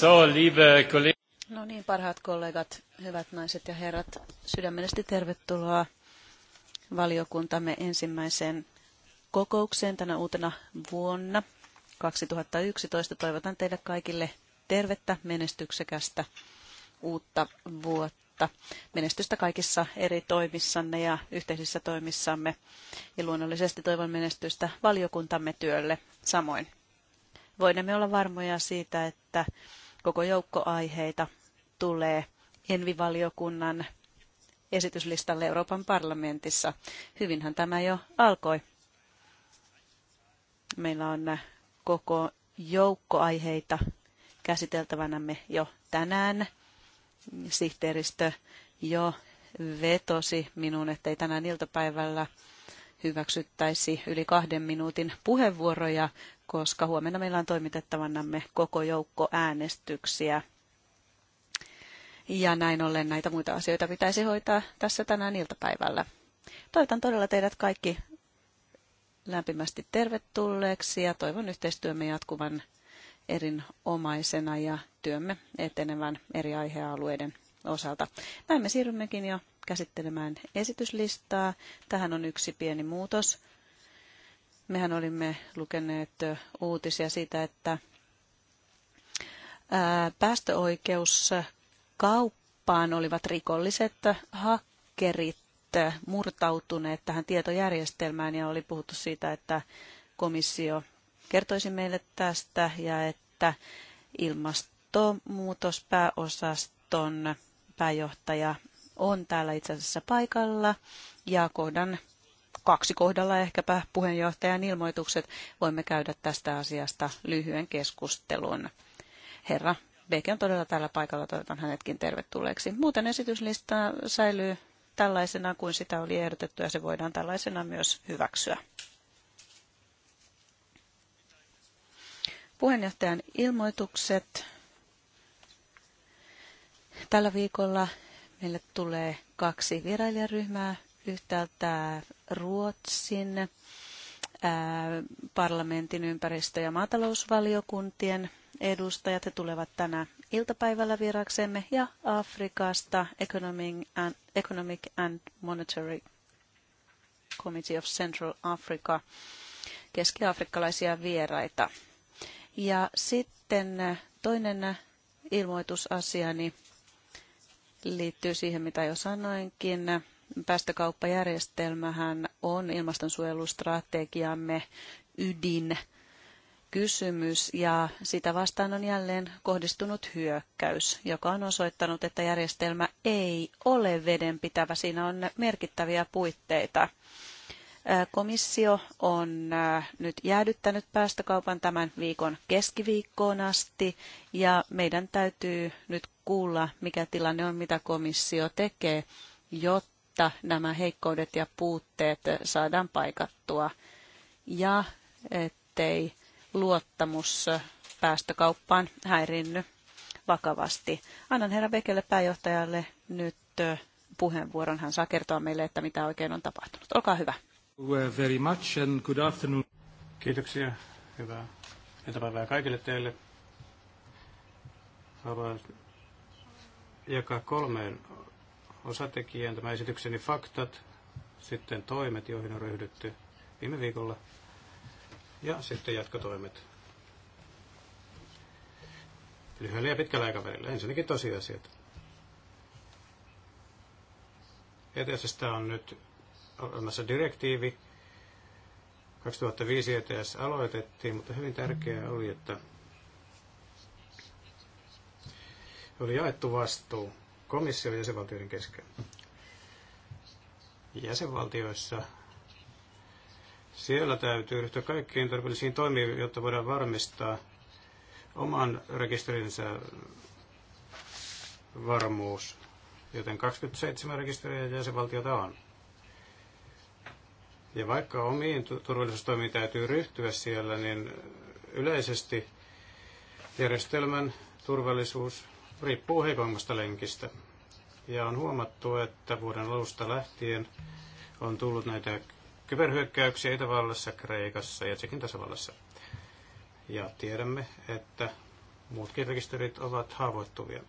So, liebe Kollegen. No niin, parhaat kollegat, hyvät naiset ja herrat, sydämellisesti tervetuloa valiokuntamme ensimmäiseen kokoukseen tänä uutena vuonna 2011. Toivotan teille kaikille tervettä, menestyksekästä uutta vuotta. Menestystä kaikissa eri toimissanne ja yhteisissä toimissamme. Ja luonnollisesti toivon menestystä valiokuntamme työlle samoin. Voimme olla varmoja siitä, että Koko joukko aiheita tulee Envivaliokunnan esityslistalle Euroopan parlamentissa. Hyvinhän tämä jo alkoi. Meillä on koko joukko aiheita käsiteltävänämme jo tänään. Sihteeristö jo vetosi minun, ettei tänään iltapäivällä hyväksyttäisi yli kahden minuutin puheenvuoroja, koska huomenna meillä on toimitettavannamme koko joukko äänestyksiä. Ja näin ollen näitä muita asioita pitäisi hoitaa tässä tänään iltapäivällä. Toivotan todella teidät kaikki lämpimästi tervetulleeksi ja toivon yhteistyömme jatkuvan erinomaisena ja työmme etenevän eri aihealueiden osalta. Näin me siirrymmekin jo käsittelemään esityslistaa. Tähän on yksi pieni muutos. Mehän olimme lukeneet uutisia siitä, että päästöoikeuskauppaan olivat rikolliset hakkerit murtautuneet tähän tietojärjestelmään ja oli puhuttu siitä, että komissio kertoisi meille tästä ja että ilmastonmuutospääosaston pääjohtaja on täällä itse asiassa paikalla ja kohdan kaksi kohdalla ehkäpä puheenjohtajan ilmoitukset. Voimme käydä tästä asiasta lyhyen keskustelun. Herra Beke on todella täällä paikalla, toivotan hänetkin tervetulleeksi. Muuten esityslista säilyy tällaisena kuin sitä oli ehdotettu ja se voidaan tällaisena myös hyväksyä. Puheenjohtajan ilmoitukset. Tällä viikolla meille tulee kaksi vierailijaryhmää yhtäältä Ruotsin parlamentin ympäristö- ja maatalousvaliokuntien edustajat. He tulevat tänä iltapäivällä vieraksemme ja Afrikasta Economic and, Monetary Committee of Central Africa, keski-afrikkalaisia vieraita. Ja sitten toinen ilmoitusasiani liittyy siihen, mitä jo sanoinkin päästökauppajärjestelmähän on ilmastonsuojelustrategiamme ydin kysymys ja sitä vastaan on jälleen kohdistunut hyökkäys, joka on osoittanut, että järjestelmä ei ole vedenpitävä. Siinä on merkittäviä puitteita. Komissio on nyt jäädyttänyt päästökaupan tämän viikon keskiviikkoon asti ja meidän täytyy nyt kuulla, mikä tilanne on, mitä komissio tekee, jotta jotta nämä heikkoudet ja puutteet saadaan paikattua ja ettei luottamus päästökauppaan häirinny vakavasti. Annan herra Bekelle pääjohtajalle nyt puheenvuoron. Hän saa kertoa meille, että mitä oikein on tapahtunut. Olkaa hyvä. Very much and good afternoon. Kiitoksia. Hyvää iltapäivää kaikille teille. Haluan jakaa kolmeen osatekijän, tämä esitykseni faktat, sitten toimet, joihin on ryhdytty viime viikolla, ja sitten jatkotoimet. Lyhyellä ja pitkällä aikavälillä. Ensinnäkin tosiasiat. ETSstä on nyt olemassa direktiivi. 2005 ETS aloitettiin, mutta hyvin tärkeää oli, että oli jaettu vastuu komission ja jäsenvaltioiden kesken. Jäsenvaltioissa siellä täytyy ryhtyä kaikkiin tarpeellisiin toimiin, jotta voidaan varmistaa oman rekisterinsä varmuus. Joten 27 rekisteriä jäsenvaltiota on. Ja vaikka omiin turvallisuustoimiin täytyy ryhtyä siellä, niin yleisesti järjestelmän turvallisuus riippuu heikoimmasta lenkistä. Ja on huomattu, että vuoden alusta lähtien on tullut näitä kyberhyökkäyksiä Itävallassa, Kreikassa ja Tsekin tasavallassa. Ja tiedämme, että muutkin rekisterit ovat haavoittuvia.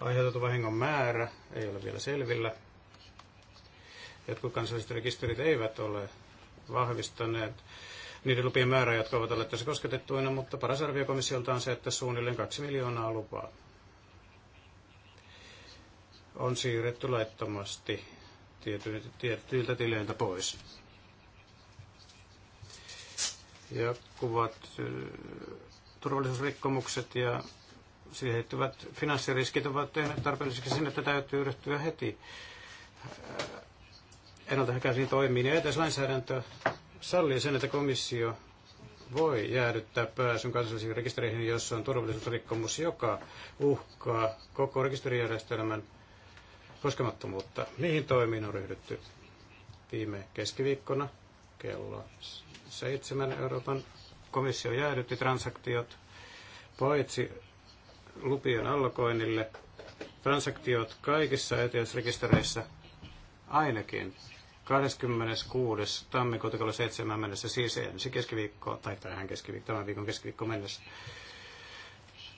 Aiheutettu vahingon määrä ei ole vielä selvillä. Jotkut kansalliset rekisterit eivät ole vahvistaneet niiden lupien määrä, jotka ovat olleet tässä kosketettuina, mutta paras arvio komissiolta on se, että suunnilleen 2 miljoonaa lupaa on siirretty laittomasti tietyiltä tileiltä pois. Ja kuvat turvallisuusrikkomukset ja siihen liittyvät finanssiriskit ovat tehneet tarpeelliseksi sen, että täytyy ryhtyä heti ennaltaehkäisiin toimiin ja edes lainsäädäntö sallii sen, että komissio voi jäädyttää pääsyn kansallisiin rekistereihin, jossa on turvallisuusrikkomus, joka uhkaa koko rekisterijärjestelmän koskemattomuutta. Niihin toimiin on ryhdytty viime keskiviikkona kello seitsemän Euroopan komissio jäädytti transaktiot paitsi lupien allokoinnille transaktiot kaikissa ETS-rekistereissä ainakin 26. tammikuuta kello 7 mennessä, siis ensi keskiviikko, tai tähän keskiviikko, tämän viikon keskiviikko mennessä.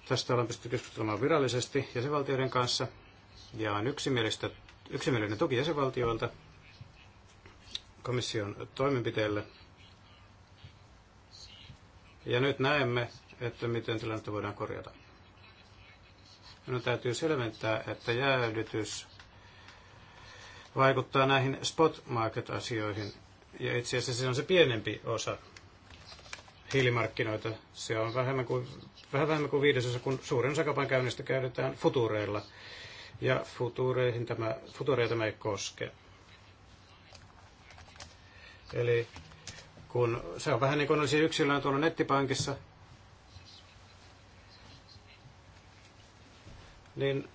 Tästä ollaan pystytty keskustelemaan virallisesti jäsenvaltioiden kanssa, ja on yksimielistä, yksimielinen tuki jäsenvaltioilta komission toimenpiteelle. Ja nyt näemme, että miten tilannetta voidaan korjata. Minun täytyy selventää, että jäädytys vaikuttaa näihin spot market-asioihin. Ja itse asiassa se on se pienempi osa hiilimarkkinoita. Se on vähemmän kuin, vähän vähemmän kuin viidesosa, kun suurin osa käynnistä käydetään futureilla. Ja futureihin tämä, futureja tämä ei koske. Eli kun se on vähän niin kuin olisi yksilöön tuolla nettipankissa, niin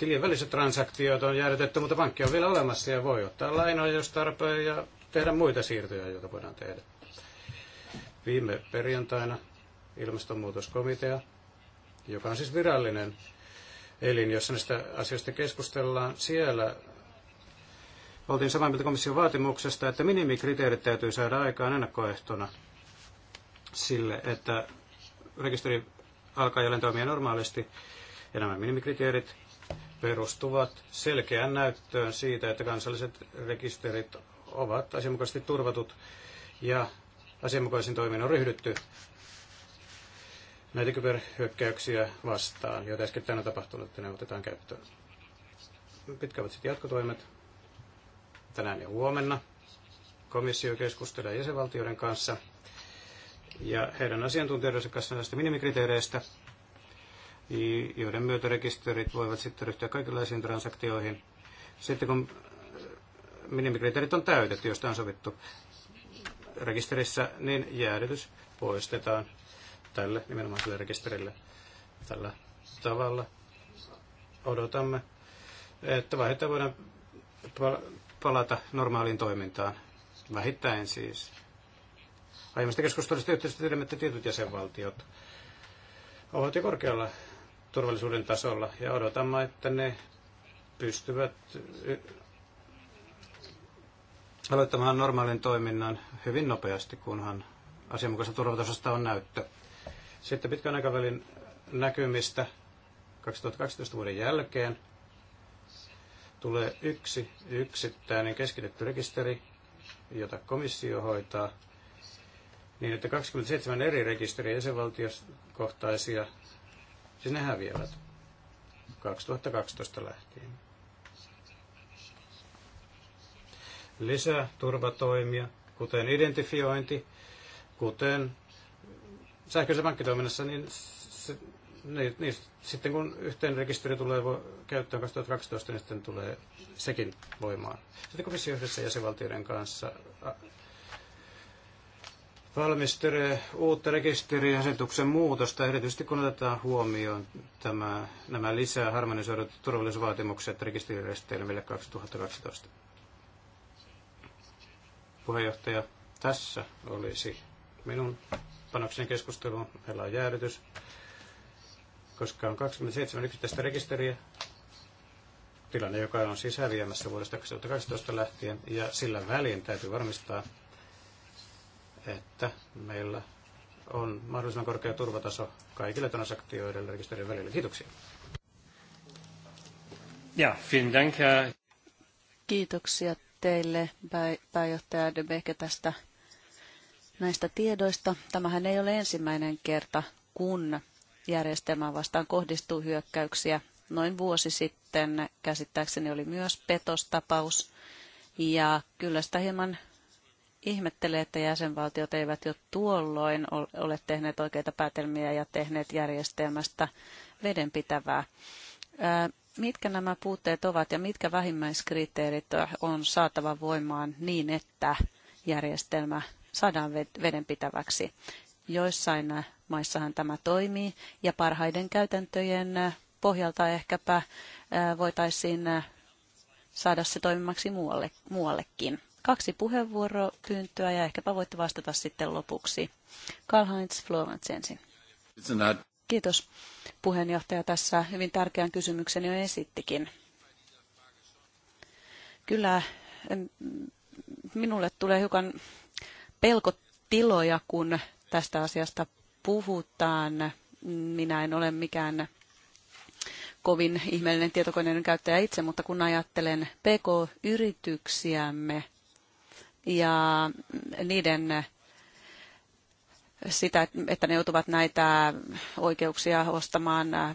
tilien välissä transaktioita on jäädytetty, mutta pankki on vielä olemassa ja voi ottaa lainoja, jos tarpeen, ja tehdä muita siirtoja, joita voidaan tehdä. Viime perjantaina ilmastonmuutoskomitea, joka on siis virallinen elin, jossa näistä asioista keskustellaan, siellä oltiin samaa mieltä komission vaatimuksesta, että minimikriteerit täytyy saada aikaan ennakkoehtona sille, että rekisteri alkaa jälleen toimia normaalisti. Ja nämä minimikriteerit perustuvat selkeään näyttöön siitä, että kansalliset rekisterit ovat asianmukaisesti turvatut ja asianmukaisen toimin on ryhdytty näitä kyberhyökkäyksiä vastaan, joita äsken on tapahtunut, että ne otetaan käyttöön. Pitkä ovat sitten jatkotoimet? Tänään ja huomenna komissio keskustelee jäsenvaltioiden kanssa ja heidän asiantuntijoidensa kanssa näistä minimikriteereistä, joiden myötä rekisterit voivat sitten ryhtyä kaikenlaisiin transaktioihin. Sitten kun minimikriteerit on täytetty, josta on sovittu rekisterissä, niin jäädytys poistetaan tälle nimenomaiselle rekisterille tällä tavalla. Odotamme, että vaiheita voidaan palata normaaliin toimintaan, vähittäin siis. Aiemmasta keskustelusta yhteistyötä tiedämme, että tietyt jäsenvaltiot ovat jo korkealla turvallisuuden tasolla ja odotamme, että ne pystyvät aloittamaan normaalin toiminnan hyvin nopeasti, kunhan asianmukaisesta turvatasosta on näyttö. Sitten pitkän aikavälin näkymistä 2012 vuoden jälkeen tulee yksi yksittäinen keskitetty rekisteri, jota komissio hoitaa, niin että 27 eri rekisteriä jäsenvaltiokohtaisia Siis ne häviävät 2012 lähtien. Lisää turvatoimia, kuten identifiointi, kuten sähköisessä pankkitoiminnassa, niin, se, niin, niin sitten kun yhteen rekisteri tulee käyttöön 2012, niin sitten tulee sekin voimaan. Sitten komissio yhdessä jäsenvaltioiden kanssa valmistelee uutta rekisteriasetuksen muutosta, erityisesti kun otetaan huomioon tämä, nämä lisää harmonisoidut turvallisuusvaatimukset rekisterijärjestelmille 2012. Puheenjohtaja, tässä olisi minun panokseni keskusteluun. Meillä on jäädytys, koska on 27 yksittäistä rekisteriä, tilanne, joka on sisäviemässä vuodesta 2012 lähtien, ja sillä välin täytyy varmistaa, että meillä on mahdollisimman korkea turvataso kaikille transaktioiden rekisterin välillä. Kiitoksia. Ja, dank, dank. Kiitoksia teille pääjohtaja Debeke tästä näistä tiedoista. Tämähän ei ole ensimmäinen kerta, kun järjestelmään vastaan kohdistuu hyökkäyksiä. Noin vuosi sitten käsittääkseni oli myös petostapaus. Ja kyllä sitä hieman ihmettelee, että jäsenvaltiot eivät jo tuolloin ole tehneet oikeita päätelmiä ja tehneet järjestelmästä vedenpitävää. Mitkä nämä puutteet ovat ja mitkä vähimmäiskriteerit on saatava voimaan niin, että järjestelmä saadaan vedenpitäväksi? Joissain maissahan tämä toimii ja parhaiden käytäntöjen pohjalta ehkäpä voitaisiin saada se toimimaksi muuallekin. Kaksi puheenvuoropyyntöä ja ehkäpä voitte vastata sitten lopuksi. Karl-Heinz Florenz ensin. Kiitos puheenjohtaja. Tässä hyvin tärkeän kysymyksen jo esittikin. Kyllä minulle tulee hiukan pelkotiloja, kun tästä asiasta puhutaan. Minä en ole mikään kovin ihmeellinen tietokoneiden käyttäjä itse, mutta kun ajattelen PK-yrityksiämme, ja niiden äh, sitä, että ne joutuvat näitä oikeuksia ostamaan äh,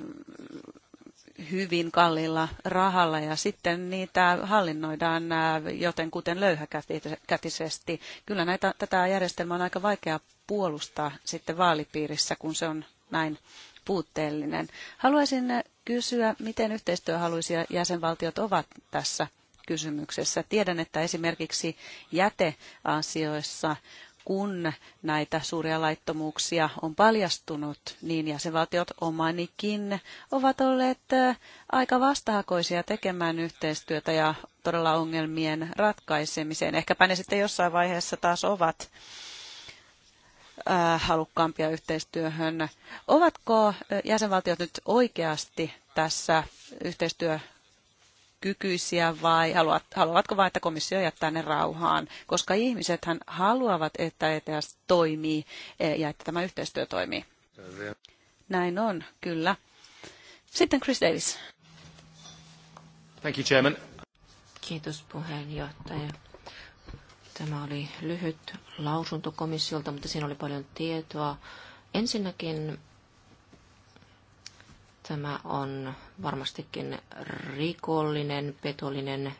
hyvin kalliilla rahalla ja sitten niitä hallinnoidaan äh, joten kuten löyhäkätisesti. Kyllä näitä, tätä järjestelmää on aika vaikea puolustaa sitten vaalipiirissä, kun se on näin puutteellinen. Haluaisin kysyä, miten yhteistyöhaluisia jäsenvaltiot ovat tässä kysymyksessä. Tiedän, että esimerkiksi jäteasioissa kun näitä suuria laittomuuksia on paljastunut, niin jäsenvaltiot omanikin ovat olleet aika vastahakoisia tekemään yhteistyötä ja todella ongelmien ratkaisemiseen. Ehkäpä ne sitten jossain vaiheessa taas ovat halukkaampia yhteistyöhön. Ovatko jäsenvaltiot nyt oikeasti tässä yhteistyö kykyisiä vai haluat, haluavatko vain, että komissio jättää ne rauhaan, koska ihmisethän haluavat, että ETS toimii e, ja että tämä yhteistyö toimii. Näin on, kyllä. Sitten Chris Davis. Thank you, Chairman. Kiitos puheenjohtaja. Tämä oli lyhyt lausunto komissiolta, mutta siinä oli paljon tietoa. Ensinnäkin Tämä on varmastikin rikollinen, petollinen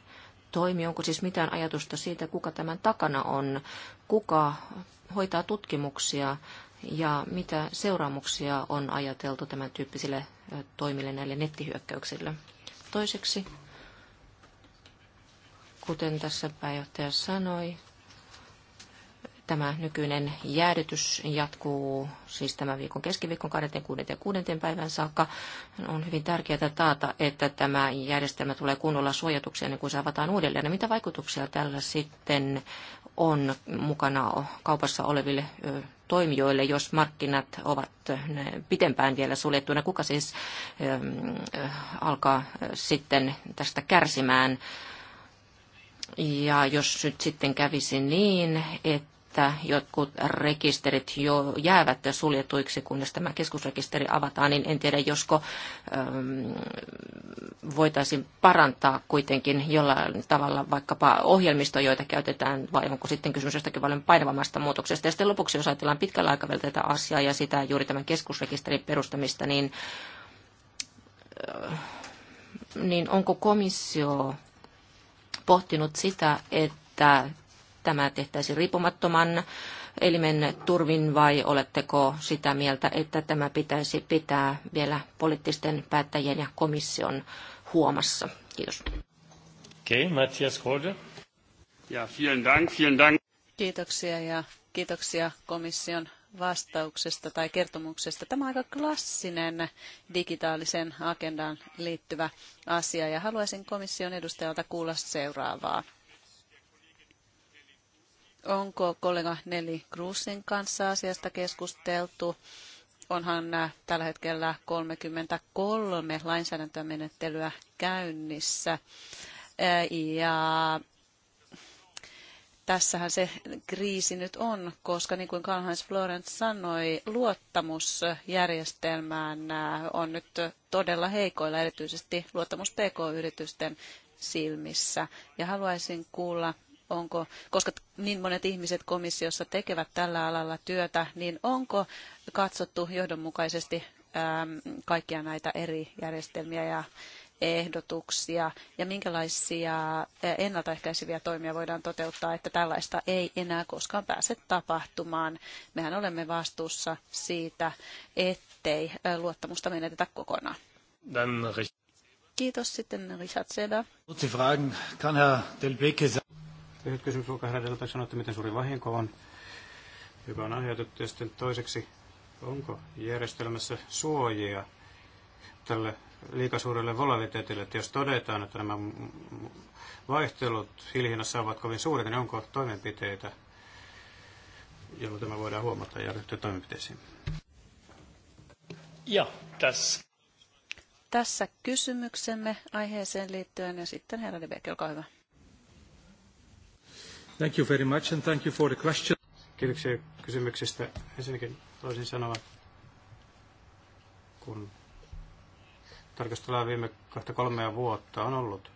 toimi? Onko siis mitään ajatusta siitä, kuka tämän takana on, kuka hoitaa tutkimuksia ja mitä seuraamuksia on ajateltu tämän tyyppisille toimille näille nettihyökkäyksille? Toiseksi, kuten tässä pääjohtaja sanoi, Tämä nykyinen jäädytys jatkuu siis tämän viikon keskiviikon 26. ja 6. päivän saakka. On hyvin tärkeää taata, että tämä järjestelmä tulee kunnolla suojatuksi ennen kuin se avataan uudelleen. Ja mitä vaikutuksia tällä sitten on mukana kaupassa oleville toimijoille, jos markkinat ovat pitempään vielä suljettuna? Kuka siis alkaa sitten tästä kärsimään? Ja jos nyt sitten kävisi niin, että että jotkut rekisterit jo jäävät suljetuiksi, kunnes tämä keskusrekisteri avataan, niin en tiedä, josko ähm, voitaisiin parantaa kuitenkin jollain tavalla vaikkapa ohjelmisto, joita käytetään, vai onko sitten kysymys jostakin paljon painavammasta muutoksesta. Ja sitten lopuksi, jos ajatellaan pitkällä aikavälillä tätä asiaa ja sitä juuri tämän keskusrekisterin perustamista, niin, äh, niin onko komissio pohtinut sitä, että tämä tehtäisiin riippumattoman elimen turvin vai oletteko sitä mieltä, että tämä pitäisi pitää vielä poliittisten päättäjien ja komission huomassa? Kiitos. Okei, okay, Matthias Kode. Ja, vielen dank, vielen dank. Kiitoksia ja kiitoksia komission vastauksesta tai kertomuksesta. Tämä on aika klassinen digitaalisen agendaan liittyvä asia ja haluaisin komission edustajalta kuulla seuraavaa. Onko kollega Neli Kruusin kanssa asiasta keskusteltu? Onhan äh, tällä hetkellä 33 lainsäädäntömenettelyä käynnissä. Äh, ja tässähän se kriisi nyt on, koska niin kuin Karl-Heinz Florent sanoi, luottamus järjestelmään äh, on nyt todella heikoilla, erityisesti luottamus PK-yritysten silmissä. Ja haluaisin kuulla onko, koska niin monet ihmiset komissiossa tekevät tällä alalla työtä, niin onko katsottu johdonmukaisesti ähm, kaikkia näitä eri järjestelmiä ja ehdotuksia ja minkälaisia äh, ennaltaehkäiseviä toimia voidaan toteuttaa, että tällaista ei enää koskaan pääse tapahtumaan. Mehän olemme vastuussa siitä, ettei äh, luottamusta menetetä kokonaan. Kiitos sitten Richard Seda. Lyhyt kysymys Luka Haradelta sanoi, miten suuri vahinko on, joka on aiheutettu. Ja sitten toiseksi, onko järjestelmässä suojia tälle liikasuurelle volatiliteetille, että jos todetaan, että nämä vaihtelut hiilihinnassa ovat kovin suuret, niin onko toimenpiteitä, jolloin tämä voidaan huomata ja ryhtyä toimenpiteisiin? Ja tässä. Tässä kysymyksemme aiheeseen liittyen ja sitten herra Debeck, olkaa hyvä. Thank you very much and thank you for the question. Kiitoksia kysymyksestä. Ensinnäkin toisin sanoa, kun tarkastellaan viime kahta kolmea vuotta, on ollut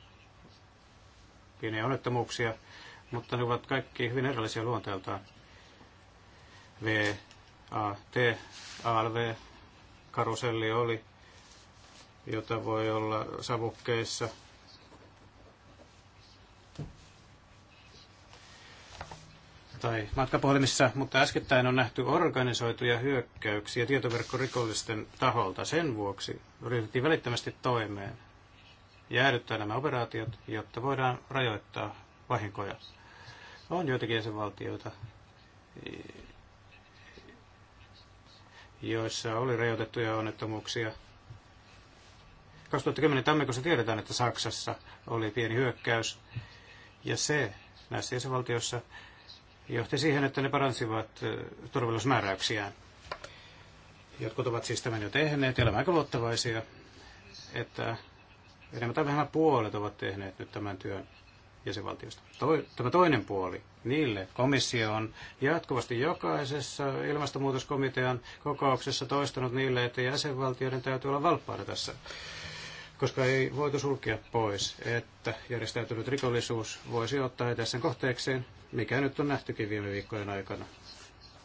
pieniä onnettomuuksia, mutta ne ovat kaikki hyvin erilaisia luonteeltaan. V, A, T, ALV, karuselli oli, jota voi olla savukkeissa, tai matkapuhelimissa, mutta äskettäin on nähty organisoituja hyökkäyksiä tietoverkkorikollisten taholta. Sen vuoksi ryhdyttiin välittömästi toimeen jäädyttää nämä operaatiot, jotta voidaan rajoittaa vahinkoja. On joitakin jäsenvaltioita, joissa oli rajoitettuja onnettomuuksia. 2010 tammikuussa tiedetään, että Saksassa oli pieni hyökkäys, ja se näissä jäsenvaltioissa johti siihen, että ne paransivat turvallisuusmääräyksiään. Jotkut ovat siis tämän jo tehneet ja olemme aika luottavaisia, että enemmän tai vähemmän puolet ovat tehneet nyt tämän työn jäsenvaltiosta. Tämä toinen puoli, niille komissio on jatkuvasti jokaisessa ilmastonmuutoskomitean kokouksessa toistanut niille, että jäsenvaltioiden täytyy olla valppaana tässä, koska ei voitu sulkea pois, että järjestäytynyt rikollisuus voisi ottaa tässä kohteekseen mikä nyt on nähtykin viime viikkojen aikana.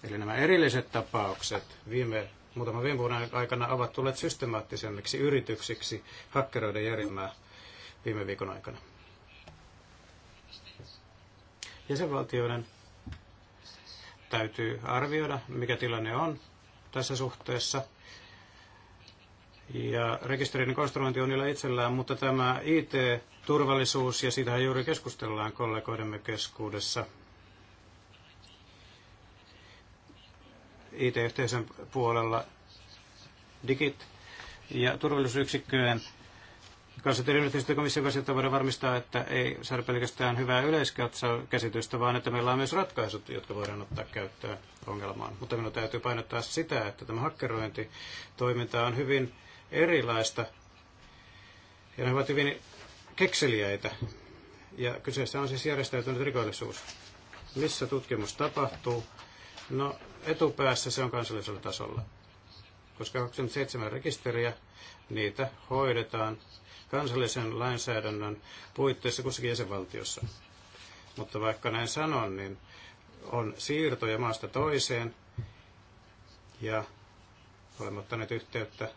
Eli nämä erilliset tapaukset viime muutaman viime vuoden aikana ovat tulleet systemaattisemmiksi yrityksiksi hakkeroiden järjestelmää viime viikon aikana. Jäsenvaltioiden täytyy arvioida, mikä tilanne on tässä suhteessa. Ja rekisterin konstruointi on niillä itsellään, mutta tämä IT turvallisuus, ja siitähän juuri keskustellaan kollegoidemme keskuudessa. IT-yhteisön puolella digit ja turvallisuusyksikköjen kanssa yhteistyötä komission kanssa, voidaan varmistaa, että ei saada pelkästään hyvää yleiskäsitystä, vaan että meillä on myös ratkaisut, jotka voidaan ottaa käyttöön ongelmaan. Mutta minun täytyy painottaa sitä, että tämä hakkerointitoiminta on hyvin erilaista ja ne ovat hyvin kekseliäitä. Ja kyseessä on siis järjestäytynyt rikollisuus. Missä tutkimus tapahtuu? No etupäässä se on kansallisella tasolla. Koska 27 rekisteriä, niitä hoidetaan kansallisen lainsäädännön puitteissa kussakin jäsenvaltiossa. Mutta vaikka näin sanon, niin on siirtoja maasta toiseen ja olemme ottaneet yhteyttä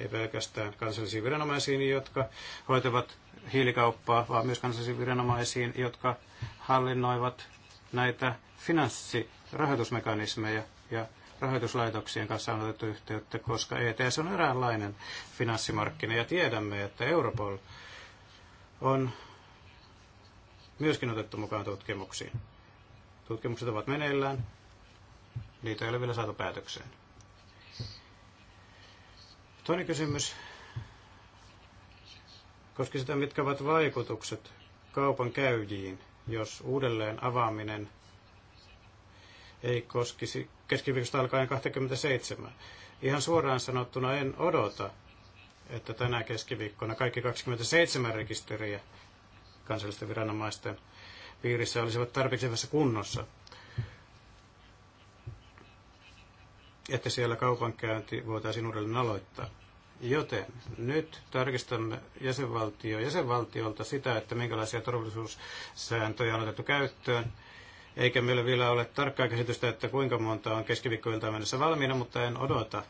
ei pelkästään kansallisiin viranomaisiin, jotka hoitavat hiilikauppaa, vaan myös kansallisiin viranomaisiin, jotka hallinnoivat näitä finanssirahoitusmekanismeja ja rahoituslaitoksien kanssa on otettu yhteyttä, koska ETS on eräänlainen finanssimarkkina ja tiedämme, että Europol on myöskin otettu mukaan tutkimuksiin. Tutkimukset ovat meneillään, niitä ei ole vielä saatu päätökseen. Toinen kysymys koski sitä, mitkä ovat vaikutukset kaupan käyjiin, jos uudelleen avaaminen ei koskisi keskiviikosta alkaen 27. Ihan suoraan sanottuna en odota, että tänä keskiviikkona kaikki 27 rekisteriä kansallisten viranomaisten piirissä olisivat tarvitsevassa kunnossa. että siellä kaupankäynti voitaisiin uudelleen aloittaa. Joten nyt tarkistamme jäsenvaltio jäsenvaltiolta sitä, että minkälaisia turvallisuussääntöjä on otettu käyttöön. Eikä meillä vielä ole tarkkaa käsitystä, että kuinka monta on keskiviikkoilta mennessä valmiina, mutta en odota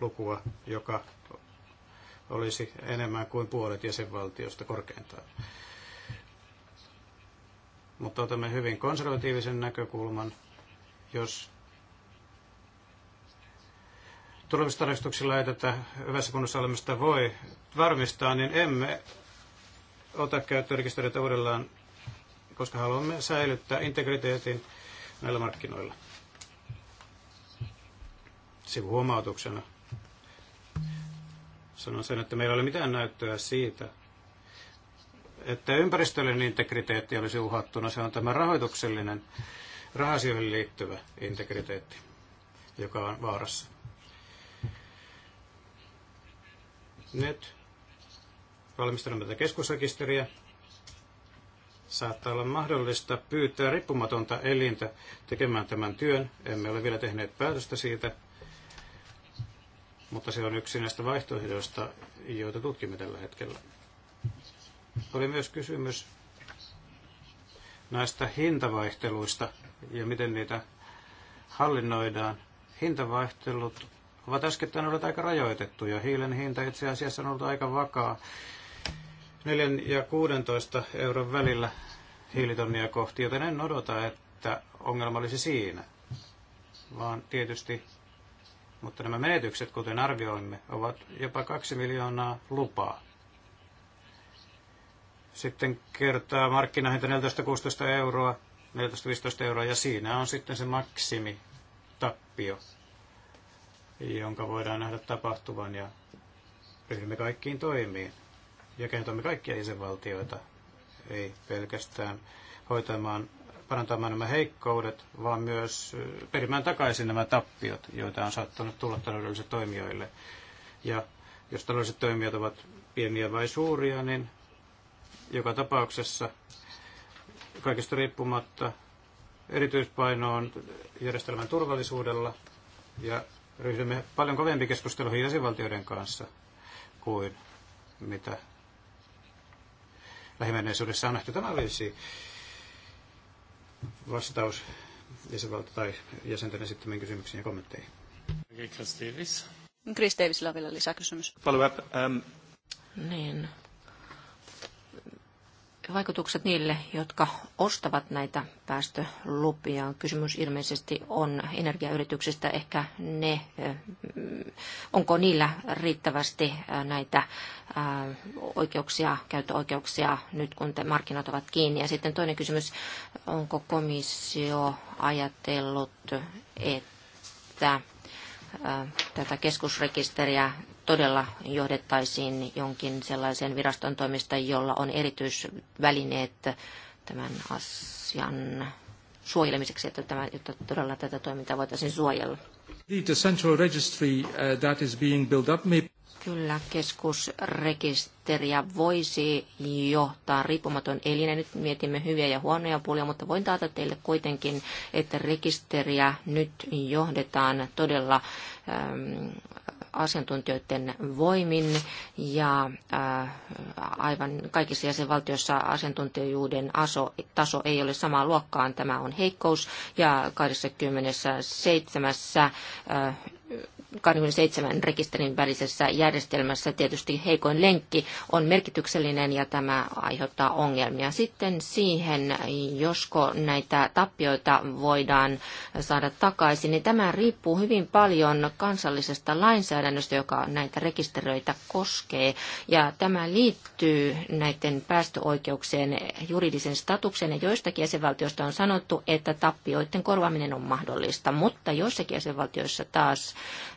lukua, joka olisi enemmän kuin puolet jäsenvaltiosta korkeintaan. Mutta otamme hyvin konservatiivisen näkökulman, jos tulemistarkastuksilla ei tätä hyvässä kunnossa olemista voi varmistaa, niin emme ota käyttöön rekisteröitä uudellaan, koska haluamme säilyttää integriteetin näillä markkinoilla. huomautuksena sanon sen, että meillä ei ole mitään näyttöä siitä, että ympäristöllinen integriteetti olisi uhattuna. Se on tämä rahoituksellinen, rahasioihin liittyvä integriteetti, joka on vaarassa. Nyt valmistelemme tätä keskusrekisteriä. Saattaa olla mahdollista pyytää riippumatonta elintä tekemään tämän työn. Emme ole vielä tehneet päätöstä siitä, mutta se on yksi näistä vaihtoehdoista, joita tutkimme tällä hetkellä. Oli myös kysymys näistä hintavaihteluista ja miten niitä hallinnoidaan. Hintavaihtelut ovat äskettäin olleet aika rajoitettuja. Hiilen hinta itse asiassa on ollut aika vakaa 4 ja 16 euron välillä hiilitonnia kohti, joten en odota, että ongelma olisi siinä. Vaan tietysti, mutta nämä menetykset, kuten arvioimme, ovat jopa 2 miljoonaa lupaa. Sitten kertaa markkinahinta 14-16 euroa, 14-15 euroa, ja siinä on sitten se maksimi tappio jonka voidaan nähdä tapahtuvan ja ryhdymme kaikkiin toimiin ja kehotamme kaikkia jäsenvaltioita, ei pelkästään hoitamaan, parantamaan nämä heikkoudet, vaan myös perimään takaisin nämä tappiot, joita on saattanut tulla taloudellisille toimijoille. Ja jos taloudelliset toimijat ovat pieniä vai suuria, niin joka tapauksessa kaikesta riippumatta erityispaino on järjestelmän turvallisuudella ja ryhdymme paljon kovempi keskusteluihin jäsenvaltioiden kanssa kuin mitä lähimenneisyydessä on nähty. Tämä olisi vastaus jäsenvalta tai jäsenten esittämiin kysymyksiin ja kommentteihin. Chris Davis. Chris Davisilla on vielä lisäkysymys. Follow up. Um... Niin, vaikutukset niille, jotka ostavat näitä päästölupia. Kysymys ilmeisesti on energiayrityksistä, ehkä ne, onko niillä riittävästi näitä oikeuksia, käyttöoikeuksia nyt kun te markkinat ovat kiinni. Ja sitten toinen kysymys, onko komissio ajatellut, että tätä keskusrekisteriä todella johdettaisiin jonkin sellaisen viraston toimesta, jolla on erityisvälineet tämän asian suojelemiseksi, että tämä, jotta todella tätä toimintaa voitaisiin suojella. The central registry uh, that is being built up may... Kyllä, keskusrekisteriä voisi johtaa riippumaton elin. nyt mietimme hyviä ja huonoja puolia, mutta voin taata teille kuitenkin, että rekisteriä nyt johdetaan todella ähm, asiantuntijoiden voimin ja äh, aivan kaikissa jäsenvaltioissa asiantuntijuuden taso ei ole samaa luokkaan. Tämä on heikkous ja 27 27 rekisterin välisessä järjestelmässä tietysti heikoin lenkki on merkityksellinen ja tämä aiheuttaa ongelmia. Sitten siihen, josko näitä tappioita voidaan saada takaisin, niin tämä riippuu hyvin paljon kansallisesta lainsäädännöstä, joka näitä rekisteröitä koskee. Ja tämä liittyy näiden päästöoikeuksien juridisen statuksen ja joistakin jäsenvaltioista on sanottu, että tappioiden korvaaminen on mahdollista, mutta joissakin jäsenvaltioissa taas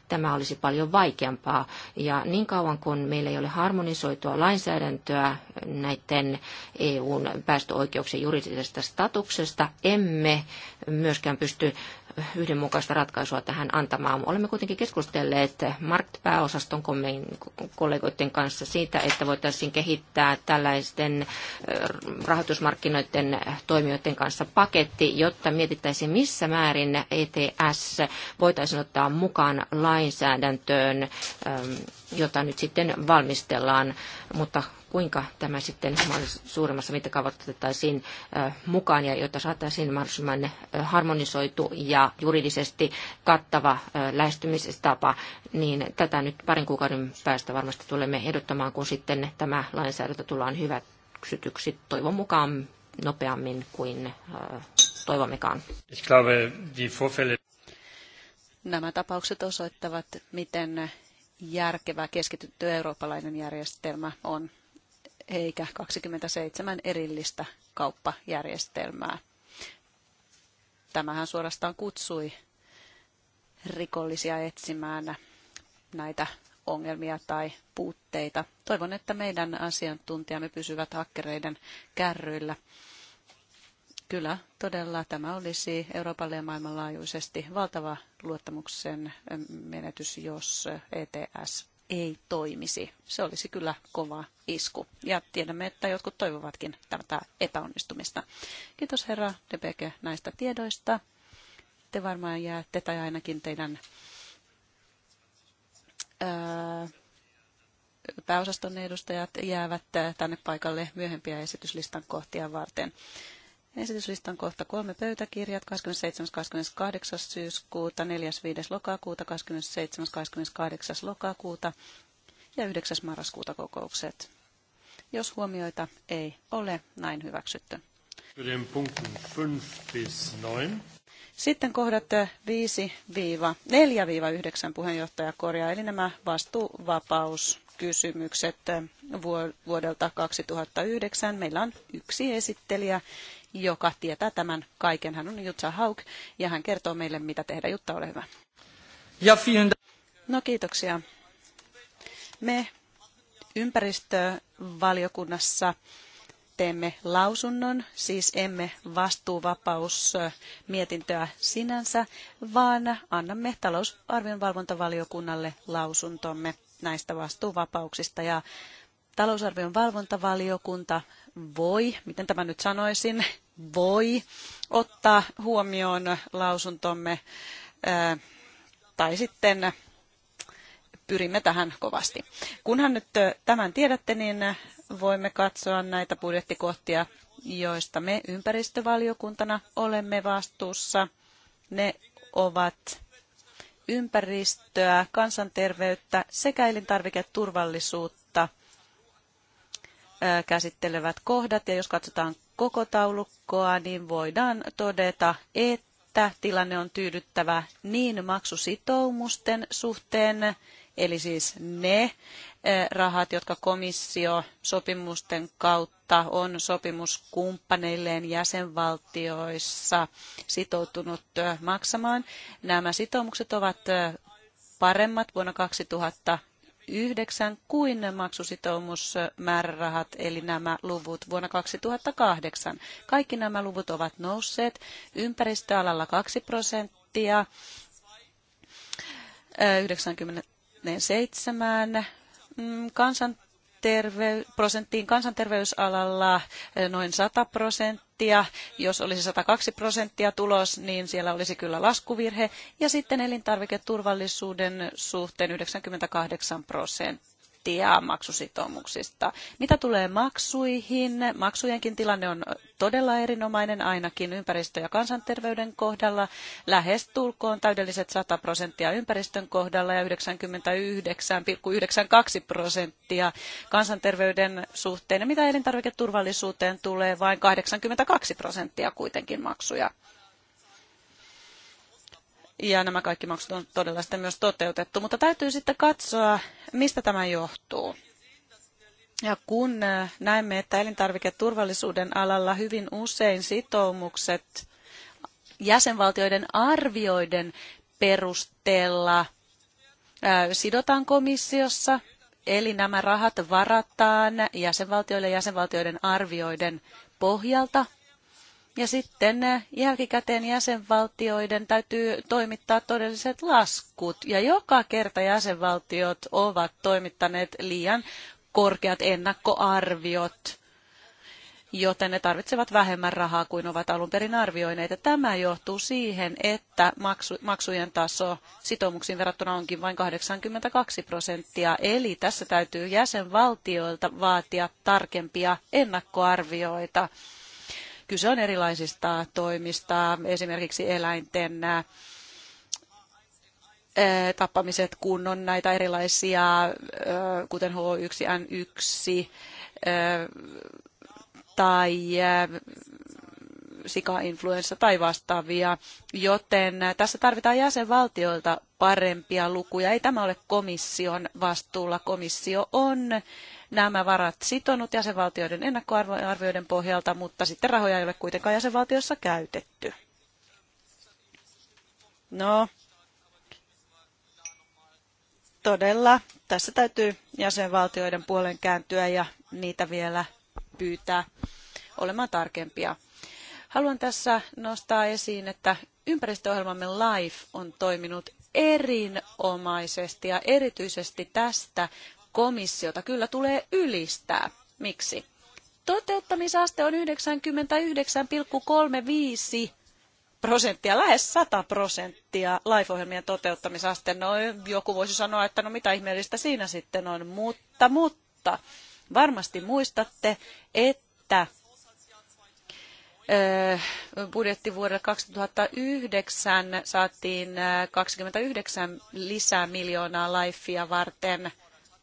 tämä olisi paljon vaikeampaa. Ja niin kauan kuin meillä ei ole harmonisoitua lainsäädäntöä näiden EUn päästöoikeuksien juridisesta statuksesta, emme myöskään pysty yhdenmukaista ratkaisua tähän antamaan. Olemme kuitenkin keskustelleet Markt-pääosaston kollegoiden kanssa siitä, että voitaisiin kehittää tällaisten rahoitusmarkkinoiden toimijoiden kanssa paketti, jotta mietittäisiin missä määrin ETS voitaisiin ottaa mukaan lainsäädäntöön, jota nyt sitten valmistellaan, mutta kuinka tämä sitten suuremmassa mittakaavassa otettaisiin mukaan ja jotta saataisiin mahdollisimman harmonisoitu ja juridisesti kattava lähestymistapa, niin tätä nyt parin kuukauden päästä varmasti tulemme ehdottamaan, kun sitten tämä lainsäädäntö tullaan hyväksytyksi toivon mukaan nopeammin kuin toivommekaan. Nämä tapaukset osoittavat, miten järkevä keskitytty eurooppalainen järjestelmä on eikä 27 erillistä kauppajärjestelmää. Tämähän suorastaan kutsui rikollisia etsimään näitä ongelmia tai puutteita. Toivon, että meidän asiantuntijamme pysyvät hakkereiden kärryillä. Kyllä, todella tämä olisi Euroopalle ja maailmanlaajuisesti valtava luottamuksen menetys, jos ETS ei toimisi. Se olisi kyllä kova isku. Ja tiedämme, että jotkut toivovatkin tätä epäonnistumista. Kiitos herra Debeke näistä tiedoista. Te varmaan jäätte tai ainakin teidän ää, pääosaston edustajat jäävät tänne paikalle myöhempiä esityslistan kohtia varten. Esityslistan kohta kolme pöytäkirjat 27.28. syyskuuta, 4.5. lokakuuta, 27.28. lokakuuta ja 9. marraskuuta kokoukset. Jos huomioita ei ole, näin hyväksytty. Sitten kohdat 5-4-9 puheenjohtaja korjaa, eli nämä vastuuvapauskysymykset vuodelta 2009. Meillä on yksi esittelijä, joka tietää tämän kaiken. Hän on Jutta Hauk ja hän kertoo meille, mitä tehdä. Jutta, ole hyvä. Ja No kiitoksia. Me ympäristövaliokunnassa teemme lausunnon, siis emme vastuuvapaus mietintöä sinänsä, vaan annamme talousarvion valvontavaliokunnalle lausuntomme näistä vastuuvapauksista. Ja talousarvion valvontavaliokunta voi, miten tämä nyt sanoisin, voi ottaa huomioon lausuntomme tai sitten pyrimme tähän kovasti. Kunhan nyt tämän tiedätte, niin voimme katsoa näitä budjettikohtia, joista me ympäristövaliokuntana olemme vastuussa. Ne ovat ympäristöä, kansanterveyttä sekä elintarviketurvallisuutta käsittelevät kohdat. Ja jos katsotaan koko taulukkoa, niin voidaan todeta, että tilanne on tyydyttävä niin maksusitoumusten suhteen, eli siis ne rahat, jotka komissio sopimusten kautta on sopimuskumppaneilleen jäsenvaltioissa sitoutunut maksamaan. Nämä sitoumukset ovat paremmat vuonna 2000 Yhdeksän kuin maksusitoumusmäärärahat, eli nämä luvut vuonna 2008. Kaikki nämä luvut ovat nousseet. Ympäristöalalla 2 prosenttia, 97 mm, kansan terve- prosenttiin, kansanterveysalalla eh, noin 100 prosenttia. Jos olisi 102 prosenttia tulos, niin siellä olisi kyllä laskuvirhe. Ja sitten elintarviketurvallisuuden suhteen 98 prosenttia prosenttia maksusitoumuksista. Mitä tulee maksuihin? Maksujenkin tilanne on todella erinomainen ainakin ympäristö- ja kansanterveyden kohdalla. Lähes tulkoon täydelliset 100 prosenttia ympäristön kohdalla ja 99,92 prosenttia kansanterveyden suhteen. Ja mitä elintarviketurvallisuuteen tulee, vain 82 prosenttia kuitenkin maksuja ja nämä kaikki maksut on todella sitten myös toteutettu. Mutta täytyy sitten katsoa, mistä tämä johtuu. Ja kun äh, näemme, että elintarviketurvallisuuden alalla hyvin usein sitoumukset jäsenvaltioiden arvioiden perusteella äh, sidotaan komissiossa, eli nämä rahat varataan jäsenvaltioille jäsenvaltioiden arvioiden pohjalta – ja sitten eh, jälkikäteen jäsenvaltioiden täytyy toimittaa todelliset laskut. Ja joka kerta jäsenvaltiot ovat toimittaneet liian korkeat ennakkoarviot joten ne tarvitsevat vähemmän rahaa kuin ovat alun perin arvioineet. Ja tämä johtuu siihen, että maksujen taso sitoumuksiin verrattuna onkin vain 82 prosenttia. Eli tässä täytyy jäsenvaltioilta vaatia tarkempia ennakkoarvioita Kyse on erilaisista toimista, esimerkiksi eläinten tappamiset, kun on näitä erilaisia, kuten H1N1 tai sikainfluenssa tai vastaavia, joten tässä tarvitaan jäsenvaltioilta parempia lukuja. Ei tämä ole komission vastuulla. Komissio on nämä varat sitonut jäsenvaltioiden ennakkoarvioiden pohjalta, mutta sitten rahoja ei ole kuitenkaan jäsenvaltiossa käytetty. No, todella. Tässä täytyy jäsenvaltioiden puolen kääntyä ja niitä vielä pyytää olemaan tarkempia. Haluan tässä nostaa esiin, että ympäristöohjelmamme LIFE on toiminut erinomaisesti ja erityisesti tästä komissiota kyllä tulee ylistää. Miksi? Toteuttamisaste on 99,35 prosenttia, lähes 100 prosenttia LIFE-ohjelmien toteuttamisaste. No joku voisi sanoa, että no mitä ihmeellistä siinä sitten on, mutta, mutta varmasti muistatte, että budjettivuodelle 2009 saatiin 29 lisää miljoonaa laifia varten –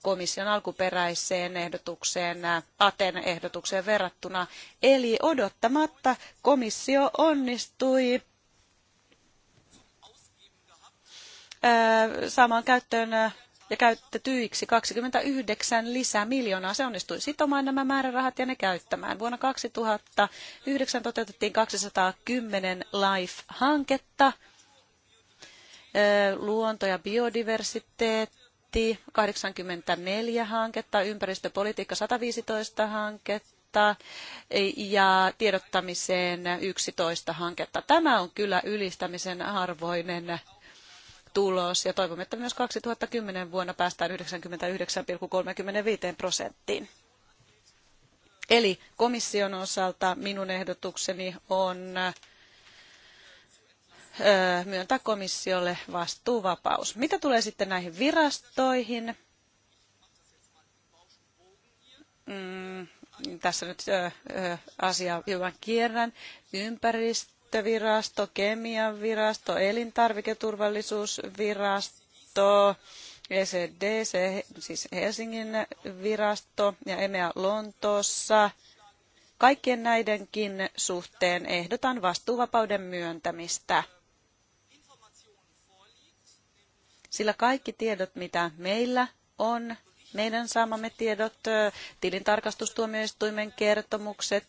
komission alkuperäiseen ehdotukseen, Aten ehdotukseen verrattuna. Eli odottamatta komissio onnistui saamaan käyttöön ja käyttötyiksi 29 lisää miljoonaa. Se onnistui sitomaan nämä määrärahat ja ne käyttämään. Vuonna 2009 toteutettiin 210 LIFE-hanketta, luonto- ja biodiversiteetti, budjetti 84 hanketta, ympäristöpolitiikka 115 hanketta ja tiedottamiseen 11 hanketta. Tämä on kyllä ylistämisen arvoinen tulos ja toivomme, että myös 2010 vuonna päästään 99,35 prosenttiin. Eli komission osalta minun ehdotukseni on myöntää komissiolle vastuuvapaus. Mitä tulee sitten näihin virastoihin? Mm, tässä nyt ö, ö, asia hyvän kierrän. Ympäristövirasto, kemian virasto, elintarviketurvallisuusvirasto, ECDC, siis Helsingin virasto ja EMEA Lontoossa. Kaikkien näidenkin suhteen ehdotan vastuuvapauden myöntämistä. sillä kaikki tiedot, mitä meillä on, meidän saamamme tiedot, tilintarkastustuomioistuimen kertomukset,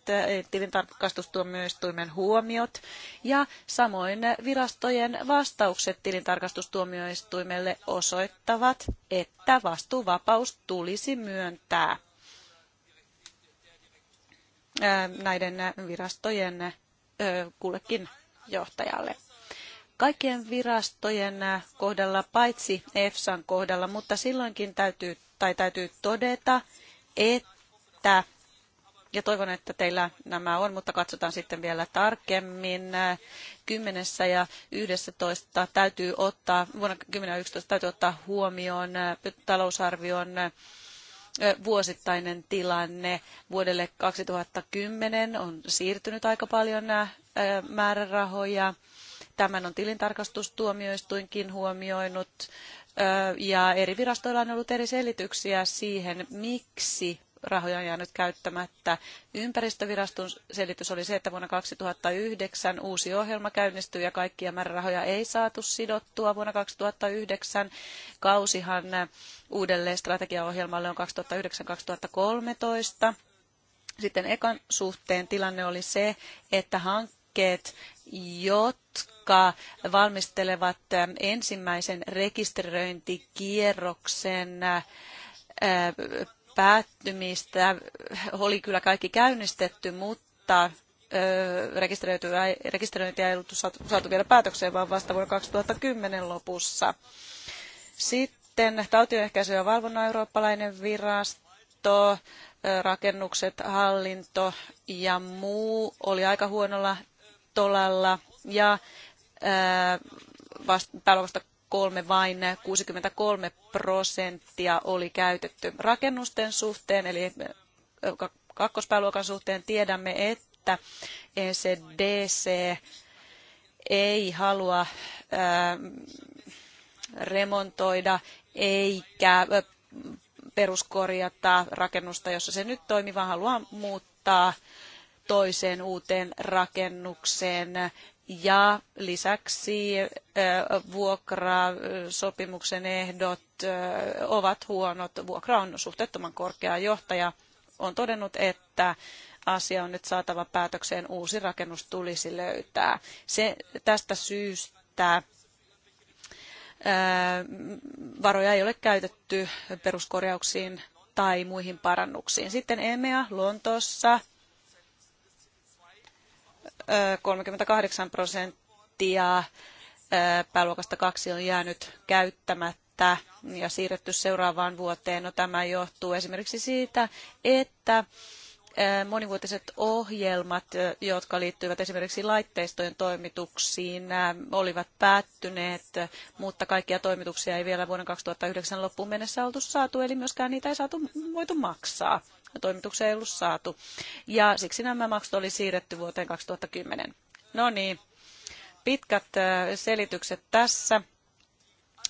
tilintarkastustuomioistuimen huomiot ja samoin virastojen vastaukset tilintarkastustuomioistuimelle osoittavat, että vastuuvapaus tulisi myöntää näiden virastojen kullekin johtajalle kaikkien virastojen kohdalla, paitsi EFSAn kohdalla, mutta silloinkin täytyy, tai täytyy todeta, että, ja toivon, että teillä nämä on, mutta katsotaan sitten vielä tarkemmin, 10 ja 11 täytyy ottaa, vuonna 10 ja 11 täytyy ottaa huomioon talousarvion vuosittainen tilanne vuodelle 2010 on siirtynyt aika paljon määrärahoja Tämän on tilintarkastustuomioistuinkin huomioinut ja eri virastoilla on ollut eri selityksiä siihen, miksi rahoja on jäänyt käyttämättä. Ympäristöviraston selitys oli se, että vuonna 2009 uusi ohjelma käynnistyi ja kaikkia määrärahoja ei saatu sidottua. Vuonna 2009 kausihan uudelle strategiaohjelmalle on 2009-2013. Sitten ekan suhteen tilanne oli se, että hank liikkeet, jotka valmistelevat ensimmäisen rekisteröintikierroksen äh, päättymistä. Oli kyllä kaikki käynnistetty, mutta äh, rekisteröintiä ei ollut saatu vielä päätökseen, vaan vasta vuoden 2010 lopussa. Sitten tautienehkäisy- ja valvonnan eurooppalainen virasto, äh, rakennukset, hallinto ja muu oli aika huonolla tolalla ja äh, pääluokasta kolme vain 63 prosenttia oli käytetty rakennusten suhteen, eli äh, kakkospääluokan suhteen tiedämme, että ECDC ei halua äh, remontoida eikä peruskorjata rakennusta, jossa se nyt toimii, vaan haluaa muuttaa toiseen uuteen rakennukseen ja lisäksi vuokra ehdot ovat huonot. Vuokra on suhteettoman korkea. Johtaja on todennut, että asia on nyt saatava päätökseen. Uusi rakennus tulisi löytää. Se, tästä syystä varoja ei ole käytetty peruskorjauksiin tai muihin parannuksiin. Sitten EMEA Lontoossa 38 prosenttia pääluokasta kaksi on jäänyt käyttämättä ja siirretty seuraavaan vuoteen. No, tämä johtuu esimerkiksi siitä, että monivuotiset ohjelmat, jotka liittyivät esimerkiksi laitteistojen toimituksiin, olivat päättyneet, mutta kaikkia toimituksia ei vielä vuoden 2009 loppuun mennessä oltu saatu, eli myöskään niitä ei saatu voitu maksaa toimitukseen ei ollut saatu. Ja siksi nämä maksut oli siirretty vuoteen 2010. No niin, pitkät selitykset tässä.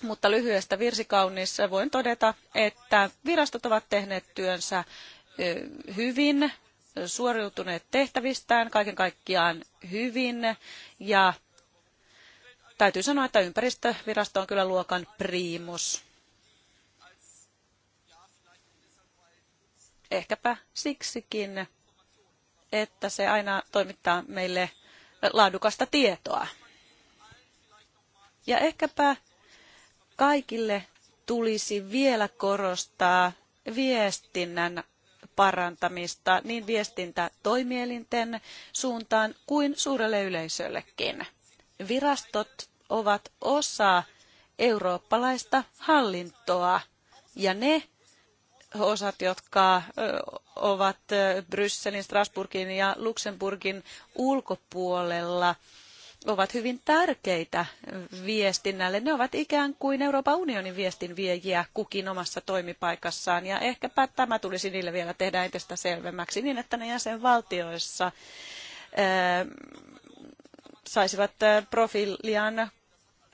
Mutta lyhyestä virsikaunissa voin todeta, että virastot ovat tehneet työnsä hyvin, suoriutuneet tehtävistään kaiken kaikkiaan hyvin ja täytyy sanoa, että ympäristövirasto on kyllä luokan priimus ehkäpä siksikin, että se aina toimittaa meille laadukasta tietoa. Ja ehkäpä kaikille tulisi vielä korostaa viestinnän parantamista niin viestintä toimielinten suuntaan kuin suurelle yleisöllekin. Virastot ovat osa eurooppalaista hallintoa ja ne osat, jotka ovat Brysselin, Strasburgin ja Luxemburgin ulkopuolella, ovat hyvin tärkeitä viestinnälle. Ne ovat ikään kuin Euroopan unionin viestinviejiä kukin omassa toimipaikassaan ja ehkäpä tämä tulisi niille vielä tehdä entistä selvemmäksi niin, että ne jäsenvaltioissa saisivat profiiliaan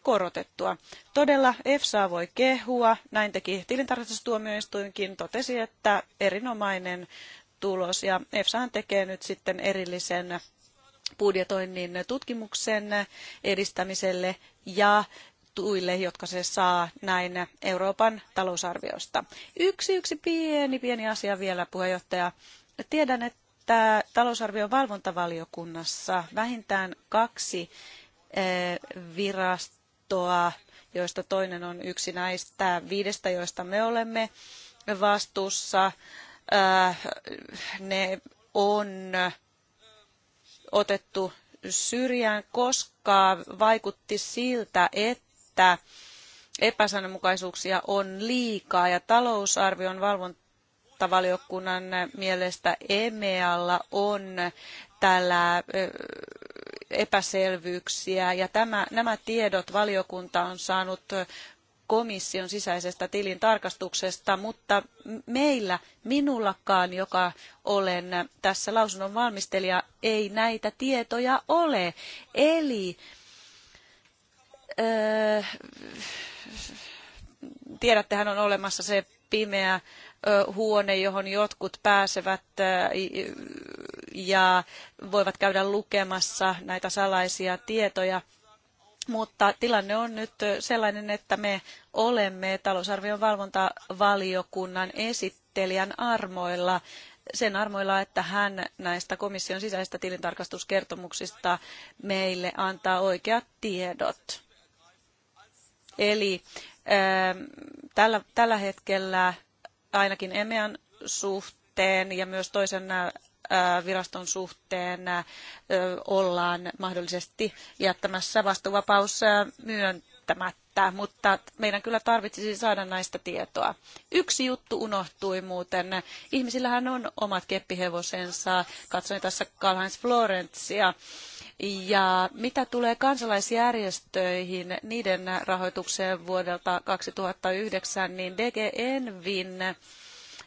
korotettua. Todella EFSA voi kehua, näin teki tilintarkastustuomioistuinkin, totesi, että erinomainen tulos ja EFSA tekee nyt sitten erillisen budjetoinnin tutkimuksen edistämiselle ja tuille, jotka se saa näin Euroopan talousarviosta. Yksi, yksi pieni, pieni asia vielä, puheenjohtaja. Tiedän, että talousarvion valvontavaliokunnassa vähintään kaksi eh, virastoa kattoa, joista toinen on yksi näistä viidestä, joista me olemme vastuussa. Äh, ne on otettu syrjään, koska vaikutti siltä, että epäsäännönmukaisuuksia on liikaa ja talousarvion valvontavaliokunnan mielestä EMEAlla on tällä epäselvyyksiä ja tämä, nämä tiedot valiokunta on saanut komission sisäisestä tilintarkastuksesta, mutta meillä, minullakaan, joka olen tässä lausunnon valmistelija, ei näitä tietoja ole. Eli öö, tiedättehän on olemassa se pimeä huone, johon jotkut pääsevät ja voivat käydä lukemassa näitä salaisia tietoja. Mutta tilanne on nyt sellainen, että me olemme talousarvion valvontavaliokunnan esittelijän armoilla sen armoilla, että hän näistä komission sisäisistä tilintarkastuskertomuksista meille antaa oikeat tiedot. Eli ää, ähm, tällä, tällä hetkellä ainakin EMEAn suhteen ja myös toisen äh, viraston suhteen ollaan mahdollisesti jättämässä vastuuvapaus myöntämättä, mutta meidän kyllä tarvitsisi saada näistä tietoa. Yksi juttu unohtui muuten. Ihmisillähän on omat keppihevosensa. Katsoin tässä Karl-Heinz Florencia. Ja mitä tulee kansalaisjärjestöihin, niiden rahoitukseen vuodelta 2009, niin DG Envin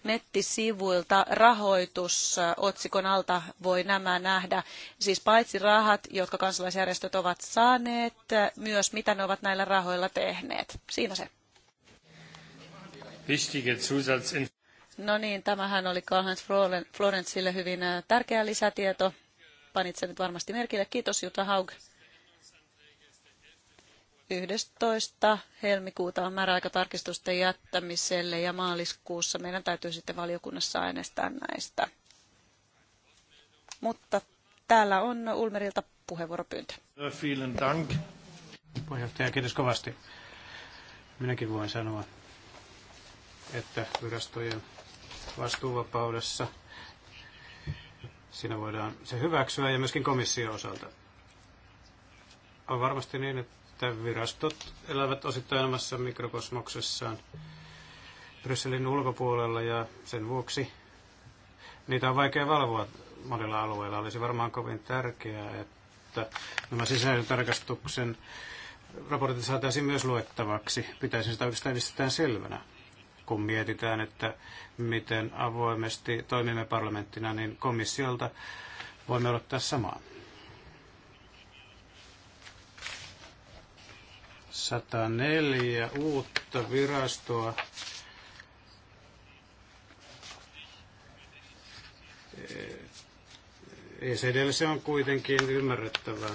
nettisivuilta rahoitusotsikon alta voi nämä nähdä. Siis paitsi rahat, jotka kansalaisjärjestöt ovat saaneet, myös mitä ne ovat näillä rahoilla tehneet. Siinä se. No niin, tämähän oli Karl-Heinz Florentsille hyvin äh, tärkeä lisätieto. Panit sen nyt varmasti merkille. Kiitos Jutta Haug. 11. helmikuuta on määräaika tarkistusten jättämiselle ja maaliskuussa meidän täytyy sitten valiokunnassa äänestää näistä. Mutta täällä on Ulmerilta puheenvuoropyyntö. dank. Puheenjohtaja, kiitos kovasti. Minäkin voin sanoa, että virastojen vastuuvapaudessa siinä voidaan se hyväksyä ja myöskin komission osalta. On varmasti niin, että että virastot elävät osittain omassa mikrokosmoksessaan Brysselin ulkopuolella ja sen vuoksi niitä on vaikea valvoa monilla alueilla. Olisi varmaan kovin tärkeää, että nämä sisäilmatarkastuksen raportit saataisiin myös luettavaksi. Pitäisi sitä oikeastaan edistetään selvänä, kun mietitään, että miten avoimesti toimimme parlamenttina, niin komissiolta voimme odottaa samaa. 104 uutta virastoa. ECDlle se on kuitenkin ymmärrettävää.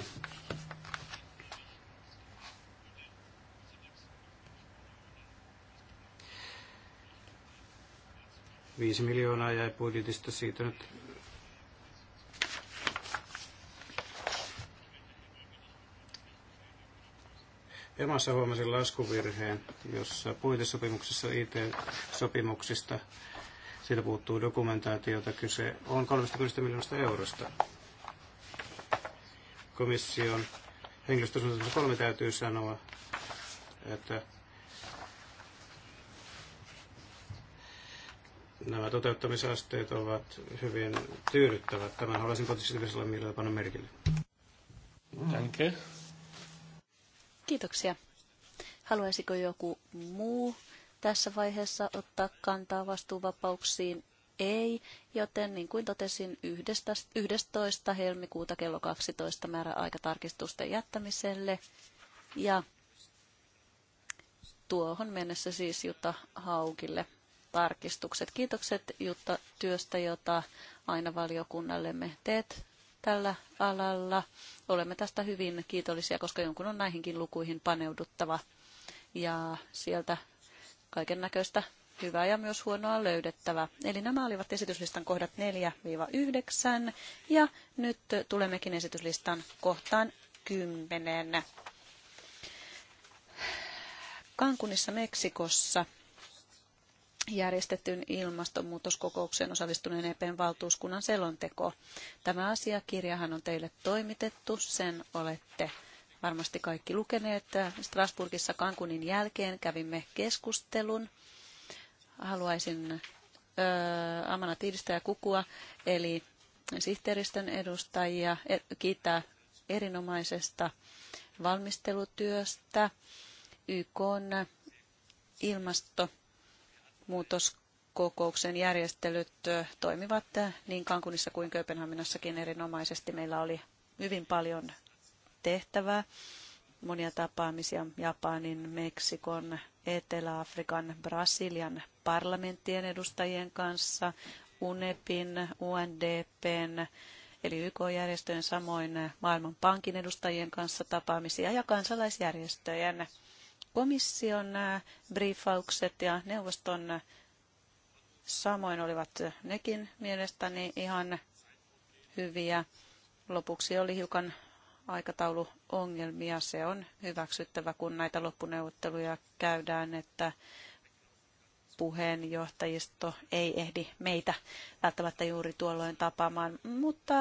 Viisi miljoonaa jäi budjetista siitä nyt Emassa huomasin laskuvirheen, jossa puitesopimuksessa IT-sopimuksista siitä puuttuu dokumentaatiota. Kyse on 30 miljoonasta eurosta. Komission henkilöstösuunnitelmassa kolme täytyy sanoa, että nämä toteuttamisasteet ovat hyvin tyydyttävät. Tämän haluaisin positiivisella mielellä panna merkille. you. Kiitoksia. Haluaisiko joku muu tässä vaiheessa ottaa kantaa vastuuvapauksiin? Ei, joten niin kuin totesin, 11. helmikuuta kello 12 määräaika tarkistusten jättämiselle. Ja tuohon mennessä siis Jutta Haukille tarkistukset. Kiitokset Jutta työstä, jota aina valiokunnallemme teet tällä alalla. Olemme tästä hyvin kiitollisia, koska jonkun on näihinkin lukuihin paneuduttava. Ja sieltä kaiken näköistä hyvää ja myös huonoa löydettävä. Eli nämä olivat esityslistan kohdat 4-9 ja nyt tulemmekin esityslistan kohtaan 10. Kankunissa Meksikossa järjestetyn ilmastonmuutoskokoukseen osallistuneen EPn valtuuskunnan selonteko. Tämä asiakirjahan on teille toimitettu, sen olette varmasti kaikki lukeneet. Strasburgissa Kankunin jälkeen kävimme keskustelun. Haluaisin öö, Amana Tiidistä ja Kukua, eli sihteeristön edustajia, e, kiittää erinomaisesta valmistelutyöstä YK ilmasto- muutoskokouksen järjestelyt toimivat niin Kankunissa kuin Kööpenhaminassakin erinomaisesti. Meillä oli hyvin paljon tehtävää, monia tapaamisia Japanin, Meksikon, Etelä-Afrikan, Brasilian parlamenttien edustajien kanssa, UNEPin, UNDPn, eli YK-järjestöjen samoin Maailmanpankin edustajien kanssa tapaamisia ja kansalaisjärjestöjen Komission briefaukset ja neuvoston samoin olivat nekin mielestäni ihan hyviä. Lopuksi oli hiukan aikatauluongelmia. Se on hyväksyttävä, kun näitä loppuneuvotteluja käydään, että puheenjohtajisto ei ehdi meitä välttämättä juuri tuolloin tapaamaan, mutta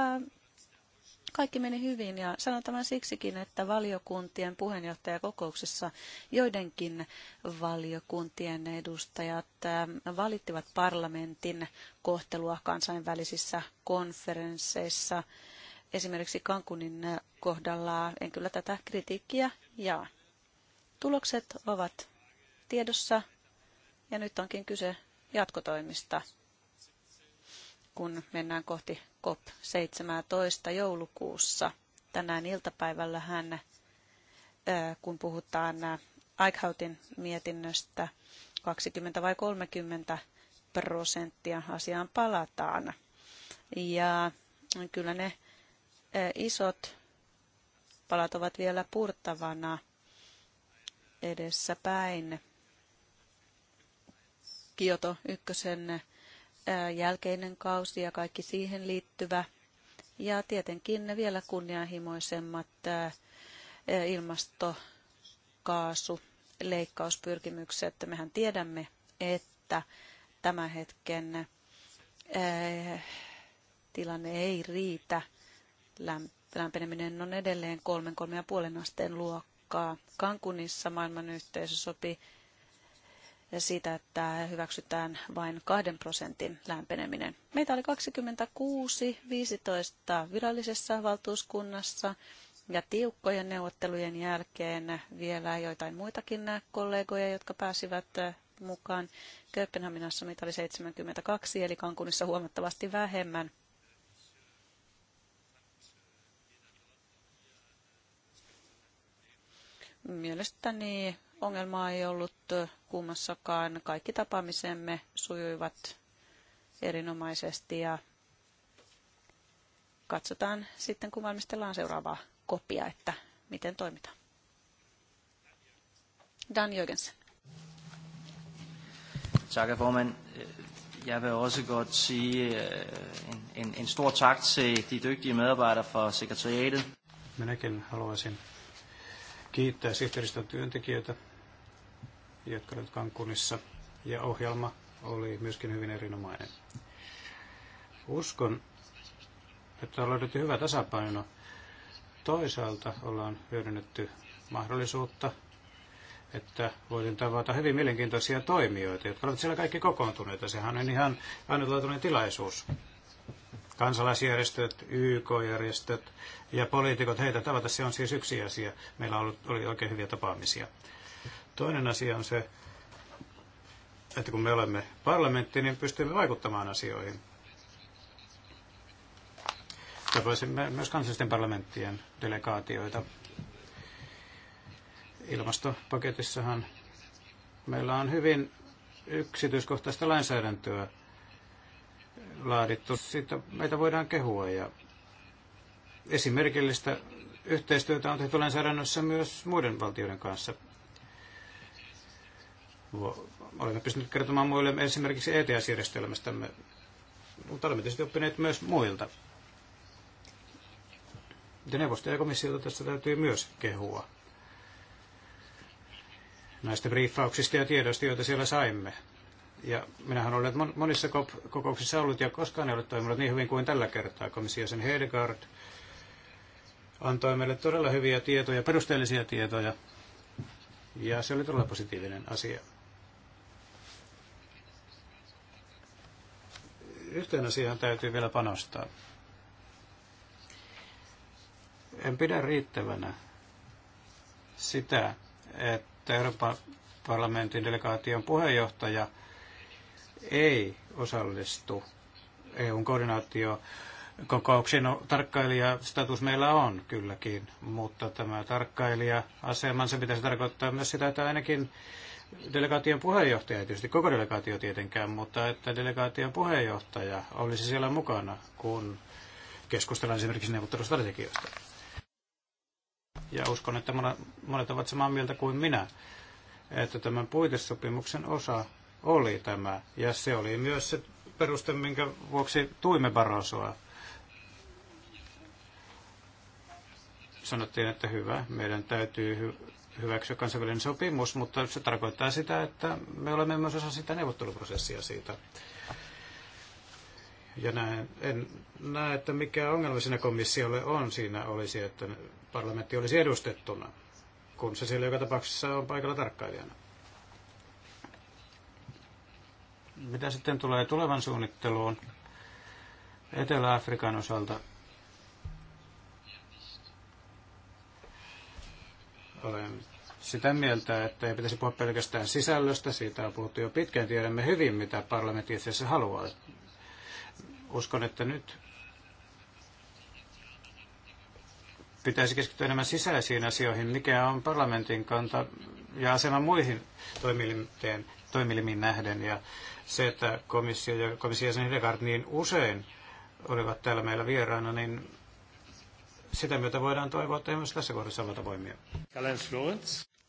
kaikki meni hyvin ja sanon tämän siksikin, että valiokuntien puheenjohtajakokouksessa joidenkin valiokuntien edustajat ähm, valittivat parlamentin kohtelua kansainvälisissä konferensseissa. Esimerkiksi Kankunin kohdalla en kyllä tätä kritiikkiä jaa. Tulokset ovat tiedossa ja nyt onkin kyse jatkotoimista kun mennään kohti COP17 joulukuussa. Tänään iltapäivällä hän, kun puhutaan Eichhautin mietinnöstä, 20 vai 30 prosenttia asiaan palataan. Ja kyllä ne isot palat ovat vielä purtavana edessäpäin. Kioto ykkösen jälkeinen kausi ja kaikki siihen liittyvä. Ja tietenkin vielä kunnianhimoisemmat ilmastokaasuleikkauspyrkimykset. Mehän tiedämme, että tämän hetken tilanne ei riitä. Lämpeneminen on edelleen 3-3,5 asteen luokkaa. Kankunissa maailman yhteisö sopi ja siitä, että hyväksytään vain kahden prosentin lämpeneminen. Meitä oli 26, 15 virallisessa valtuuskunnassa ja tiukkojen neuvottelujen jälkeen vielä joitain muitakin kollegoja, jotka pääsivät mukaan. Kööpenhaminassa meitä oli 72, eli Kankunissa huomattavasti vähemmän. Mielestäni ongelmaa ei ollut kummassakaan. Kaikki tapaamisemme sujuivat erinomaisesti ja katsotaan sitten, kun valmistellaan seuraavaa kopia, että miten toimitaan. Dan Jørgensen. Tak, formand. Jeg vil også godt sige øh, en, en, en stor tak til de dygtige medarbejdere fra sekretariatet. Minäkin haluaisin kiittää sihteeristön työntekijöitä, jotka olivat Cancunissa, ja ohjelma oli myöskin hyvin erinomainen. Uskon, että on löydetty hyvä tasapaino. Toisaalta ollaan hyödynnetty mahdollisuutta, että voisin tavata hyvin mielenkiintoisia toimijoita, jotka ovat siellä kaikki kokoontuneita. Sehän on ihan ainutlaatuinen tilaisuus kansalaisjärjestöt, YK-järjestöt ja poliitikot, heitä tavata, se on siis yksi asia. Meillä oli oikein hyviä tapaamisia. Toinen asia on se, että kun me olemme parlamentti, niin pystymme vaikuttamaan asioihin. Tapaisimme myös kansallisten parlamenttien delegaatioita. Ilmastopaketissahan meillä on hyvin yksityiskohtaista lainsäädäntöä laadittu. Siitä meitä voidaan kehua ja esimerkillistä yhteistyötä on tehty lainsäädännössä myös muiden valtioiden kanssa. Olemme pystyneet kertomaan muille esimerkiksi ETS-järjestelmästämme, mutta olemme tietysti oppineet myös muilta. Ja neuvosto ja komissiota tässä täytyy myös kehua näistä briefauksista ja tiedoista, joita siellä saimme. Ja minähän olen monissa kokouksissa ollut ja koskaan ei ole toiminut niin hyvin kuin tällä kertaa. Komissiosen Hedegaard antoi meille todella hyviä tietoja, perusteellisia tietoja. Ja se oli todella positiivinen asia. Yhteen asiaan täytyy vielä panostaa. En pidä riittävänä sitä, että Euroopan parlamentin delegaation puheenjohtaja – ei osallistu EUn koordinaatio kokouksiin. No, tarkkailijastatus meillä on kylläkin, mutta tämä tarkkailija-aseman, se pitäisi tarkoittaa myös sitä, että ainakin delegaation puheenjohtaja, ei tietysti koko delegaatio tietenkään, mutta että delegaation puheenjohtaja olisi siellä mukana, kun keskustellaan esimerkiksi neuvottelustrategioista. Ja uskon, että monet ovat samaa mieltä kuin minä, että tämän puitesopimuksen osa oli tämä. Ja se oli myös se peruste, minkä vuoksi tuimme Barrosoa. Sanottiin, että hyvä, meidän täytyy hyväksyä kansainvälinen sopimus, mutta se tarkoittaa sitä, että me olemme myös osa sitä neuvotteluprosessia siitä. Ja näen, en näe, että mikä ongelma siinä komissiolle on siinä olisi, että parlamentti olisi edustettuna, kun se siellä joka tapauksessa on paikalla tarkkailijana. Mitä sitten tulee tulevan suunnitteluun Etelä-Afrikan osalta? Olen sitä mieltä, että ei pitäisi puhua pelkästään sisällöstä. Siitä on puhuttu jo pitkään. Tiedämme hyvin, mitä parlamentti itse asiassa haluaa. Uskon, että nyt pitäisi keskittyä enemmän sisäisiin asioihin, mikä on parlamentin kanta ja asema muihin toimilimiin nähden. Ja se, että komissio ja komission jäsen Hildegard niin usein olivat täällä meillä vieraana, niin sitä myötä voidaan toivoa, että myös tässä kohdassa avata voimia.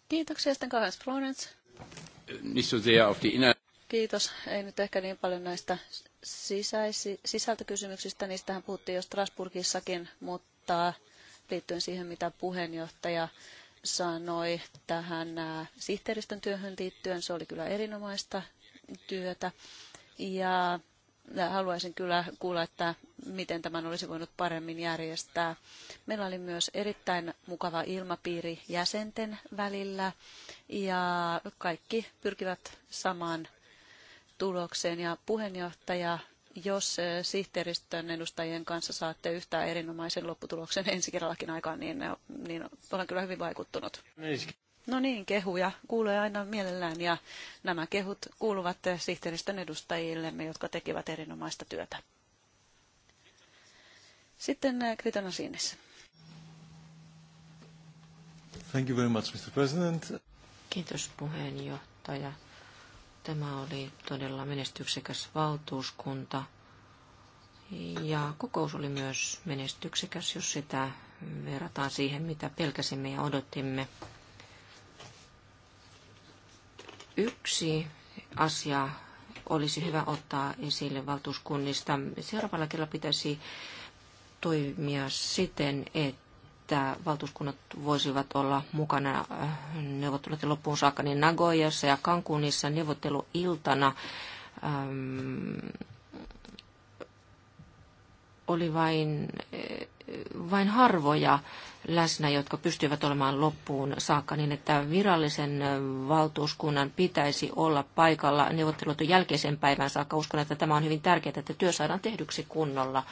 Kiitoksia sitten Florence. Kiitos. Ei nyt ehkä niin paljon näistä sisäisi, sisältökysymyksistä. Niistähän puhuttiin jo Strasburgissakin, mutta liittyen siihen, mitä puheenjohtaja sanoi tähän äh, sihteeristön työhön liittyen, se oli kyllä erinomaista työtä. Ja haluaisin kyllä kuulla, että miten tämän olisi voinut paremmin järjestää. Meillä oli myös erittäin mukava ilmapiiri jäsenten välillä ja kaikki pyrkivät samaan tulokseen. Ja puheenjohtaja, jos sihteeristön edustajien kanssa saatte yhtään erinomaisen lopputuloksen ensi kerrallakin aikaan, niin, niin olen kyllä hyvin vaikuttunut. No niin, kehuja kuulee aina mielellään ja nämä kehut kuuluvat sihteeristön edustajillemme, jotka tekivät erinomaista työtä. Sitten eh, Kritona Siinis. Thank you very much, Mr. President. Kiitos puheenjohtaja. Tämä oli todella menestyksekäs valtuuskunta. Ja kokous oli myös menestyksekäs, jos sitä verrataan siihen, mitä pelkäsimme ja odotimme. Yksi asia olisi hyvä ottaa esille valtuuskunnista. Seuraavalla kerralla pitäisi toimia siten, että valtuuskunnat voisivat olla mukana äh, neuvottelujen loppuun saakka niin Nagoyassa ja Cancunissa neuvotteluiltana. Ähm, oli vain äh, vain harvoja läsnä, jotka pystyvät olemaan loppuun saakka niin, että virallisen valtuuskunnan pitäisi olla paikalla neuvottelutun jälkeisen päivän saakka. Uskon, että tämä on hyvin tärkeää, että työ saadaan tehdyksi kunnolla.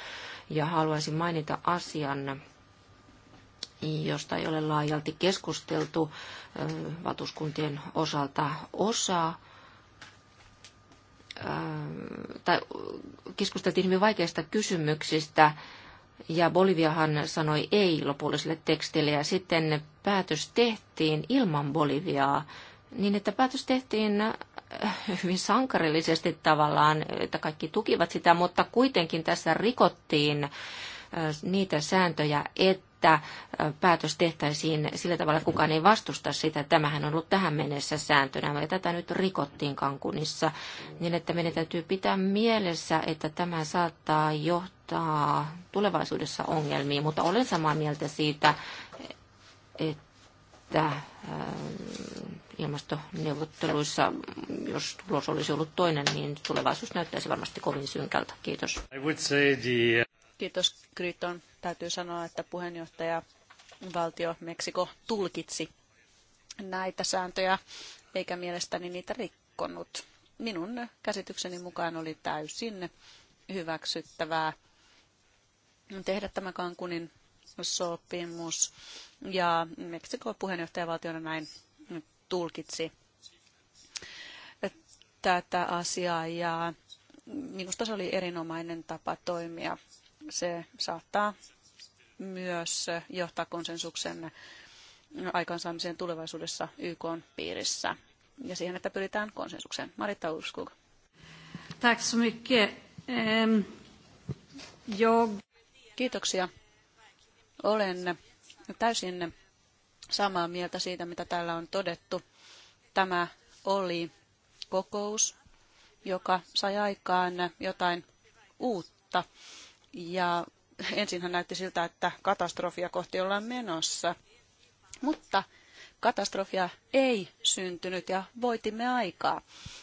Ja haluaisin mainita asian, josta ei ole laajalti keskusteltu valtuuskuntien osalta. osaa tai keskusteltiin hyvin vaikeista kysymyksistä ja Boliviahan sanoi ei lopulliselle tekstille ja sitten päätös tehtiin ilman Boliviaa, niin että päätös tehtiin äh, hyvin sankarillisesti tavallaan, että kaikki tukivat sitä, mutta kuitenkin tässä rikottiin äh, niitä sääntöjä, että että päätös tehtäisiin sillä tavalla, että kukaan ei vastusta sitä. Tämähän on ollut tähän mennessä sääntönä, vai tätä nyt rikottiin Kankunissa, niin että meidän täytyy pitää mielessä, että tämä saattaa johtaa tulevaisuudessa ongelmiin, mutta olen samaa mieltä siitä, että ilmastoneuvotteluissa, jos tulos olisi ollut toinen, niin tulevaisuus näyttäisi varmasti kovin synkältä. Kiitos. I would say the... Kiitos, Kriton. Täytyy sanoa, että puheenjohtaja valtio Meksiko tulkitsi näitä sääntöjä, eikä mielestäni niitä rikkonut. Minun käsitykseni mukaan oli täysin hyväksyttävää tehdä tämä Kankunin sopimus. Ja Meksiko puheenjohtajavaltiona näin tulkitsi tätä asiaa ja minusta se oli erinomainen tapa toimia se saattaa myös johtaa konsensuksen aikaansaamiseen tulevaisuudessa YK piirissä ja siihen, että pyritään konsensukseen. Maritta Ulskog. Tack så mycket. Ehm, Kiitoksia. Olen täysin samaa mieltä siitä, mitä täällä on todettu. Tämä oli kokous, joka sai aikaan jotain uutta. Ja ensinhän näytti siltä, että katastrofia kohti ollaan menossa. Mutta katastrofia ei syntynyt ja voitimme aikaa.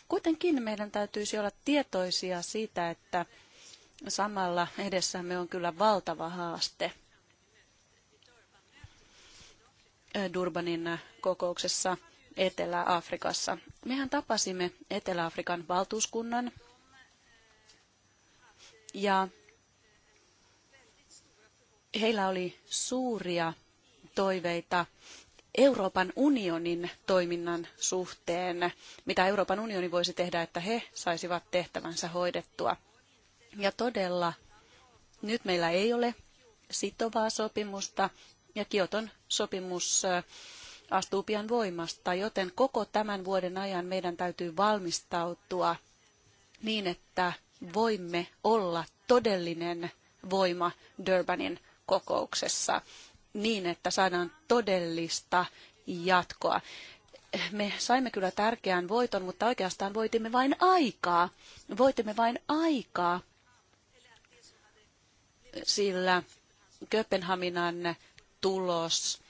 Kuitenkin meidän täytyisi olla tietoisia siitä, että samalla edessämme on kyllä valtava haaste. Durbanin kokouksessa Etelä-Afrikassa. Mehän tapasimme Etelä-Afrikan valtuuskunnan ja heillä oli suuria toiveita Euroopan unionin toiminnan suhteen, mitä Euroopan unioni voisi tehdä, että he saisivat tehtävänsä hoidettua. Ja todella, nyt meillä ei ole sitovaa sopimusta ja Kioton sopimus astuu pian voimasta, joten koko tämän vuoden ajan meidän täytyy valmistautua niin, että voimme olla todellinen voima Durbanin kokouksessa niin, että saadaan todellista jatkoa. Me saimme kyllä tärkeän voiton, mutta oikeastaan voitimme vain aikaa. Voitimme vain aikaa, sillä Kööpenhaminan tulos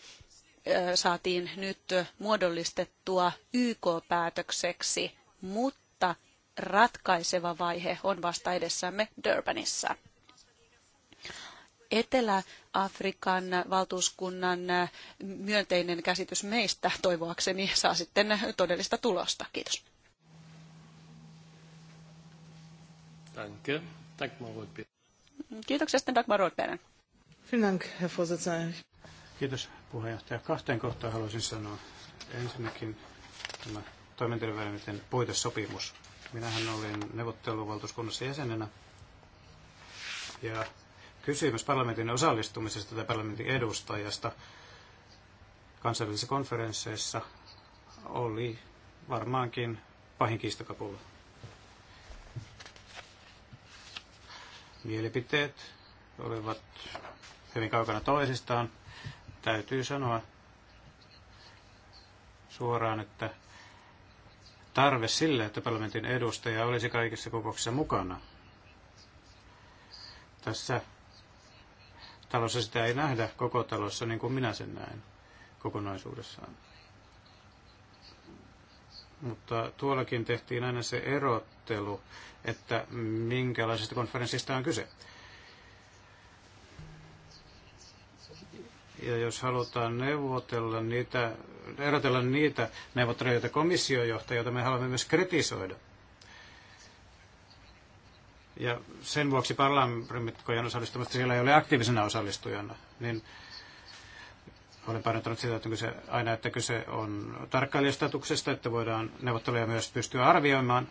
saatiin nyt muodollistettua YK-päätökseksi, mutta ratkaiseva vaihe on vasta edessämme Durbanissa. Etelä-Afrikan valtuuskunnan myönteinen käsitys meistä toivoakseni saa sitten todellista tulosta. Kiitos. Danke. Dagmar Kiitoksia sitten Dagmar Rothbeeren. Kiitos puheenjohtaja. Kahteen kohtaan haluaisin sanoa. Ensinnäkin tämä toimintavälineiden puitesopimus. Minähän olin neuvotteluvaltuuskunnassa jäsenenä ja kysymys parlamentin osallistumisesta tai parlamentin edustajasta kansainvälisissä konferensseissa oli varmaankin pahin kiistakapulla. Mielipiteet olivat hyvin kaukana toisistaan. Täytyy sanoa suoraan, että tarve sille, että parlamentin edustaja olisi kaikissa kokouksissa mukana. Tässä talossa sitä ei nähdä koko talossa niin kuin minä sen näen kokonaisuudessaan. Mutta tuollakin tehtiin aina se erottelu, että minkälaisesta konferenssista on kyse. Ja jos halutaan neuvotella niitä, erotella niitä neuvottelijoita komissiojohtajia, joita me haluamme myös kritisoida – ja sen vuoksi parlamentikkojen osallistumista siellä ei ole aktiivisena osallistujana, niin olen painottanut sitä, että kyse, aina, että kyse on tarkkailijastatuksesta, että voidaan neuvotteluja myös pystyä arvioimaan.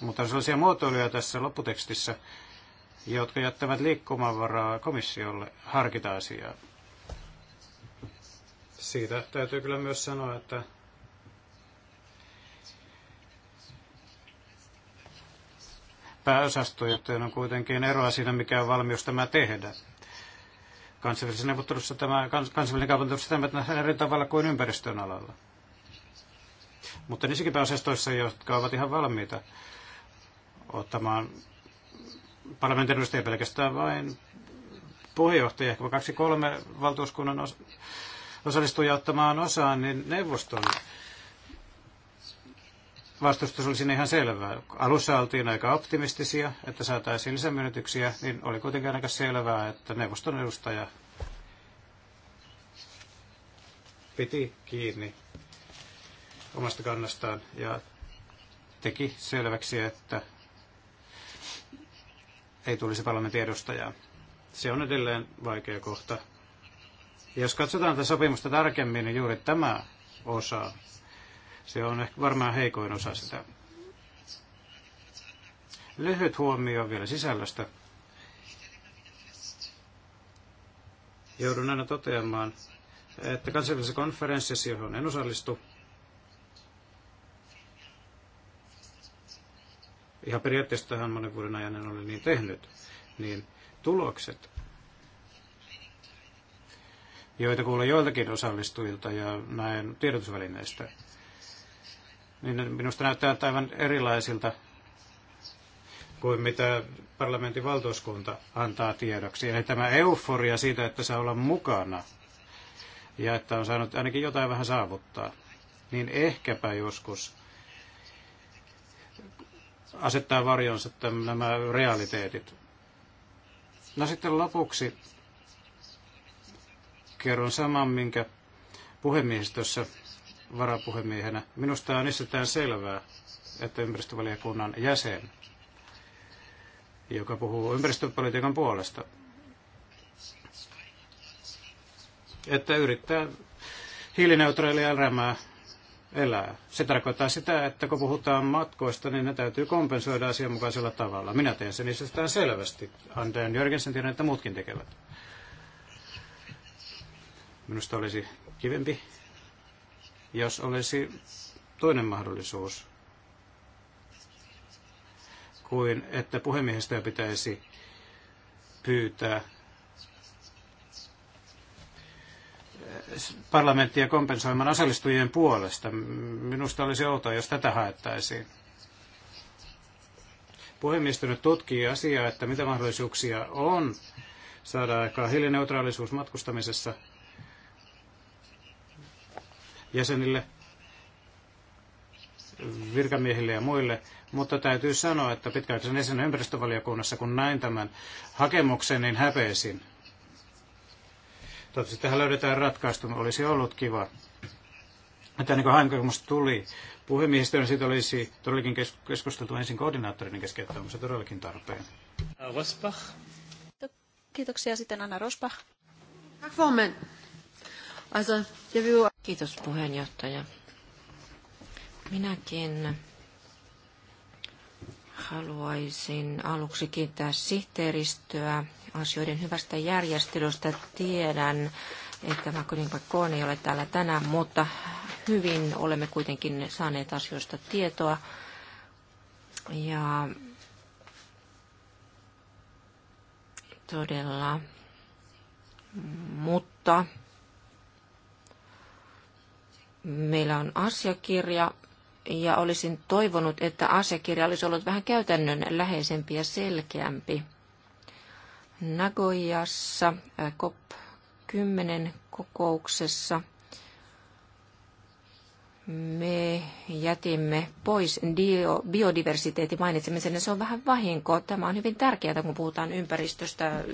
Mutta on sellaisia muotoiluja tässä lopputekstissä, jotka jättävät liikkumavaraa komissiolle harkita asiaa. Siitä täytyy kyllä myös sanoa, että pääosasto, joten on kuitenkin eroa siinä, mikä on valmius tämä tehdä. Kansainvälisessä neuvottelussa tämä, kansainvälinen kaupantelussa tämä nähdään eri tavalla kuin ympäristön alalla. Mutta niissäkin pääosastoissa, jotka ovat ihan valmiita ottamaan parlamentin edustajia pelkästään vain puheenjohtaja, ehkä kaksi kolme valtuuskunnan osallistujaa ottamaan osaa, niin neuvoston vastustus oli ihan selvää. Alussa oltiin aika optimistisia, että saataisiin lisämyönnytyksiä, niin oli kuitenkin aika selvää, että neuvoston edustaja piti kiinni omasta kannastaan ja teki selväksi, että ei tulisi parlamentin edustajaa. Se on edelleen vaikea kohta. Jos katsotaan tätä sopimusta tarkemmin, niin juuri tämä osa se on ehkä varmaan heikoin osa sitä. Lyhyt huomio vielä sisällöstä. Joudun aina toteamaan, että kansainvälisessä konferenssissa, johon en osallistu, ihan tähän monen vuoden ajan en ole niin tehnyt, niin tulokset, joita kuulla joiltakin osallistujilta ja näin tiedotusvälineistä, niin minusta näyttää aivan erilaisilta kuin mitä parlamentin valtuuskunta antaa tiedoksi. Eli tämä euforia siitä, että saa olla mukana ja että on saanut ainakin jotain vähän saavuttaa, niin ehkäpä joskus asettaa varjonsa nämä realiteetit. No sitten lopuksi kerron saman, minkä puhemiehistössä varapuhemiehenä. Minusta on itsestään selvää, että ympäristövaliokunnan jäsen, joka puhuu ympäristöpolitiikan puolesta, että yrittää hiilineutraalia elämää elää. Se tarkoittaa sitä, että kun puhutaan matkoista, niin ne täytyy kompensoida asianmukaisella tavalla. Minä teen sen itsestään selvästi. Andrean Jörgensen tiedän, että muutkin tekevät. Minusta olisi kivempi, jos olisi toinen mahdollisuus kuin että puhemiehistöä pitäisi pyytää parlamenttia kompensoimaan osallistujien puolesta. Minusta olisi outoa, jos tätä haettaisiin. Puhemiestö nyt tutkii asiaa, että mitä mahdollisuuksia on saada aikaa hiilineutraalisuus matkustamisessa – jäsenille, virkamiehille ja muille, mutta täytyy sanoa, että pitkäaikaisen jäsenen ympäristövaliokunnassa, kun näin tämän hakemuksen, niin häpeisin. Toivottavasti tähän löydetään ratkaistu, olisi ollut kiva. Että niin kuin hakemus tuli niin siitä olisi todellakin keskusteltu ensin koordinaattorin keskeyttä, onko se todellakin tarpeen. Rosbach. Kiitoksia sitten Anna Rosbach. Tack mig. Alltså, jag vill... Kiitos puheenjohtaja. Minäkin haluaisin aluksi kiittää sihteeristöä asioiden hyvästä järjestelystä. Tiedän, että vaikka Koon ei ole täällä tänään, mutta hyvin olemme kuitenkin saaneet asioista tietoa. Ja todella, mutta meillä on asiakirja, ja olisin toivonut, että asiakirja olisi ollut vähän käytännön läheisempi ja selkeämpi. Nagoyassa äh, COP10 kokouksessa me jätimme pois biodiversiteetin mainitsemisen, ja se on vähän vahinko. Tämä on hyvin tärkeää, kun puhutaan ympäristöstä,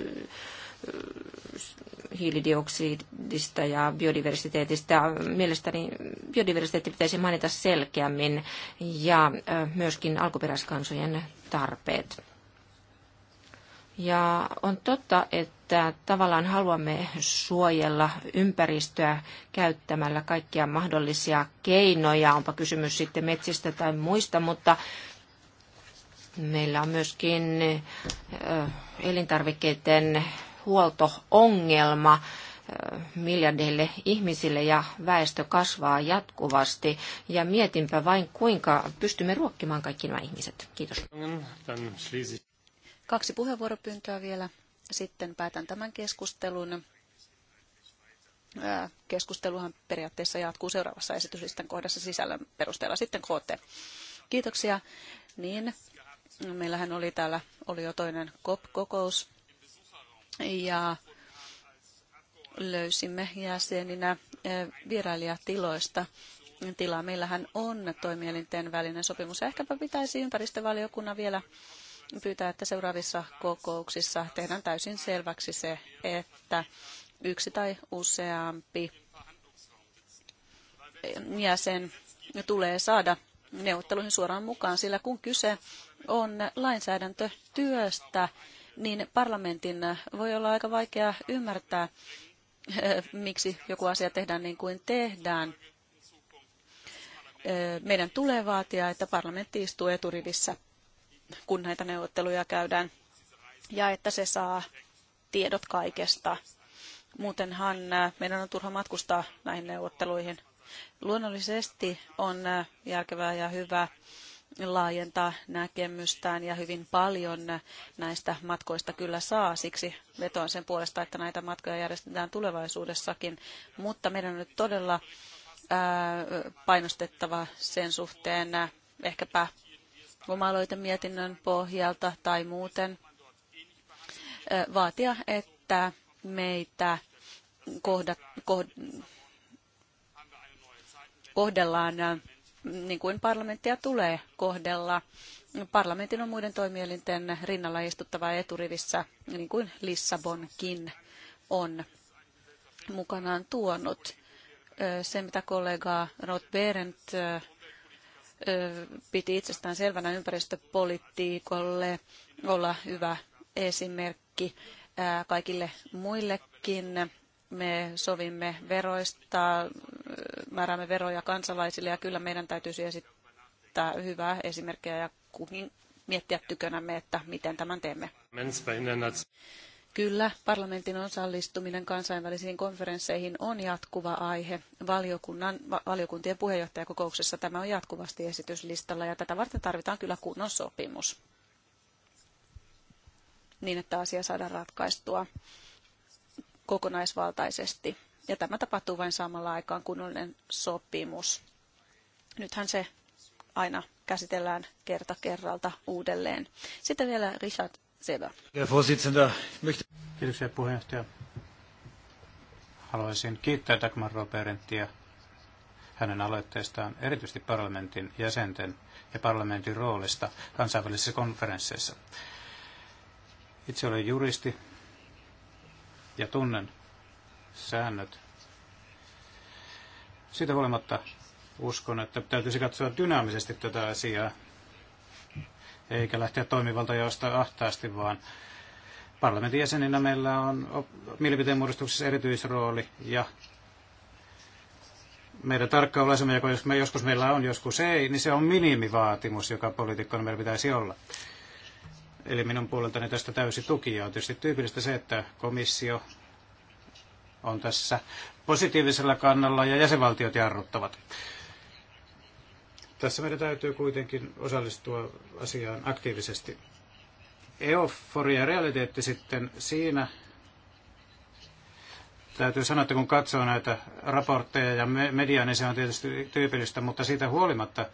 hiilidioksidista ja biodiversiteetistä. Mielestäni biodiversiteetti pitäisi mainita selkeämmin ja myöskin alkuperäiskansojen tarpeet. Ja on totta, että tavallaan haluamme suojella ympäristöä käyttämällä kaikkia mahdollisia keinoja, onpa kysymys sitten metsistä tai muista, mutta meillä on myöskin elintarvikkeiden huoltoongelma miljardeille ihmisille ja väestö kasvaa jatkuvasti. Ja mietinpä vain, kuinka pystymme ruokkimaan kaikki nämä ihmiset. Kiitos. Kaksi puheenvuoropyyntöä vielä. Sitten päätän tämän keskustelun. Keskusteluhan periaatteessa jatkuu seuraavassa esityslistan kohdassa sisällön perusteella. Sitten KT. Kiitoksia. Niin, meillähän oli täällä oli jo toinen COP-kokous ja löysimme jäseninä eh, vierailijatiloista tilaa. Meillähän on toimielinten välinen sopimus. Ehkäpä pitäisi ympäristövaliokunnan vielä pyytää, että seuraavissa kokouksissa tehdään täysin selväksi se, että yksi tai useampi jäsen tulee saada neuvotteluihin suoraan mukaan, sillä kun kyse on lainsäädäntötyöstä, niin parlamentin äh, voi olla aika vaikea ymmärtää, äh, miksi joku asia tehdään niin kuin tehdään. Äh, meidän tulee vaatia, että parlamentti istuu eturivissä, kun näitä neuvotteluja käydään, ja että se saa tiedot kaikesta. Muutenhan meidän on turha matkustaa näihin neuvotteluihin. Luonnollisesti on järkevää ja hyvää laajentaa näkemystään ja hyvin paljon näistä matkoista kyllä saa. Siksi vetoan sen puolesta, että näitä matkoja järjestetään tulevaisuudessakin. Mutta meidän on nyt todella painostettava sen suhteen ehkäpä mietinnön pohjalta tai muuten vaatia, että meitä kohdat, kohd, kohdellaan niin kuin parlamenttia tulee kohdella. Parlamentin on muiden toimielinten rinnalla istuttava eturivissä, niin kuin Lissabonkin on mukanaan tuonut. Se, mitä kollega Roth Berendt piti itsestään selvänä ympäristöpolitiikolle olla hyvä esimerkki kaikille muillekin me sovimme veroista, määräämme veroja kansalaisille ja kyllä meidän täytyisi esittää hyvää esimerkkiä ja kukin miettiä tykönämme, että miten tämän teemme. Kyllä, parlamentin osallistuminen kansainvälisiin konferensseihin on jatkuva aihe. Valiokunnan, valiokuntien puheenjohtajakokouksessa tämä on jatkuvasti esityslistalla ja tätä varten tarvitaan kyllä kunnon sopimus niin, että asia saadaan ratkaistua kokonaisvaltaisesti. Ja tämä tapahtuu vain saamalla aikaan kunnollinen sopimus. Nythän se aina käsitellään kerta kerralta uudelleen. Sitten vielä Richard Seba. Kiitoksia puheenjohtaja. Haluaisin kiittää Dagmar Roberenttia hänen aloitteestaan erityisesti parlamentin jäsenten ja parlamentin roolista kansainvälisissä konferensseissa. Itse olen juristi ja tunnen säännöt. Siitä huolimatta uskon, että täytyisi katsoa dynaamisesti tätä asiaa, eikä lähteä toimivaltajoista ahtaasti, vaan parlamentin jäseninä meillä on mielipiteenmuodostuksessa erityisrooli ja meidän tarkkaavaisemme joka jos me, joskus meillä on, joskus ei, niin se on minimivaatimus, joka poliitikkoina meillä pitäisi olla. Eli minun puoleltani tästä täysi tuki. Ja on tietysti tyypillistä se, että komissio on tässä positiivisella kannalla ja jäsenvaltiot jarruttavat. Tässä meidän täytyy kuitenkin osallistua asiaan aktiivisesti. Euforia realiteetti sitten siinä täytyy sanoa, että kun katsoo näitä raportteja ja mediaa, niin se on tietysti tyypillistä, mutta siitä huolimatta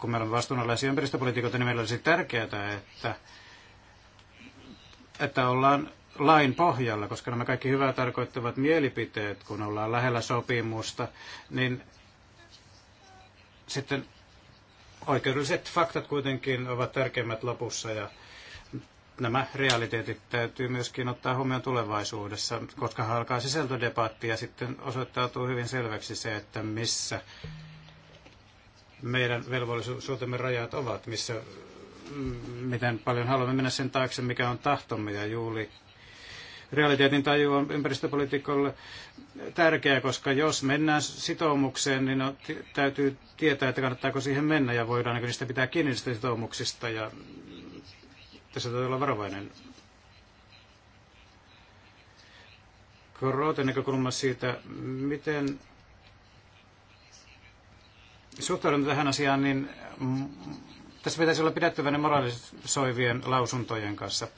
kun meillä on vastuunalaisia ympäristöpolitiikoita, niin meillä olisi tärkeää, että, että ollaan lain pohjalla, koska nämä kaikki hyvää tarkoittavat mielipiteet, kun ollaan lähellä sopimusta, niin sitten oikeudelliset faktat kuitenkin ovat tärkeimmät lopussa ja nämä realiteetit täytyy myöskin ottaa huomioon tulevaisuudessa, koska alkaa sisältödebatti ja sitten osoittautuu hyvin selväksi se, että missä meidän velvollisuutemme rajat ovat, missä, mm, miten paljon haluamme mennä sen taakse, mikä on tahtomme ja juuri realiteetin taju on ympäristöpolitiikolle tärkeää, koska jos mennään sitoumukseen, niin on, täytyy tietää, että kannattaako siihen mennä ja voidaanko niistä pitää kiinni niistä sitoumuksista ja tässä täytyy olla varovainen. Korotin näkökulma siitä, miten suhtaudumme tähän asiaan, niin mm, tässä pitäisi olla pidettävänä moraalisoivien lausuntojen kanssa.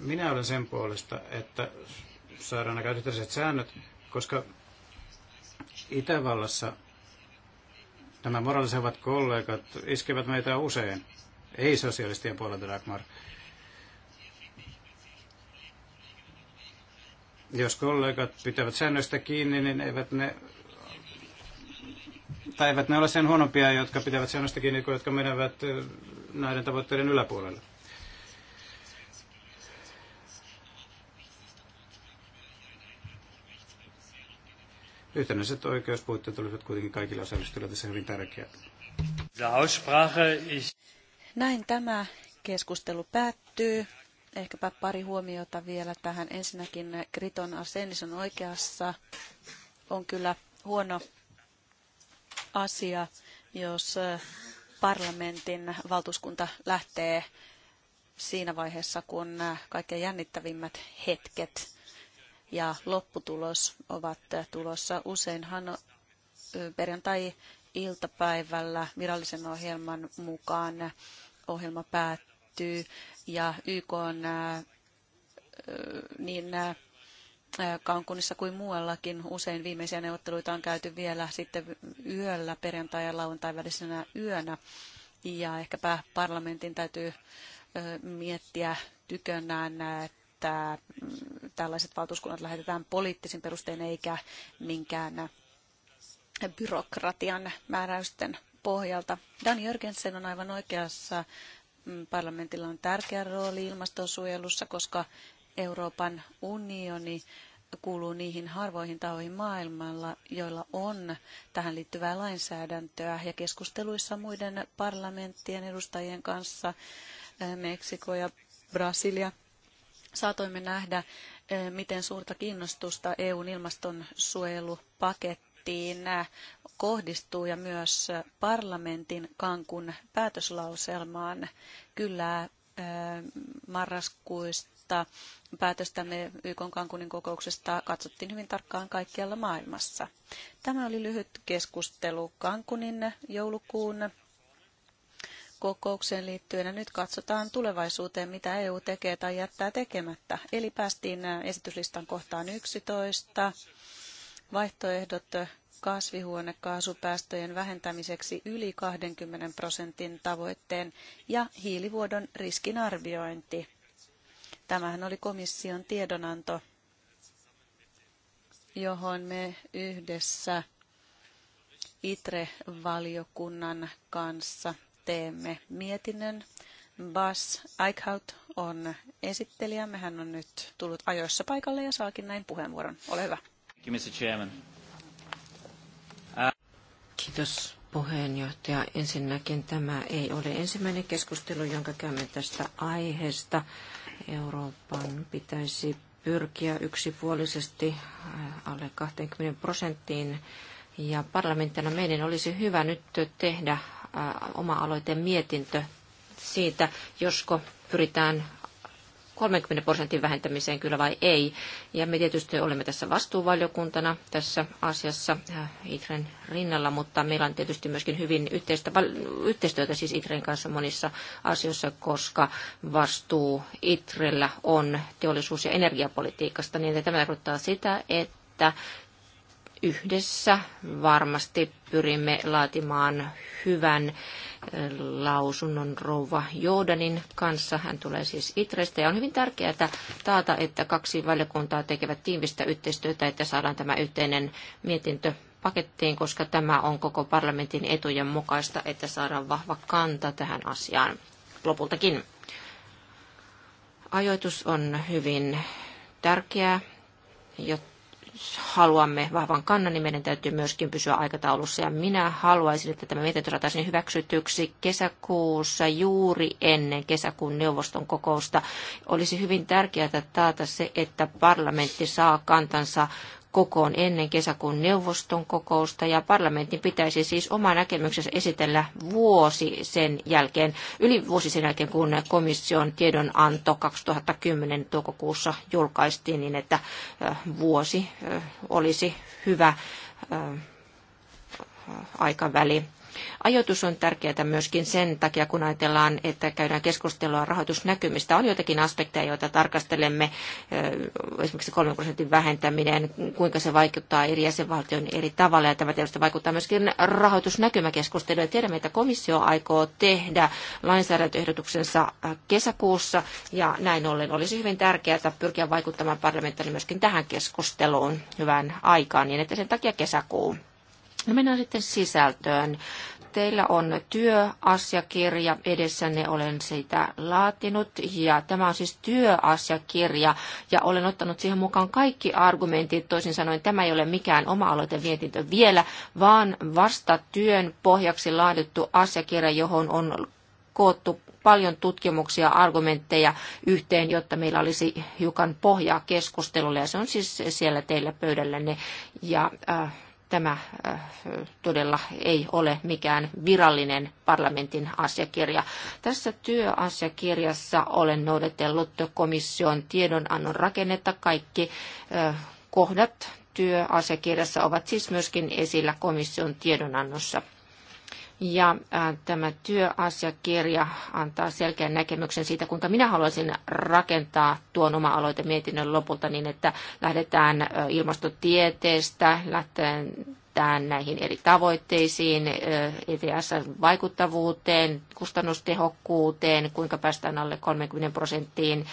Minä olen sen puolesta, että saadaan aika yhteiset säännöt, koska Itävallassa nämä moraalisevat kollegat iskevät meitä usein, ei sosialistien puolelta Dagmar. Jos kollegat pitävät säännöistä kiinni, niin eivät ne tai eivät ne ole sen huonompia, jotka pitävät säännöstä kiinni kuin jotka menevät näiden tavoitteiden yläpuolelle. Yhtenäiset oikeuspuitteet olivat kuitenkin kaikille osallistujille tässä hyvin tärkeät. Näin tämä keskustelu päättyy. Ehkäpä pari huomiota vielä tähän. Ensinnäkin Kriton Arsenis on oikeassa. On kyllä huono asia, jos parlamentin valtuuskunta lähtee siinä vaiheessa, kun kaikkein jännittävimmät hetket ja lopputulos ovat tulossa. Useinhan perjantai-iltapäivällä virallisen ohjelman mukaan ohjelma päättyy ja YK on niin Kankunissa kuin muuallakin. Usein viimeisiä neuvotteluita on käyty vielä sitten yöllä, perjantai- ja lauantai-välisenä yönä. Ja ehkäpä parlamentin täytyy miettiä tykönään, että mm, tällaiset valtuuskunnat lähetetään poliittisin perustein eikä minkään byrokratian määräysten pohjalta. Dan Jörgensen on aivan oikeassa. Mm, parlamentilla on tärkeä rooli ilmastonsuojelussa, koska Euroopan unioni kuuluu niihin harvoihin tahoihin maailmalla, joilla on tähän liittyvää lainsäädäntöä. Ja keskusteluissa muiden parlamenttien edustajien kanssa, eh, Meksiko ja Brasilia, saatoimme nähdä, eh, miten suurta kiinnostusta EUn ilmastonsuojelupakettiin eh, kohdistuu ja myös parlamentin kankun päätöslauselmaan. Kyllä marraskuista mutta päätöstämme YK Kankunin kokouksesta katsottiin hyvin tarkkaan kaikkialla maailmassa. Tämä oli lyhyt keskustelu Kankunin joulukuun kokoukseen liittyen. Ja nyt katsotaan tulevaisuuteen, mitä EU tekee tai jättää tekemättä. Eli päästiin esityslistan kohtaan 11. Vaihtoehdot kasvihuonekaasupäästöjen vähentämiseksi yli 20 prosentin tavoitteen ja hiilivuodon riskinarviointi. Tämähän oli komission tiedonanto, johon me yhdessä ITRE-valiokunnan kanssa teemme mietinnön. Bas Eichhout on esittelijämme. Hän on nyt tullut ajoissa paikalle ja saakin näin puheenvuoron. Ole hyvä. Kiitos puheenjohtaja. Ensinnäkin tämä ei ole ensimmäinen keskustelu, jonka käymme tästä aiheesta. Euroopan pitäisi pyrkiä yksipuolisesti äh, alle 20 prosenttiin. Ja parlamenttina meidän olisi hyvä nyt tehdä äh, oma aloiteen mietintö siitä, josko pyritään 30 prosentin vähentämiseen kyllä vai ei. Ja me tietysti olemme tässä vastuuvaliokuntana tässä asiassa äh, ITREn rinnalla, mutta meillä on tietysti myöskin hyvin yhteistä, yhteistyötä siis ITREn kanssa monissa asioissa, koska vastuu ITREllä on teollisuus- ja energiapolitiikasta, niin tämä tarkoittaa sitä, että että yhdessä varmasti pyrimme laatimaan hyvän lausunnon rouva Joodanin kanssa. Hän tulee siis Itrestä ja on hyvin tärkeää taata, että kaksi valiokuntaa tekevät tiivistä yhteistyötä, että saadaan tämä yhteinen mietintö pakettiin, koska tämä on koko parlamentin etujen mukaista, että saadaan vahva kanta tähän asiaan lopultakin. Ajoitus on hyvin tärkeää, jotta haluamme vahvan kannan, niin meidän täytyy myöskin pysyä aikataulussa. Ja minä haluaisin, että tämä mietintö saataisiin hyväksytyksi kesäkuussa juuri ennen kesäkuun neuvoston kokousta. Olisi hyvin tärkeää taata se, että parlamentti saa kantansa kokoon ennen kesäkuun neuvoston kokousta ja parlamentin pitäisi siis oma näkemyksensä esitellä vuosi sen jälkeen, yli vuosi sen jälkeen, kun komission tiedonanto 2010 toukokuussa julkaistiin, niin että vuosi olisi hyvä aikaväli Ajoitus on tärkeää myöskin sen takia, kun ajatellaan, että käydään keskustelua rahoitusnäkymistä. On joitakin aspekteja, joita tarkastelemme, esimerkiksi 3 prosentin vähentäminen, kuinka se vaikuttaa eri jäsenvaltioiden eri tavalla. Ja tämä tietysti vaikuttaa myöskin rahoitusnäkymäkeskusteluun. Tiedämme, että komissio aikoo tehdä lainsäädäntöehdotuksensa kesäkuussa, ja näin ollen olisi hyvin tärkeää pyrkiä vaikuttamaan parlamentaarisesti myöskin tähän keskusteluun hyvään aikaan, niin että sen takia kesäkuun No, mennään sitten sisältöön. Teillä on työasiakirja, edessänne olen sitä laatinut ja tämä on siis työasiakirja ja olen ottanut siihen mukaan kaikki argumentit. Toisin sanoen tämä ei ole mikään oma-aloitevietintö vielä, vaan vasta työn pohjaksi laadittu asiakirja, johon on koottu paljon tutkimuksia, argumentteja yhteen, jotta meillä olisi hiukan pohjaa keskustelulle. Ja se on siis siellä teillä pöydällänne. Ja äh, tämä äh, todella ei ole mikään virallinen parlamentin asiakirja. Tässä työasiakirjassa olen noudatellut komission tiedonannon rakennetta kaikki äh, kohdat työasiakirjassa ovat siis myöskin esillä komission tiedonannossa. Ja tämä työasiakirja antaa selkeän näkemyksen siitä, kuinka minä haluaisin rakentaa tuon oma mietinnön lopulta niin, että lähdetään ilmastotieteestä, lähtee näihin eri tavoitteisiin, ETS-vaikuttavuuteen, kustannustehokkuuteen, kuinka päästään alle 30 prosenttiin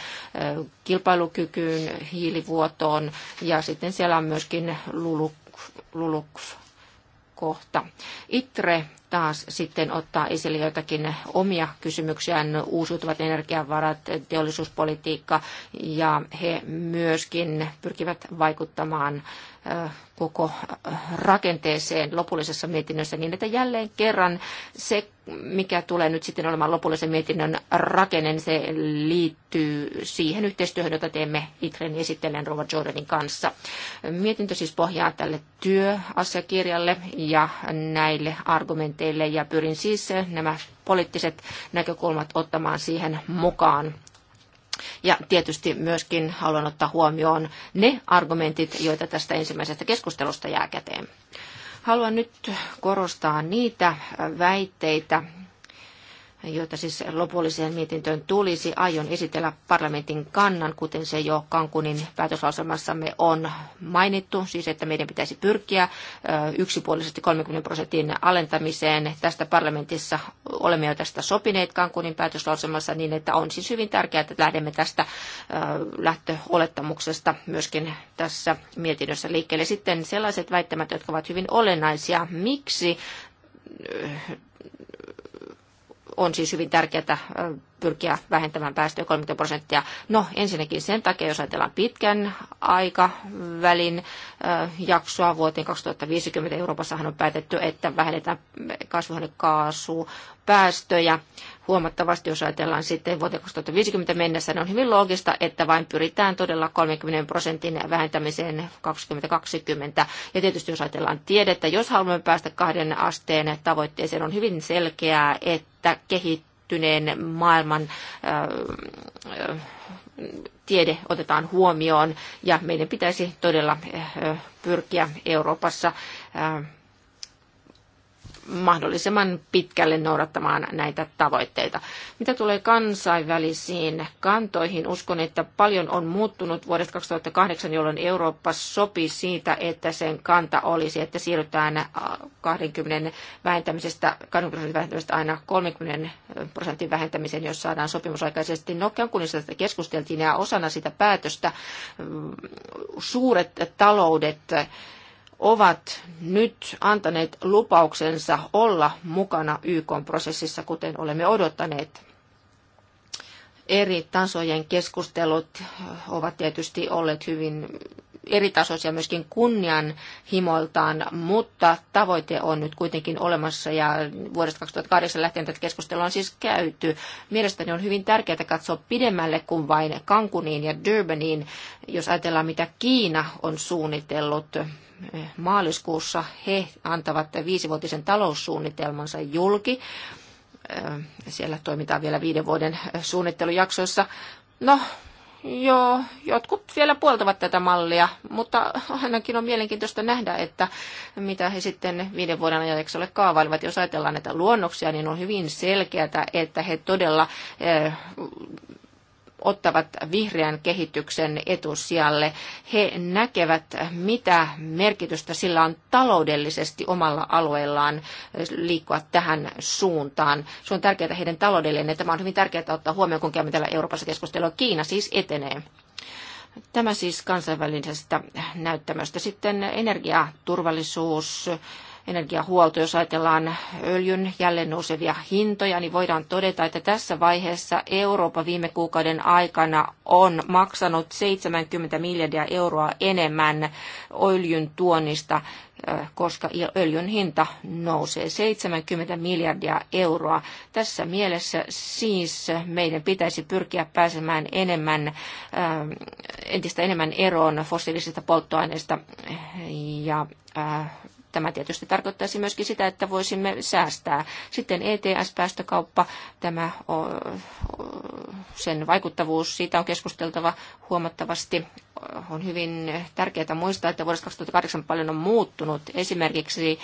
kilpailukykyyn, hiilivuotoon ja sitten siellä on myöskin LULUK, LULUK kohta. ITRE taas sitten ottaa esille joitakin omia kysymyksiään, uusiutuvat energiavarat, teollisuuspolitiikka, ja he myöskin pyrkivät vaikuttamaan koko rakenteeseen lopullisessa mietinnössä niin, että jälleen kerran se, mikä tulee nyt sitten olemaan lopullisen mietinnön rakenne, niin se liittyy siihen yhteistyöhön, jota teemme Itren esittelijän Rova Jordanin kanssa. Mietintö siis pohjaa tälle työasiakirjalle ja näille argumenteille ja pyrin siis nämä poliittiset näkökulmat ottamaan siihen mukaan ja tietysti myöskin haluan ottaa huomioon ne argumentit, joita tästä ensimmäisestä keskustelusta jää käteen. Haluan nyt korostaa niitä väitteitä, joita siis lopulliseen mietintöön tulisi. Aion esitellä parlamentin kannan, kuten se jo Kankunin päätöslauselmassamme on mainittu, siis että meidän pitäisi pyrkiä yksipuolisesti 30 prosentin alentamiseen. Tästä parlamentissa olemme jo tästä sopineet Kankunin päätöslauselmassa niin, että on siis hyvin tärkeää, että lähdemme tästä lähtöolettamuksesta myöskin tässä mietinnössä liikkeelle. Sitten sellaiset väittämät, jotka ovat hyvin olennaisia. Miksi on siis hyvin tärkeää pyrkiä vähentämään päästöjä 30 prosenttia. No ensinnäkin sen takia, jos ajatellaan pitkän aikavälin jaksoa vuoteen 2050, Euroopassahan on päätetty, että vähennetään kasvihuonekaasupäästöjä huomattavasti, jos ajatellaan sitten vuoteen 2050 mennessä, niin on hyvin loogista, että vain pyritään todella 30 prosentin vähentämiseen 2020. Ja tietysti jos ajatellaan tiedettä, jos haluamme päästä kahden asteen tavoitteeseen, on hyvin selkeää, että kehittyneen maailman äh, äh tiede otetaan huomioon ja meidän pitäisi todella äh, pyrkiä Euroopassa äh, mahdollisimman pitkälle noudattamaan näitä tavoitteita. Mitä tulee kansainvälisiin kantoihin, uskon, että paljon on muuttunut vuodesta 2008, jolloin Eurooppa sopi siitä, että sen kanta olisi, että siirrytään 20 äh, vähentämisestä, 20 vähentämisestä aina 30 äh, prosentin vähentämiseen, jos saadaan sopimusaikaisesti. kunnissa no, tätä keskusteltiin ja osana sitä päätöstä mm, suuret taloudet ovat nyt antaneet lupauksensa olla mukana YK-prosessissa, kuten olemme odottaneet. Eri tasojen keskustelut ovat tietysti olleet hyvin eritasoisia myöskin kunnianhimoiltaan, mutta tavoite on nyt kuitenkin olemassa ja vuodesta 2008 lähtien tätä keskustelua on siis käyty. Mielestäni on hyvin tärkeää katsoa pidemmälle kuin vain Kankuniin ja Durbaniin, jos ajatellaan mitä Kiina on suunnitellut maaliskuussa he antavat viisivuotisen taloussuunnitelmansa julki. Siellä toimitaan vielä viiden vuoden suunnittelujaksoissa. No, joo, jotkut vielä puoltavat tätä mallia, mutta ainakin on mielenkiintoista nähdä, että mitä he sitten viiden vuoden ajajaksolle kaavailevat. Jos ajatellaan näitä luonnoksia, niin on hyvin selkeää, että he todella ottavat vihreän kehityksen etusijalle. He näkevät, mitä merkitystä sillä on taloudellisesti omalla alueellaan liikkua tähän suuntaan. Se on tärkeää heidän taloudelleen että tämä on hyvin tärkeää ottaa huomioon, kun käymme täällä Euroopassa keskustelua. Kiina siis etenee. Tämä siis kansainvälisestä näyttämöstä. Sitten energiaturvallisuus. turvallisuus energiahuolto, jos ajatellaan öljyn jälleen nousevia hintoja, niin voidaan todeta, että tässä vaiheessa Eurooppa viime kuukauden aikana on maksanut 70 miljardia euroa enemmän öljyn tuonnista, koska öljyn hinta nousee 70 miljardia euroa. Tässä mielessä siis meidän pitäisi pyrkiä pääsemään enemmän, entistä enemmän eroon fossiilisista polttoaineista ja Tämä tietysti tarkoittaisi myöskin sitä, että voisimme säästää. Sitten ETS-päästökauppa, tämä, sen vaikuttavuus, siitä on keskusteltava huomattavasti. On hyvin tärkeää muistaa, että vuodesta 2008 paljon on muuttunut. Esimerkiksi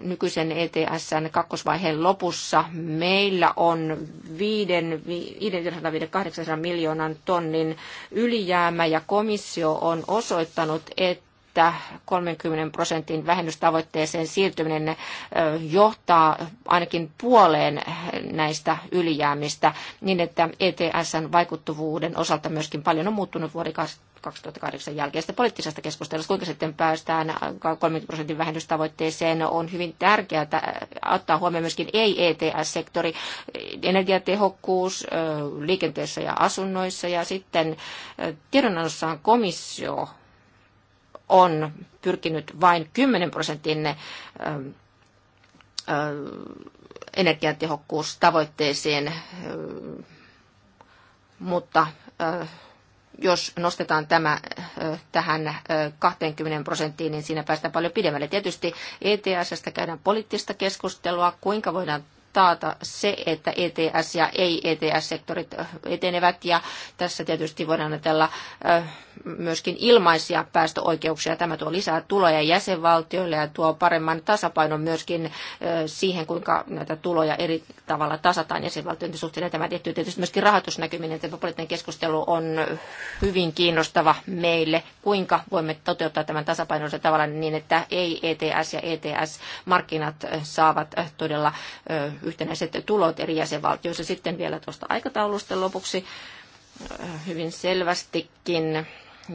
nykyisen ETSn kakkosvaiheen lopussa meillä on 500-800 miljoonan tonnin ylijäämä ja komissio on osoittanut, että että 30 prosentin vähennystavoitteeseen siirtyminen johtaa ainakin puoleen näistä ylijäämistä, niin että ETSn vaikuttavuuden osalta myöskin paljon on muuttunut vuoden 2008 jälkeisestä poliittisesta keskustelusta, kuinka sitten päästään 30 prosentin vähennystavoitteeseen, on hyvin tärkeää ottaa huomioon myöskin ei-ETS-sektori, energiatehokkuus liikenteessä ja asunnoissa, ja sitten tiedonannossaan komissio on pyrkinyt vain 10 prosentin ähm, äh, energiatehokkuustavoitteisiin, äh, mutta äh, jos nostetaan tämä tähän 20 prosenttiin, niin siinä päästään paljon pidemmälle. Tietysti ETS-stä käydään poliittista keskustelua, kuinka voidaan taata se, että ETS ja ei-ETS-sektorit etenevät. Ja tässä tietysti voidaan ajatella myöskin ilmaisia päästöoikeuksia. Tämä tuo lisää tuloja jäsenvaltioille ja tuo paremman tasapainon myöskin siihen, kuinka näitä tuloja eri tavalla tasataan jäsenvaltioiden suhteen. Tämä tiettyy tietysti myöskin rahoitusnäkyminen. Tämä poliittinen keskustelu on hyvin kiinnostava meille, kuinka voimme toteuttaa tämän tasapainoisen tavalla niin, että ei-ETS ja ETS-markkinat saavat todella yhtenäiset tulot eri jäsenvaltioissa. Sitten vielä tuosta aikataulusta lopuksi hyvin selvästikin,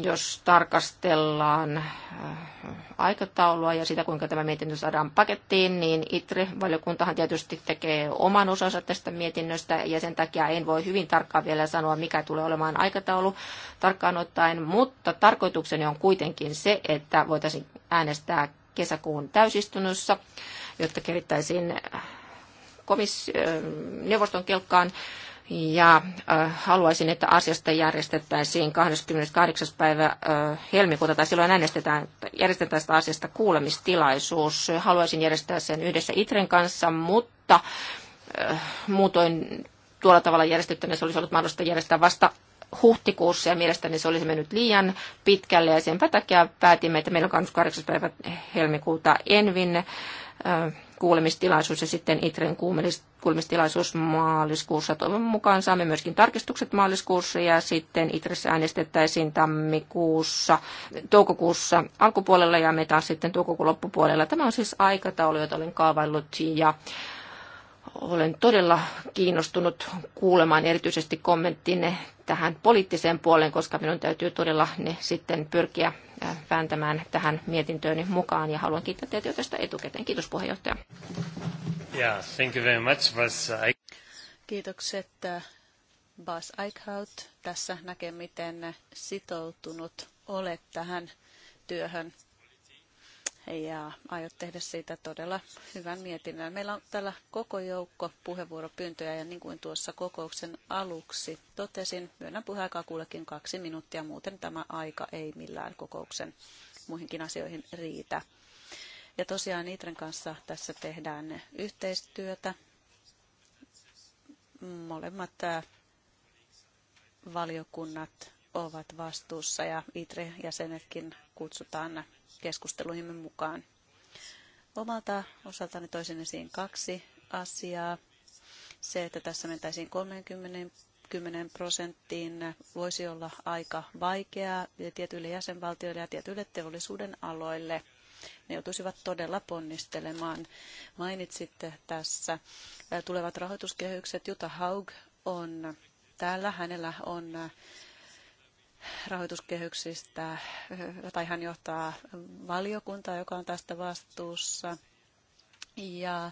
jos tarkastellaan äh, aikataulua ja sitä, kuinka tämä mietintö saadaan pakettiin, niin ITRE-valiokuntahan tietysti tekee oman osansa tästä mietinnöstä ja sen takia en voi hyvin tarkkaan vielä sanoa, mikä tulee olemaan aikataulu tarkkaan ottaen, mutta tarkoitukseni on kuitenkin se, että voitaisiin äänestää kesäkuun täysistunnossa, jotta kerittäisiin äh, komis- neuvoston kelkkaan ja haluaisin, että asiasta järjestettäisiin 28. päivä helmikuuta, tai silloin äänestetään, järjestetään tästä asiasta kuulemistilaisuus. Haluaisin järjestää sen yhdessä Itren kanssa, mutta muutoin tuolla tavalla järjestettynä se olisi ollut mahdollista järjestää vasta huhtikuussa ja mielestäni se olisi mennyt liian pitkälle ja sen takia päätimme, että meillä on 28. päivä helmikuuta Envin kuulemistilaisuus ja sitten ITREn kuulemistilaisuus maaliskuussa. Toivon mukaan saamme myöskin tarkistukset maaliskuussa ja sitten ITREssä äänestettäisiin tammikuussa, toukokuussa alkupuolella ja me taas sitten toukokuun loppupuolella. Tämä on siis aikataulu, jota olen kaavaillut ja olen todella kiinnostunut kuulemaan erityisesti kommenttinne tähän poliittiseen puoleen, koska minun täytyy todella ne sitten pyrkiä vääntämään tähän mietintööni mukaan. Ja haluan kiittää teitä jo tästä etukäteen. Kiitos puheenjohtaja. Yeah, thank you very much, Bas. Kiitokset Bas Eichhout. Tässä näkee, miten sitoutunut olet tähän työhön ja aiot tehdä siitä todella hyvän mietinnön. Meillä on täällä koko joukko puheenvuoropyyntöjä ja niin kuin tuossa kokouksen aluksi totesin, myönnän puheaikaa kullekin kaksi minuuttia, muuten tämä aika ei millään kokouksen muihinkin asioihin riitä. Ja tosiaan Itren kanssa tässä tehdään yhteistyötä. Molemmat valiokunnat ovat vastuussa ja ITRE-jäsenetkin kutsutaan keskusteluihimme mukaan. Omalta osaltani toisin esiin kaksi asiaa. Se, että tässä mentäisiin 30 10 prosenttiin voisi olla aika vaikeaa tietyille jäsenvaltioille ja tietyille teollisuuden aloille. Ne joutuisivat todella ponnistelemaan. Mainitsitte tässä äh, tulevat rahoituskehykset. Jutta Haug on täällä. Hänellä on äh, rahoituskehyksistä, eh, tai hän johtaa valiokuntaa, joka on tästä vastuussa, ja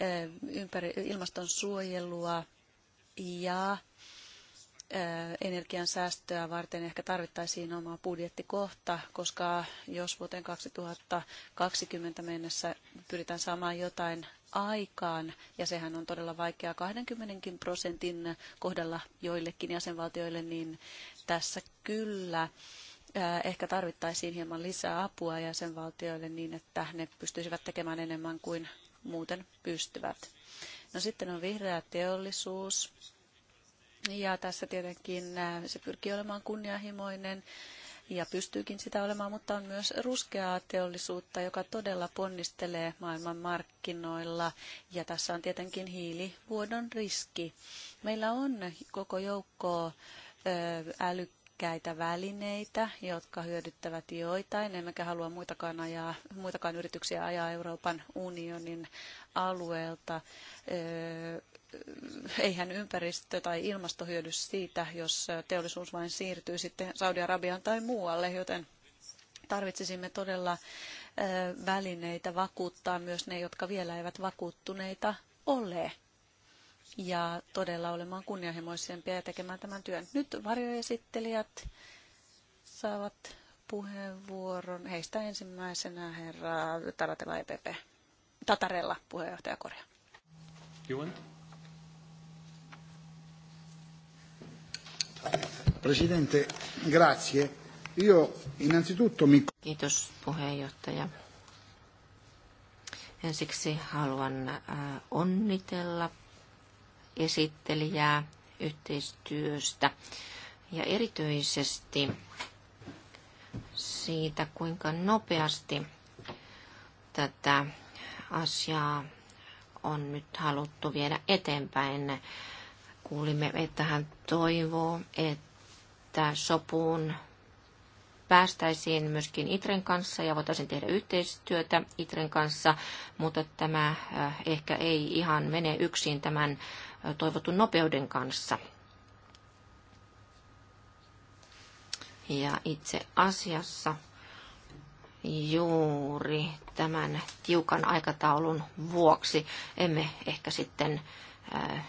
eh, ympäri, ilmastonsuojelua ja eh, energian säästöä varten ehkä tarvittaisiin oma budjettikohta, koska jos vuoteen 2020 mennessä pyritään saamaan jotain aikaan, ja sehän on todella vaikeaa 20 prosentin kohdalla joillekin jäsenvaltioille, niin tässä kyllä äh, ehkä tarvittaisiin hieman lisää apua jäsenvaltioille niin, että ne pystyisivät tekemään enemmän kuin muuten pystyvät. No sitten on vihreä teollisuus. Ja tässä tietenkin äh, se pyrkii olemaan kunnianhimoinen ja pystyykin sitä olemaan, mutta on myös ruskeaa teollisuutta, joka todella ponnistelee maailman markkinoilla. Ja tässä on tietenkin hiilivuodon riski. Meillä on koko joukko älykkäitä välineitä, jotka hyödyttävät joitain, emmekä halua muitakaan, ajaa, muitakaan yrityksiä ajaa Euroopan unionin alueelta eihän ympäristö tai ilmasto hyödy siitä, jos teollisuus vain siirtyy sitten Saudi-Arabiaan tai muualle, joten tarvitsisimme todella välineitä vakuuttaa myös ne, jotka vielä eivät vakuuttuneita ole ja todella olemaan kunnianhimoisempia ja tekemään tämän työn. Nyt varjoesittelijät saavat puheenvuoron. Heistä ensimmäisenä herra Taratella EPP. Tatarella puheenjohtaja Korja. Presidente, grazie. Io innanzitutto mi... Kiitos puheenjohtaja. Ensiksi haluan äh, onnitella esittelijää yhteistyöstä ja erityisesti siitä, kuinka nopeasti tätä asiaa on nyt haluttu viedä eteenpäin. Kuulimme, että hän toivoo, että sopuun päästäisiin myöskin Itren kanssa ja voitaisiin tehdä yhteistyötä Itren kanssa, mutta tämä äh, ehkä ei ihan mene yksin tämän toivotun nopeuden kanssa. Ja itse asiassa juuri tämän tiukan aikataulun vuoksi emme ehkä sitten äh,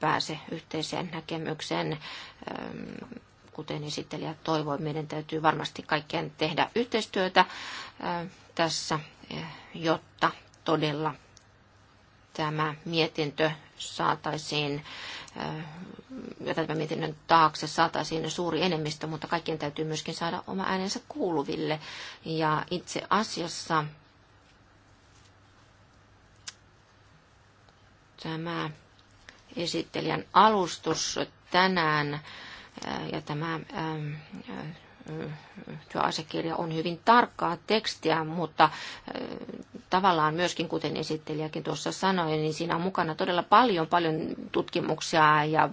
pääse yhteiseen näkemykseen, ähm, kuten esittelijä toivoi. Meidän täytyy varmasti kaikkien tehdä yhteistyötä äh, tässä, äh, jotta todella tämä mietintö saataisiin jota tämä mietinnön taakse saataisiin suuri enemmistö, mutta kaikkien täytyy myöskin saada oma äänensä kuuluville. Ja itse asiassa tämä esittelijän alustus tänään ja tämä työasiakirja on hyvin tarkkaa tekstiä, mutta tavallaan myöskin, kuten esittelijäkin tuossa sanoi, niin siinä on mukana todella paljon, paljon tutkimuksia ja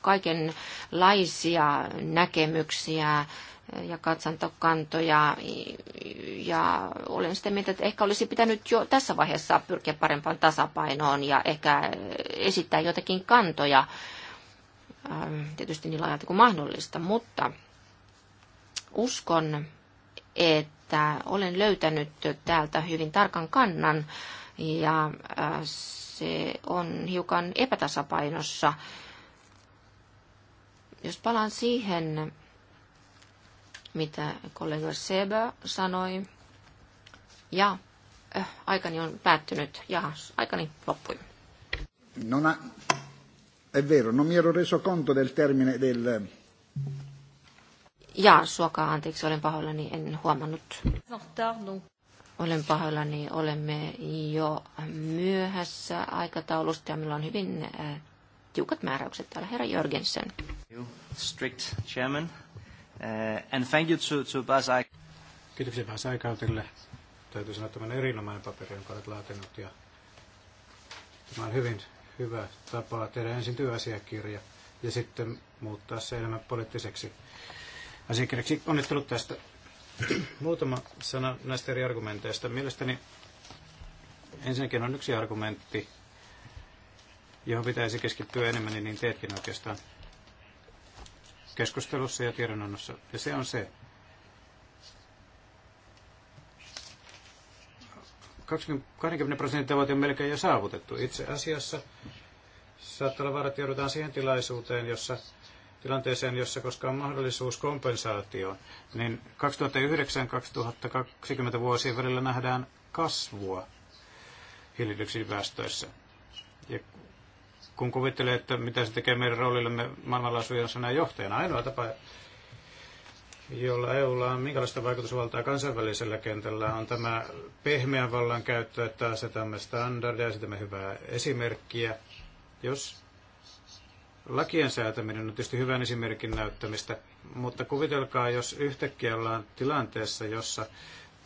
kaikenlaisia näkemyksiä ja katsantokantoja. Ja olen sitä mieltä, että ehkä olisi pitänyt jo tässä vaiheessa pyrkiä parempaan tasapainoon ja ehkä esittää jotakin kantoja tietysti niillä ajalta kuin mahdollista, mutta uskon, että olen löytänyt täältä hyvin tarkan kannan ja se on hiukan epätasapainossa. Jos palaan siihen, mitä kollega Seba sanoi, ja äh, aikani on päättynyt, ja aikani loppui. Non ha... È vero, non mi ero reso conto del termine del ja, suokaa anteeksi, olen pahoillani, en huomannut. Olen pahoillani, olemme jo myöhässä aikataulusta ja meillä on hyvin äh, tiukat määräykset täällä. Herra Jörgensen. Strict chairman. Uh, and thank you to, to Bas Kiitoksia Bas Aikautille. Täytyy sanoa, että tämä erinomainen paperi, jonka olet laatinut. Ja tämä on hyvin hyvä tapa tehdä ensin työasiakirja ja sitten muuttaa se enemmän poliittiseksi asiakirjaksi. Onnittelut tästä. Muutama sana näistä eri argumenteista. Mielestäni ensinnäkin on yksi argumentti, johon pitäisi keskittyä enemmän, niin, teetkin oikeastaan keskustelussa ja tiedonannossa. Ja se on se. 20 prosentin tavoite on melkein jo saavutettu. Itse asiassa saattaa olla vaara, että joudutaan siihen tilaisuuteen, jossa tilanteeseen, jossa koska on mahdollisuus kompensaatioon, niin 2009-2020 vuosien välillä nähdään kasvua hiilidioksidipäästöissä. Ja kun kuvittelee, että mitä se tekee meidän roolillemme maailmanlaajuisena johtajana, ainoa tapa, jolla EUlla on minkälaista vaikutusvaltaa kansainvälisellä kentällä, on tämä pehmeän vallan käyttö, että asetamme standardia, asetamme hyvää esimerkkiä. Jos Lakien säätäminen on tietysti hyvän esimerkin näyttämistä, mutta kuvitelkaa, jos yhtäkkiä ollaan tilanteessa, jossa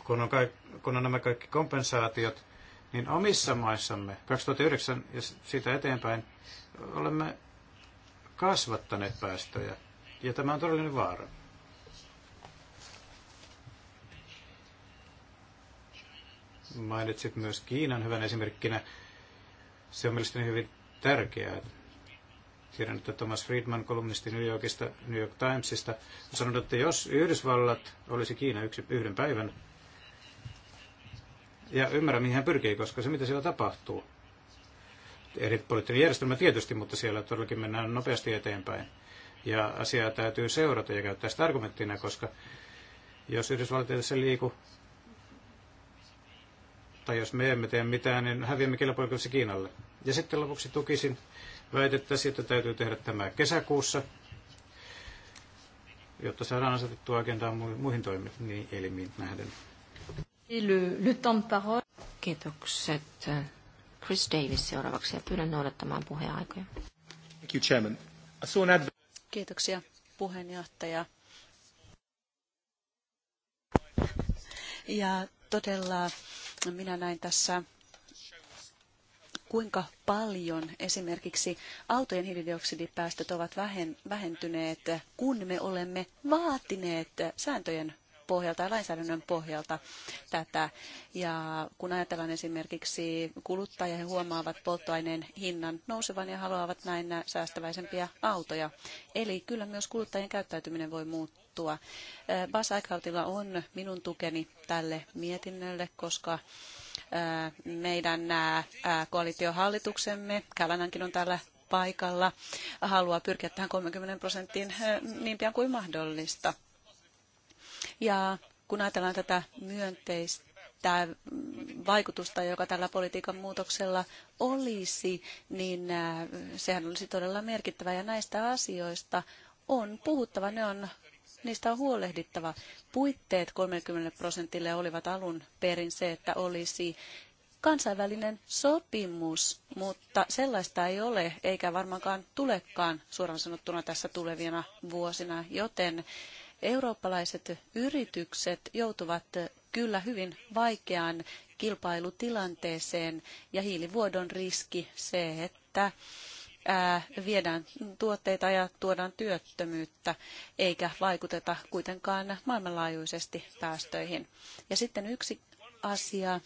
kun on, kaik, kun on nämä kaikki kompensaatiot, niin omissa maissamme 2009 ja siitä eteenpäin olemme kasvattaneet päästöjä. Ja tämä on todellinen vaara. Mainitsit myös Kiinan hyvän esimerkkinä. Se on mielestäni hyvin tärkeää, Tiedän, että Thomas Friedman, kolumnisti New Yorkista, New York Timesista, on sanonut, että jos Yhdysvallat olisi Kiina yksi, yhden päivän, ja ymmärrä, mihin hän pyrkii, koska se, mitä siellä tapahtuu, eri poliittinen järjestelmä tietysti, mutta siellä todellakin mennään nopeasti eteenpäin. Ja asiaa täytyy seurata ja käyttää sitä argumenttina, koska jos Yhdysvallat ei tässä liiku, tai jos me emme tee mitään, niin häviämme kilpailukyvyssä Kiinalle. Ja sitten lopuksi tukisin väitettäisiin, että täytyy tehdä tämä kesäkuussa, jotta saadaan asetettua agendaa muihin toimiin niin elimiin nähden. Kiitokset. Chris Davis seuraavaksi ja pyydän noudattamaan puheaikoja. Thank you, Chairman. Kiitoksia puheenjohtaja. Ja todella minä näin tässä kuinka paljon esimerkiksi autojen hiilidioksidipäästöt ovat vähentyneet, kun me olemme vaatineet sääntöjen pohjalta ja lainsäädännön pohjalta tätä. Ja kun ajatellaan esimerkiksi kuluttajia, he huomaavat polttoaineen hinnan nousevan ja haluavat näin säästäväisempiä autoja. Eli kyllä myös kuluttajien käyttäytyminen voi muuttua. Bas on minun tukeni tälle mietinnölle, koska meidän koalitiohallituksemme, Kälanankin on täällä paikalla, haluaa pyrkiä tähän 30 prosenttiin niin pian kuin mahdollista. Ja kun ajatellaan tätä myönteistä tämä vaikutusta, joka tällä politiikan muutoksella olisi, niin sehän olisi todella merkittävä. Ja näistä asioista on puhuttava, ne on niistä on huolehdittava. Puitteet 30 prosentille olivat alun perin se, että olisi kansainvälinen sopimus, mutta sellaista ei ole eikä varmaankaan tulekaan suoraan sanottuna tässä tulevina vuosina, joten eurooppalaiset yritykset joutuvat kyllä hyvin vaikeaan kilpailutilanteeseen ja hiilivuodon riski se, että viedään tuotteita ja tuodaan työttömyyttä, eikä vaikuteta kuitenkaan maailmanlaajuisesti päästöihin. Ja sitten yksi asia,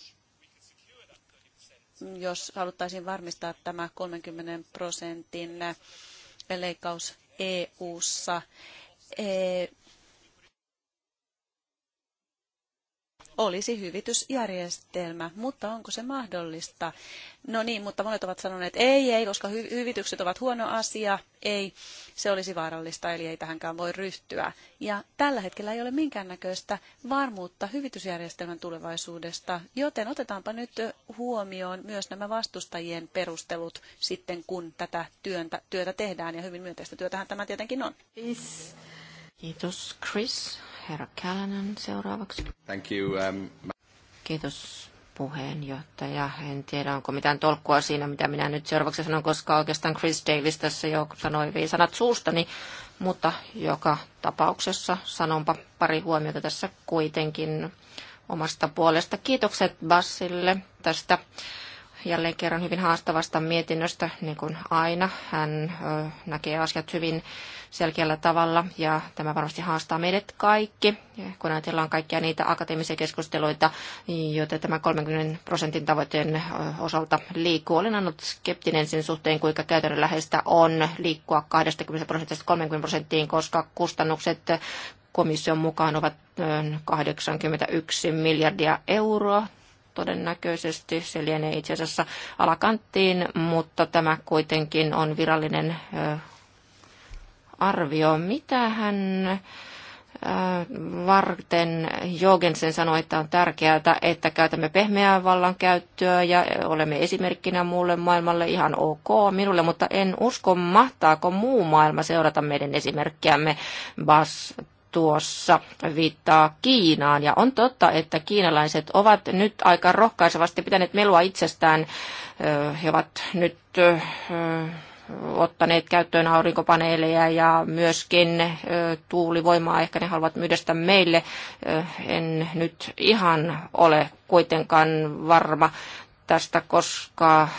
jos haluttaisiin varmistaa tämä 30 prosentin leikkaus EU-ssa, e, olisi hyvitysjärjestelmä, mutta onko se mahdollista? No niin, mutta monet ovat sanoneet, että ei, ei, koska hy- hyvitykset ovat huono asia, ei, se olisi vaarallista, eli ei tähänkään voi ryhtyä. Ja tällä hetkellä ei ole minkäännäköistä varmuutta hyvitysjärjestelmän tulevaisuudesta, joten otetaanpa nyt huomioon myös nämä vastustajien perustelut sitten, kun tätä työntä, työtä tehdään, ja hyvin myönteistä työtähän tämä tietenkin on. Kiitos, Chris. Herra Callanan seuraavaksi. Thank you, um... Kiitos puheenjohtaja. En tiedä, onko mitään tolkkua siinä, mitä minä nyt seuraavaksi sanon, koska oikeastaan Chris Davis tässä jo sanoi viisanat suustani, mutta joka tapauksessa sanonpa pari huomiota tässä kuitenkin omasta puolesta. Kiitokset Bassille tästä jälleen kerran hyvin haastavasta mietinnöstä, niin kuin aina. Hän näkee asiat hyvin selkeällä tavalla ja tämä varmasti haastaa meidät kaikki, kun ajatellaan kaikkia niitä akateemisia keskusteluita, joita tämä 30 prosentin tavoitteen osalta liikkuu. Olen annut skeptinen sen suhteen, kuinka käytännönläheistä on liikkua 20 prosentista 30 prosenttiin, koska kustannukset komission mukaan ovat 81 miljardia euroa todennäköisesti. Se lienee itse asiassa alakanttiin, mutta tämä kuitenkin on virallinen arvio. Mitä hän varten Jogensen sanoi, että on tärkeää, että käytämme pehmeää vallankäyttöä ja olemme esimerkkinä muulle maailmalle ihan ok minulle, mutta en usko, mahtaako muu maailma seurata meidän esimerkkiämme. Bas tuossa viittaa Kiinaan. Ja on totta, että kiinalaiset ovat nyt aika rohkaisevasti pitäneet melua itsestään. He ovat nyt ottaneet käyttöön aurinkopaneeleja ja myöskin tuulivoimaa. Ehkä ne haluavat myydä sitä meille. En nyt ihan ole kuitenkaan varma tästä, koska äh,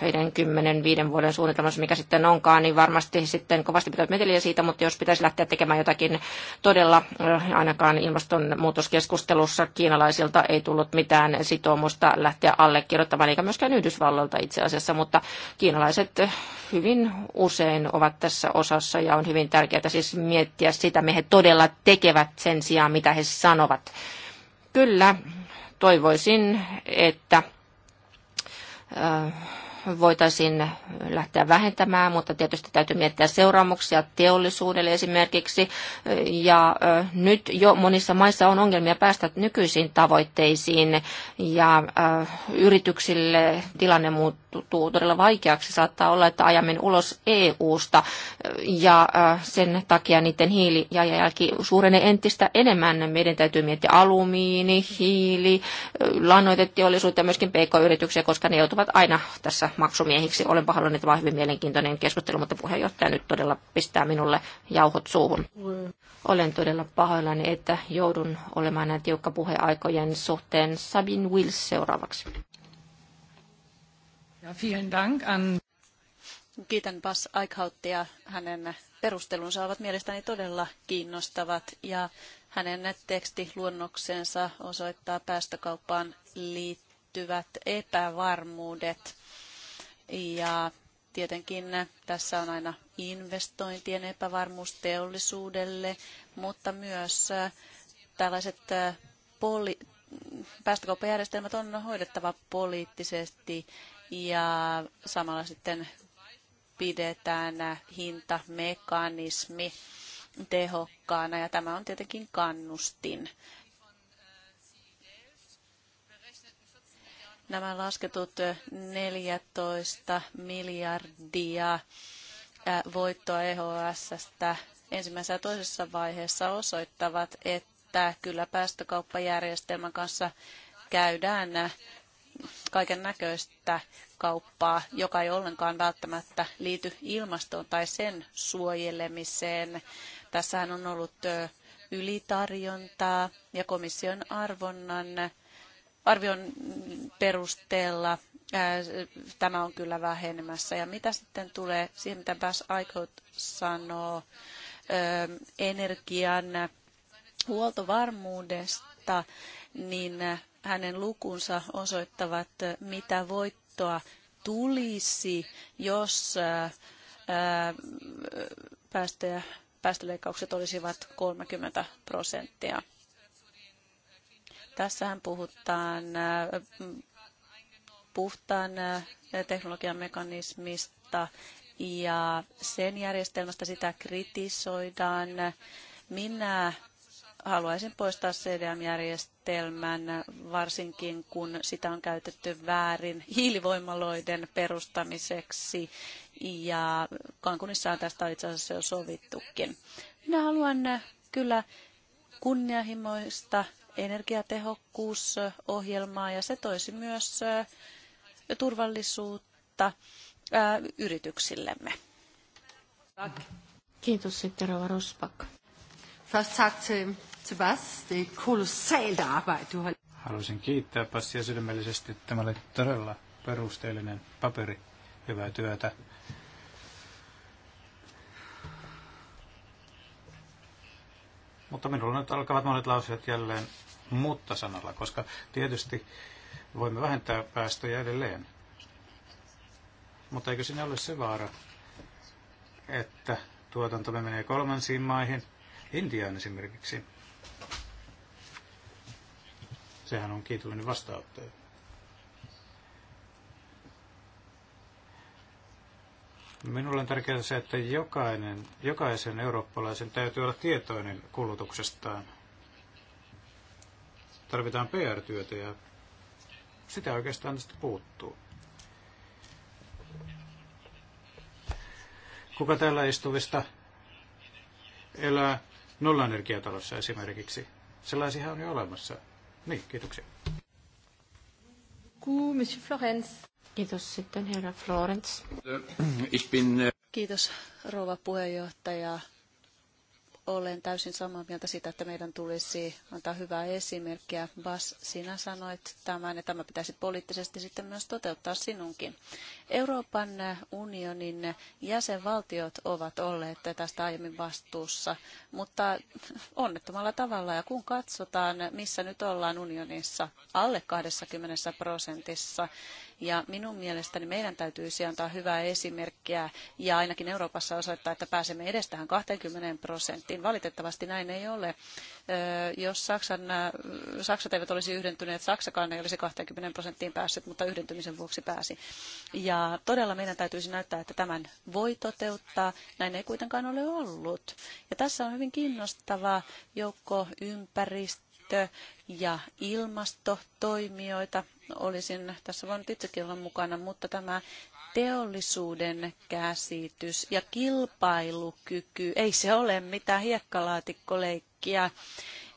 heidän 10-5 vuoden suunnitelmassa, mikä sitten onkaan, niin varmasti sitten kovasti pitää meteliä siitä, mutta jos pitäisi lähteä tekemään jotakin todella, äh, ainakaan ilmastonmuutoskeskustelussa kiinalaisilta ei tullut mitään sitoumusta lähteä allekirjoittamaan, eikä myöskään Yhdysvalloilta itse asiassa, mutta kiinalaiset äh, hyvin usein ovat tässä osassa ja on hyvin tärkeää siis miettiä sitä, mihin he todella tekevät sen sijaan, mitä he sanovat. Kyllä, toivoisin, että äh, voitaisiin lähteä vähentämään, mutta tietysti täytyy miettiä seuraamuksia teollisuudelle esimerkiksi. Ja nyt jo monissa maissa on ongelmia päästä nykyisiin tavoitteisiin ja yrityksille tilanne muuttuu todella vaikeaksi. Saattaa olla, että ajamme ulos EU-sta ja sen takia niiden hiilijalanjälki suurenee entistä enemmän. Meidän täytyy miettiä alumiini, hiili, lannoiteteollisuutta ja myöskin pk-yrityksiä, koska ne joutuvat aina tässä maksumiehiksi. Olen pahoillani, että vaan hyvin mielenkiintoinen keskustelu, mutta puheenjohtaja nyt todella pistää minulle jauhot suuhun. Olen todella pahoillani, että joudun olemaan näin tiukka puheaikojen suhteen. Sabin Wills seuraavaksi. Ja, vielen dank an... Kiitän Bas Aikhauttia. Hänen perustelunsa ovat mielestäni todella kiinnostavat ja hänen tekstiluonnoksensa osoittaa päästökauppaan liittyvät epävarmuudet. Ja tietenkin tässä on aina investointien epävarmuus teollisuudelle, mutta myös äh, tällaiset äh, poli- päästökauppajärjestelmät on hoidettava poliittisesti ja samalla sitten pidetään hintamekanismi tehokkaana ja tämä on tietenkin kannustin nämä lasketut 14 miljardia voittoa EHS-stä ensimmäisessä ja toisessa vaiheessa osoittavat, että kyllä päästökauppajärjestelmän kanssa käydään kaiken näköistä kauppaa, joka ei ollenkaan välttämättä liity ilmastoon tai sen suojelemiseen. Tässähän on ollut ylitarjontaa ja komission arvonnan arvion perusteella tämä on kyllä vähenemässä. Ja mitä sitten tulee siihen, mitä Bas Aikot sanoo energian huoltovarmuudesta, niin hänen lukunsa osoittavat, mitä voittoa tulisi, jos päästöjä, päästöleikkaukset olisivat 30 prosenttia. Tässähän puhutaan äh, puhtaan äh, teknologian mekanismista ja sen järjestelmästä sitä kritisoidaan. Minä haluaisin poistaa CDM-järjestelmän, varsinkin kun sitä on käytetty väärin hiilivoimaloiden perustamiseksi, ja Kankunissa on tästä itse asiassa jo sovittukin. Minä haluan äh, kyllä kunnianhimoista energiatehokkuusohjelmaa ja se toisi myös turvallisuutta yrityksillemme. Kiitos sitten Rova Rosbach. tack till, er Haluaisin kiittää Passia sydämellisesti. Tämä oli todella perusteellinen paperi. Hyvää työtä. Mutta minulla nyt alkavat monet lauseet jälleen mutta sanalla, koska tietysti voimme vähentää päästöjä edelleen. Mutta eikö siinä ole se vaara, että tuotantomme menee kolmansiin maihin, Intiaan esimerkiksi? Sehän on kiitollinen vastaanotto. Minulle on tärkeää se, että jokainen, jokaisen eurooppalaisen täytyy olla tietoinen kulutuksestaan – Tarvitaan PR-työtä ja sitä oikeastaan tästä puuttuu. Kuka täällä istuvista elää nollaenergiatalossa esimerkiksi? Sellaisia on jo olemassa. Niin, kiitoksia. Kuu, Monsieur Florence. Kiitos sitten, herra Florence. Äh, äh, Kiitos, rouva puheenjohtaja olen täysin samaa mieltä siitä, että meidän tulisi antaa hyvää esimerkkiä. Bas, sinä sanoit tämän ja tämä pitäisi poliittisesti sitten myös toteuttaa sinunkin. Euroopan unionin jäsenvaltiot ovat olleet tästä aiemmin vastuussa, mutta onnettomalla tavalla. Ja kun katsotaan, missä nyt ollaan unionissa, alle 20 prosentissa, ja minun mielestäni meidän täytyisi antaa hyvää esimerkkiä ja ainakin Euroopassa osoittaa, että pääsemme edes tähän 20 prosenttiin. Valitettavasti näin ei ole. Jos Saksan, Saksat eivät olisi yhdentyneet, Saksakaan ei olisi 20 prosenttiin päässyt, mutta yhdentymisen vuoksi pääsi. Ja todella meidän täytyisi näyttää, että tämän voi toteuttaa. Näin ei kuitenkaan ole ollut. Ja tässä on hyvin kiinnostava joukko ympäristö ja ilmastotoimijoita. Olisin tässä voinut itsekin olla mukana, mutta tämä teollisuuden käsitys ja kilpailukyky, ei se ole mitään hiekkalaatikkoleikkiä.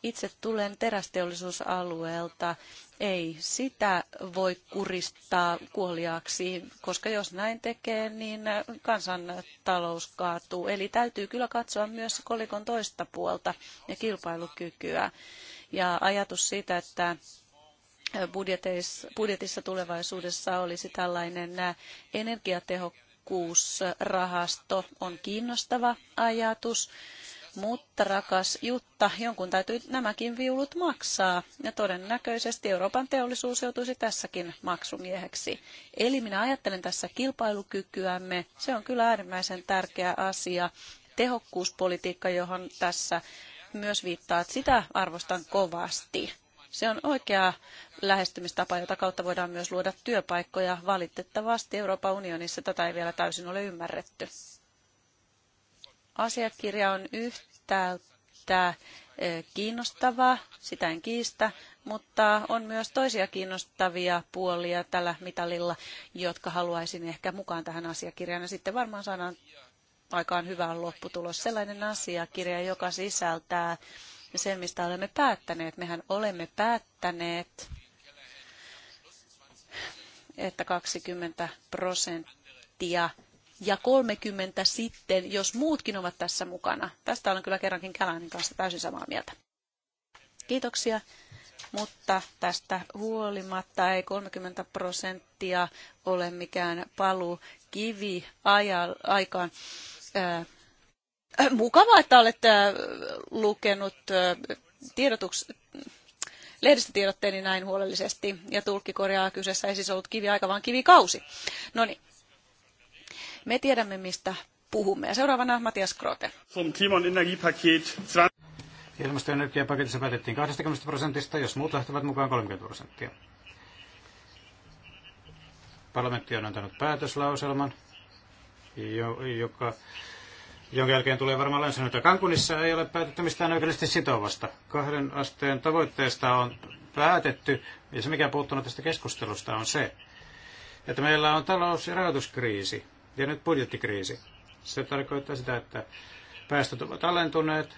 Itse tulen terästeollisuusalueelta. Ei sitä voi kuristaa kuoliaaksi, koska jos näin tekee, niin kansantalous kaatuu. Eli täytyy kyllä katsoa myös kolikon toista puolta ja kilpailukykyä. Ja ajatus siitä, että budjetissa tulevaisuudessa olisi tällainen äh, energiatehokkuusrahasto, on kiinnostava ajatus. Mutta rakas Jutta, jonkun täytyy nämäkin viulut maksaa. Ja todennäköisesti Euroopan teollisuus joutuisi tässäkin maksumieheksi. Eli minä ajattelen tässä kilpailukykyämme. Se on kyllä äärimmäisen tärkeä asia. Tehokkuuspolitiikka, johon tässä myös viittaat. Sitä arvostan kovasti. Se on oikea lähestymistapa, jota kautta voidaan myös luoda työpaikkoja. Valitettavasti Euroopan unionissa tätä ei vielä täysin ole ymmärretty. Asiakirja on yhtäältä eh, kiinnostava, sitä en kiistä, mutta on myös toisia kiinnostavia puolia tällä mitalilla, jotka haluaisin ehkä mukaan tähän asiakirjaan. Ja sitten varmaan saadaan aikaan hyvään lopputulos. Sellainen asiakirja, joka sisältää sen, mistä olemme päättäneet. Mehän olemme päättäneet, että 20 prosenttia ja 30 sitten, jos muutkin ovat tässä mukana. Tästä olen kyllä kerrankin Kälänin kanssa täysin samaa mieltä. Kiitoksia mutta tästä huolimatta ei 30 prosenttia ole mikään paluu kivi aikaan. Äh, äh, mukavaa, että olet äh, lukenut tiedotuks- lehdistötiedotteeni näin huolellisesti ja tulkkikorjaa kyseessä ei siis ollut aika, vaan kivikausi. No niin, me tiedämme mistä puhumme. Ja seuraavana Matias Krote. Ilmasto- ja energiapaketissa päätettiin 20 prosentista, jos muut lähtevät mukaan 30 prosenttia. Parlamentti on antanut päätöslauselman, joka, jonka jälkeen tulee varmaan lainsäädäntö. Kankunissa ei ole päätetty mistään oikeudellisesti sitovasta. Kahden asteen tavoitteesta on päätetty, ja se mikä puuttunut tästä keskustelusta on se, että meillä on talous- ja rahoituskriisi ja nyt budjettikriisi. Se tarkoittaa sitä, että päästöt ovat alentuneet,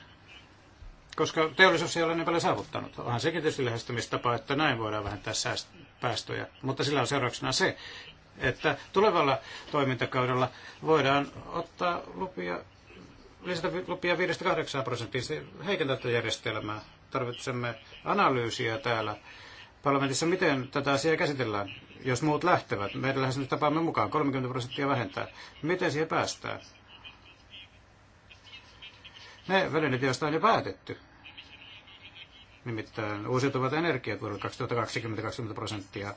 koska teollisuus ei ole niin paljon saavuttanut. Onhan sekin tietysti lähestymistapa, että näin voidaan vähentää päästöjä, mutta sillä on seurauksena se, että tulevalla toimintakaudella voidaan ottaa lupia, lisätä lupia 5-8 prosenttia, heikentää järjestelmää. Tarvitsemme analyysiä täällä parlamentissa, miten tätä asiaa käsitellään, jos muut lähtevät. Meidän lähes nyt tapaamme mukaan 30 prosenttia vähentää. Miten siihen päästään? Ne välineet, joista on jo päätetty, nimittäin uusiutuvat energiat vuodelle 2020 20 prosenttia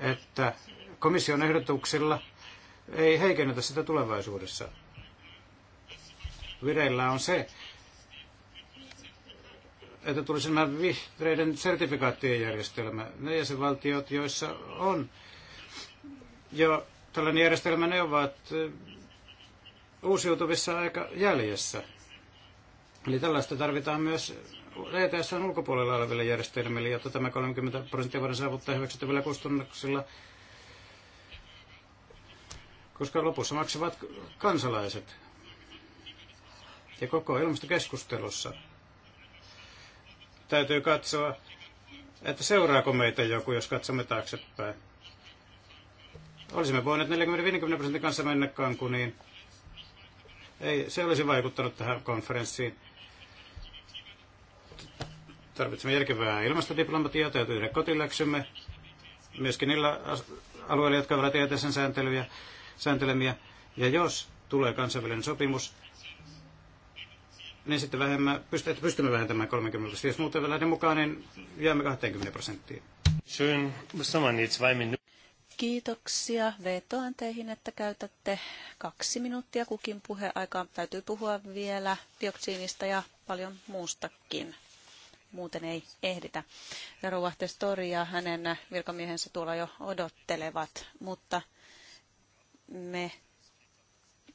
että komission ehdotuksilla ei heikennetä sitä tulevaisuudessa. Vireillä on se, että tulisi nämä vihreiden sertifikaattien järjestelmä. Ne jäsenvaltiot, joissa on jo tällainen järjestelmä, ne ovat eh, uusiutuvissa aika jäljessä. Eli tällaista tarvitaan myös ETS on ulkopuolella oleville järjestelmille, jotta tämä 30 prosenttia voidaan saavuttaa hyväksyttävillä kustannuksilla, koska lopussa maksavat kansalaiset. Ja koko ilmastokeskustelussa täytyy katsoa, että seuraako meitä joku, jos katsomme taaksepäin. Olisimme voineet 40-50 prosentin kanssa mennä kankuniin. Ei, se olisi vaikuttanut tähän konferenssiin. Tarvitsemme järkevää ilmastodiplomatiaa, täytyy tehdä kotiläksymme, myöskin niillä alueilla, jotka ovat sen sääntelyjä, sääntelemiä. Ja jos tulee kansainvälinen sopimus, niin sitten vähemmän, että pystymme vähentämään 30 prosenttia. Jos muuten lähden mukaan, niin jäämme 20 prosenttiin. Kiitoksia. Vetoan teihin, että käytätte kaksi minuuttia kukin puheaikaan. Täytyy puhua vielä dioksiinista ja paljon muustakin muuten ei ehditä. Rouva Testori ja hänen virkamiehensä tuolla jo odottelevat, mutta me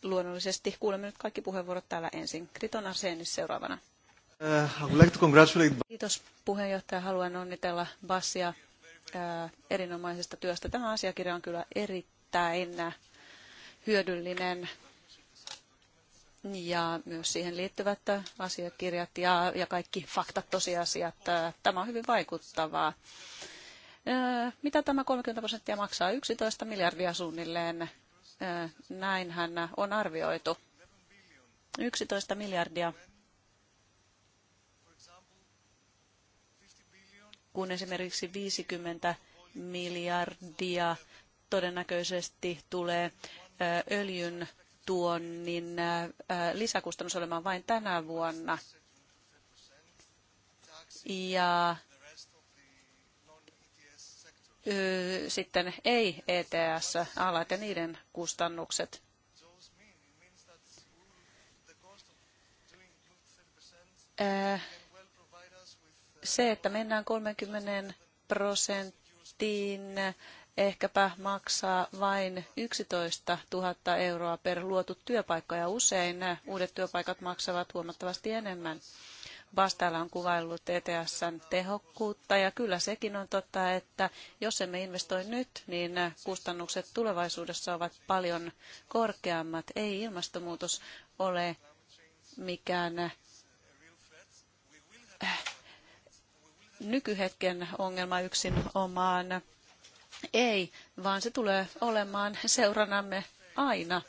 luonnollisesti kuulemme nyt kaikki puheenvuorot täällä ensin. Kriton Arsenis seuraavana. Eh, Kiitos puheenjohtaja. Haluan onnitella Bassia eh, erinomaisesta työstä. Tämä asiakirja on kyllä erittäin hyödyllinen ja myös siihen liittyvät asiakirjat ja, ja kaikki faktat, tosiasiat. Tämä on hyvin vaikuttavaa. Mitä tämä 30 prosenttia maksaa? 11 miljardia suunnilleen. Näinhän on arvioitu. 11 miljardia. Kun esimerkiksi 50 miljardia todennäköisesti tulee öljyn tuonnin äh, äh, lisäkustannus olemaan vain tänä vuonna. Ja sitten ei ETS-alat ja niiden kustannukset. Se, että mennään 30 prosenttiin ehkäpä maksaa vain 11 000 euroa per luotu työpaikka ja usein uudet työpaikat maksavat huomattavasti enemmän. Vastaalla on kuvaillut ETSn tehokkuutta ja kyllä sekin on totta, että jos emme investoi nyt, niin kustannukset tulevaisuudessa ovat paljon korkeammat. Ei ilmastonmuutos ole mikään eh, nykyhetken ongelma yksin omaan ei, vaan se tulee olemaan seurannamme aina.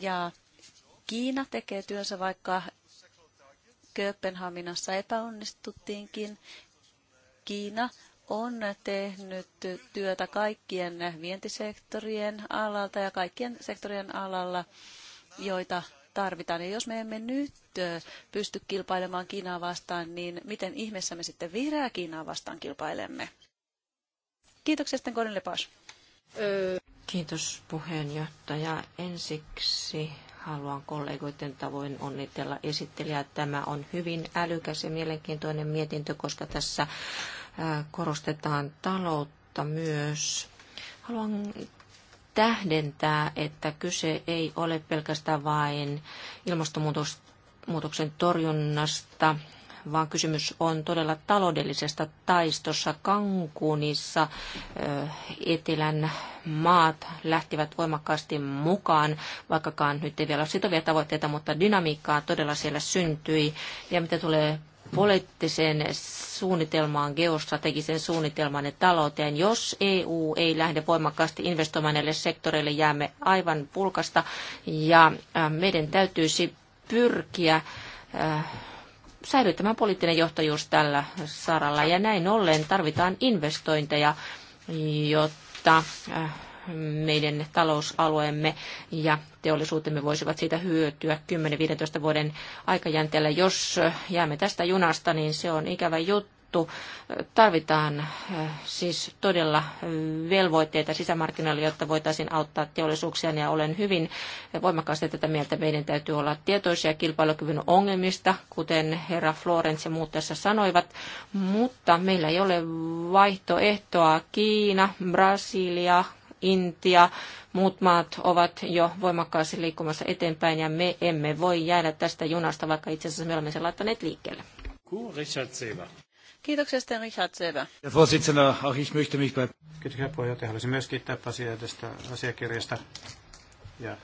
Ja Kiina tekee työnsä, vaikka Kööpenhaminassa epäonnistuttiinkin. Kiina on tehnyt työtä kaikkien vientisektorien alalta ja kaikkien sektorien alalla, joita tarvitaan. Ja jos me emme nyt pysty kilpailemaan Kiinaa vastaan, niin miten ihmeessä me sitten vihreää Kiinaa vastaan kilpailemme? Kiitoksia sitten Colin Kiitos puheenjohtaja. Ensiksi haluan kollegoiden tavoin onnitella esittelijää. Tämä on hyvin älykäs ja mielenkiintoinen mietintö, koska tässä korostetaan taloutta myös. Haluan tähdentää, että kyse ei ole pelkästään vain ilmastonmuutoksen torjunnasta, vaan kysymys on todella taloudellisesta taistossa. Kankunissa etelän maat lähtivät voimakkaasti mukaan, vaikkakaan nyt ei vielä ole sitovia tavoitteita, mutta dynamiikkaa todella siellä syntyi. Ja mitä tulee poliittiseen suunnitelmaan, geostrategiseen suunnitelmaan ja talouteen. Jos EU ei lähde voimakkaasti investoimaan näille sektoreille, jäämme aivan pulkasta ja meidän täytyisi pyrkiä tämä poliittinen johtajuus tällä saralla. Ja näin ollen tarvitaan investointeja, jotta äh, meidän talousalueemme ja teollisuutemme voisivat siitä hyötyä 10-15 vuoden aikajänteellä. Jos jäämme tästä junasta, niin se on ikävä juttu sanottu, tarvitaan äh, siis todella äh, velvoitteita sisämarkkinoille, jotta voitaisiin auttaa teollisuuksia. Ja olen hyvin voimakkaasti tätä mieltä. Meidän täytyy olla tietoisia kilpailukyvyn ongelmista, kuten herra Florence ja muut tässä sanoivat. Mutta meillä ei ole vaihtoehtoa Kiina, Brasilia, Intia, muut maat ovat jo voimakkaasti liikkumassa eteenpäin ja me emme voi jäädä tästä junasta, vaikka itse asiassa me olemme sen laittaneet liikkeelle. Richard Kiitoksia, Sten Richard Sebä. Kiitoksia puheenjohtaja. Haluaisin myös kiittää Pasia tästä asiakirjasta. Ja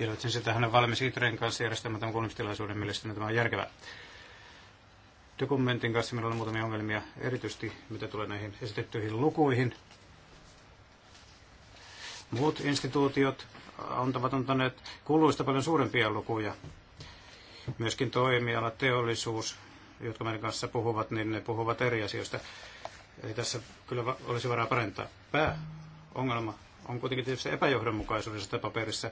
iloitsen sitä, hän on valmis Itren kanssa järjestämään tämän kuulemistilaisuuden mielestäni. Tämä on järkevää. Dokumentin kanssa meillä on muutamia ongelmia, erityisesti mitä tulee näihin esitettyihin lukuihin. Muut instituutiot antavat antaneet kuluista paljon suurempia lukuja. Myöskin toimiala, teollisuus, jotka meidän kanssa puhuvat, niin ne puhuvat eri asioista. Eli tässä kyllä olisi varaa parantaa. Pääongelma on kuitenkin tietysti epäjohdonmukaisuudessa tässä paperissa.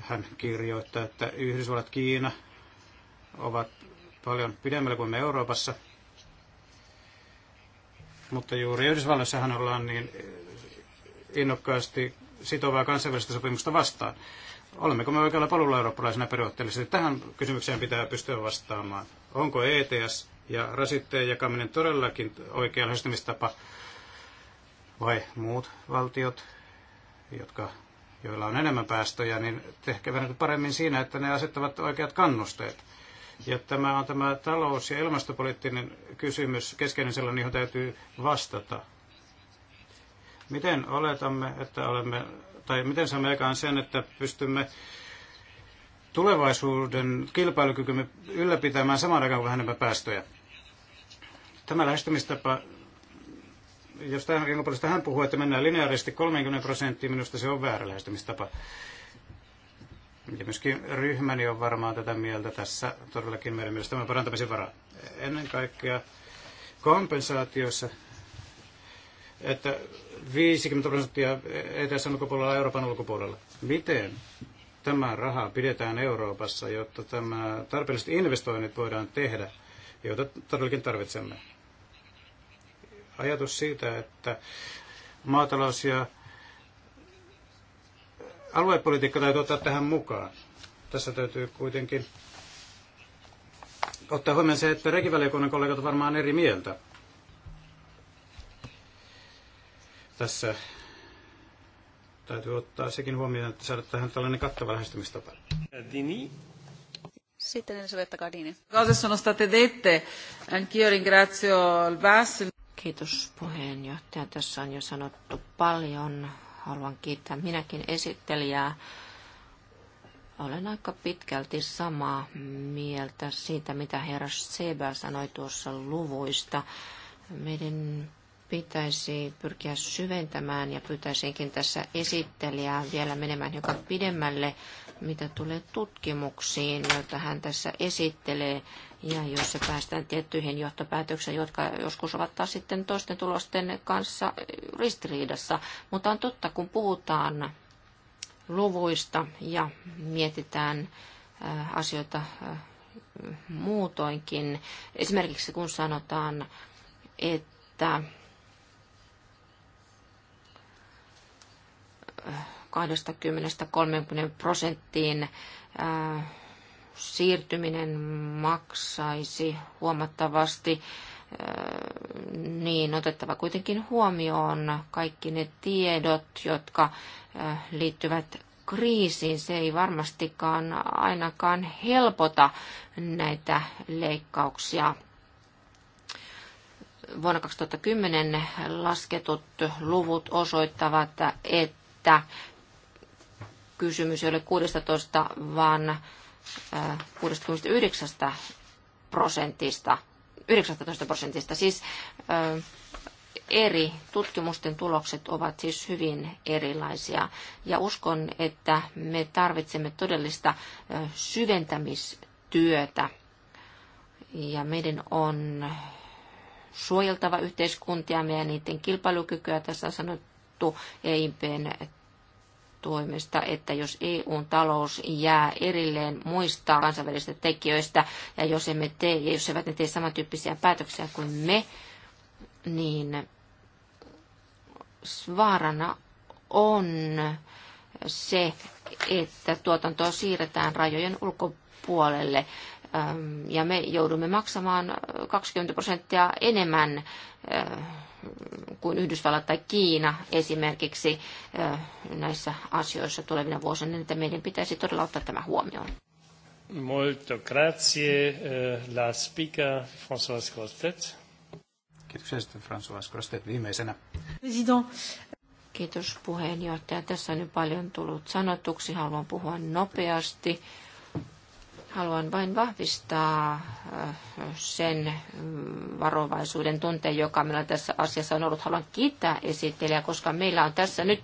Hän kirjoittaa, että Yhdysvallat, Kiina ovat paljon pidemmällä kuin me Euroopassa. Mutta juuri Yhdysvalloissahan ollaan niin innokkaasti sitovaa kansainvälistä sopimusta vastaan. Olemmeko me oikealla polulla eurooppalaisena periaatteellisesti? Tähän kysymykseen pitää pystyä vastaamaan. Onko ETS ja rasitteen jakaminen todellakin oikea lähestymistapa vai muut valtiot, jotka, joilla on enemmän päästöjä, niin tehkevät paremmin siinä, että ne asettavat oikeat kannusteet. Ja tämä on tämä talous- ja ilmastopoliittinen kysymys, keskeinen sellainen, johon täytyy vastata. Miten oletamme, että olemme tai miten saamme aikaan sen, että pystymme tulevaisuuden kilpailukykymme ylläpitämään samaan aikaan kuin vähemmän päästöjä. Tämä lähestymistapa, jos tähän puolesta hän puhuu, että mennään lineaarisesti 30 prosenttia, minusta se on väärä lähestymistapa. Ja myöskin ryhmäni on varmaan tätä mieltä tässä todellakin meidän tämän parantamisen varaa. Ennen kaikkea kompensaatioissa että 50 prosenttia ETS ulkopuolella Euroopan ulkopuolella. Miten tämä raha pidetään Euroopassa, jotta tämä tarpeelliset investoinnit voidaan tehdä, joita todellakin tarvitsemme? Ajatus siitä, että maatalous ja aluepolitiikka täytyy ottaa tähän mukaan. Tässä täytyy kuitenkin ottaa huomioon se, että rekivaliokunnan kollegat ovat varmaan eri mieltä Tässä täytyy ottaa sekin huomioon, että saada tähän tällainen kattava lähestymistapa. Dini. Sitten Elisabetta Gardini. Cose sono state dette. Anch'io ringrazio il VAS. Kiitos puheenjohtaja. Tässä on jo sanottu paljon. Haluan kiittää minäkin esittelijää. Olen aika pitkälti samaa mieltä siitä, mitä herra Seba sanoi tuossa luvuista. Meidän pitäisi pyrkiä syventämään ja pyytäisinkin tässä esittelijää vielä menemään hiukan pidemmälle, mitä tulee tutkimuksiin, joita hän tässä esittelee, ja jos se päästään tiettyihin johtopäätöksiin, jotka joskus ovat taas sitten toisten tulosten kanssa ristiriidassa. Mutta on totta, kun puhutaan luvuista ja mietitään äh, asioita äh, muutoinkin, esimerkiksi kun sanotaan, että 20-30 prosenttiin äh, siirtyminen maksaisi huomattavasti äh, niin otettava kuitenkin huomioon kaikki ne tiedot, jotka äh, liittyvät kriisiin. Se ei varmastikaan ainakaan helpota näitä leikkauksia. Vuonna 2010 lasketut luvut osoittavat, että että kysymys ei ole 16, vaan 69 äh, prosentista, 19 prosentista. Siis äh, eri tutkimusten tulokset ovat siis hyvin erilaisia. Ja uskon, että me tarvitsemme todellista äh, syventämistyötä. Ja meidän on suojeltava yhteiskuntiamme ja niiden kilpailukykyä. Tässä on sanottu todettu EIPn toimesta, että jos EUn talous jää erilleen muista kansainvälisistä tekijöistä, ja jos emme tee, ja jos eivät ne tee samantyyppisiä päätöksiä kuin me, niin vaarana on se, että tuotantoa siirretään rajojen ulkopuolelle. Ähm, ja me joudumme maksamaan 20 äh, prosenttia enemmän äh, kuin Yhdysvallat tai Kiina esimerkiksi äh, näissä asioissa tulevina vuosina, että meidän pitäisi todella ottaa tämä huomioon. Molto grazie la speaker François Grostet. Kiitoksia sitten François Grostet viimeisenä. President. Kiitos puheenjohtaja. Tässä on nyt paljon tullut sanotuksi. Haluan puhua nopeasti Haluan vain vahvistaa äh, sen äh, varovaisuuden tunteen, joka meillä tässä asiassa on ollut. Haluan kiittää esittelijää, koska meillä on tässä nyt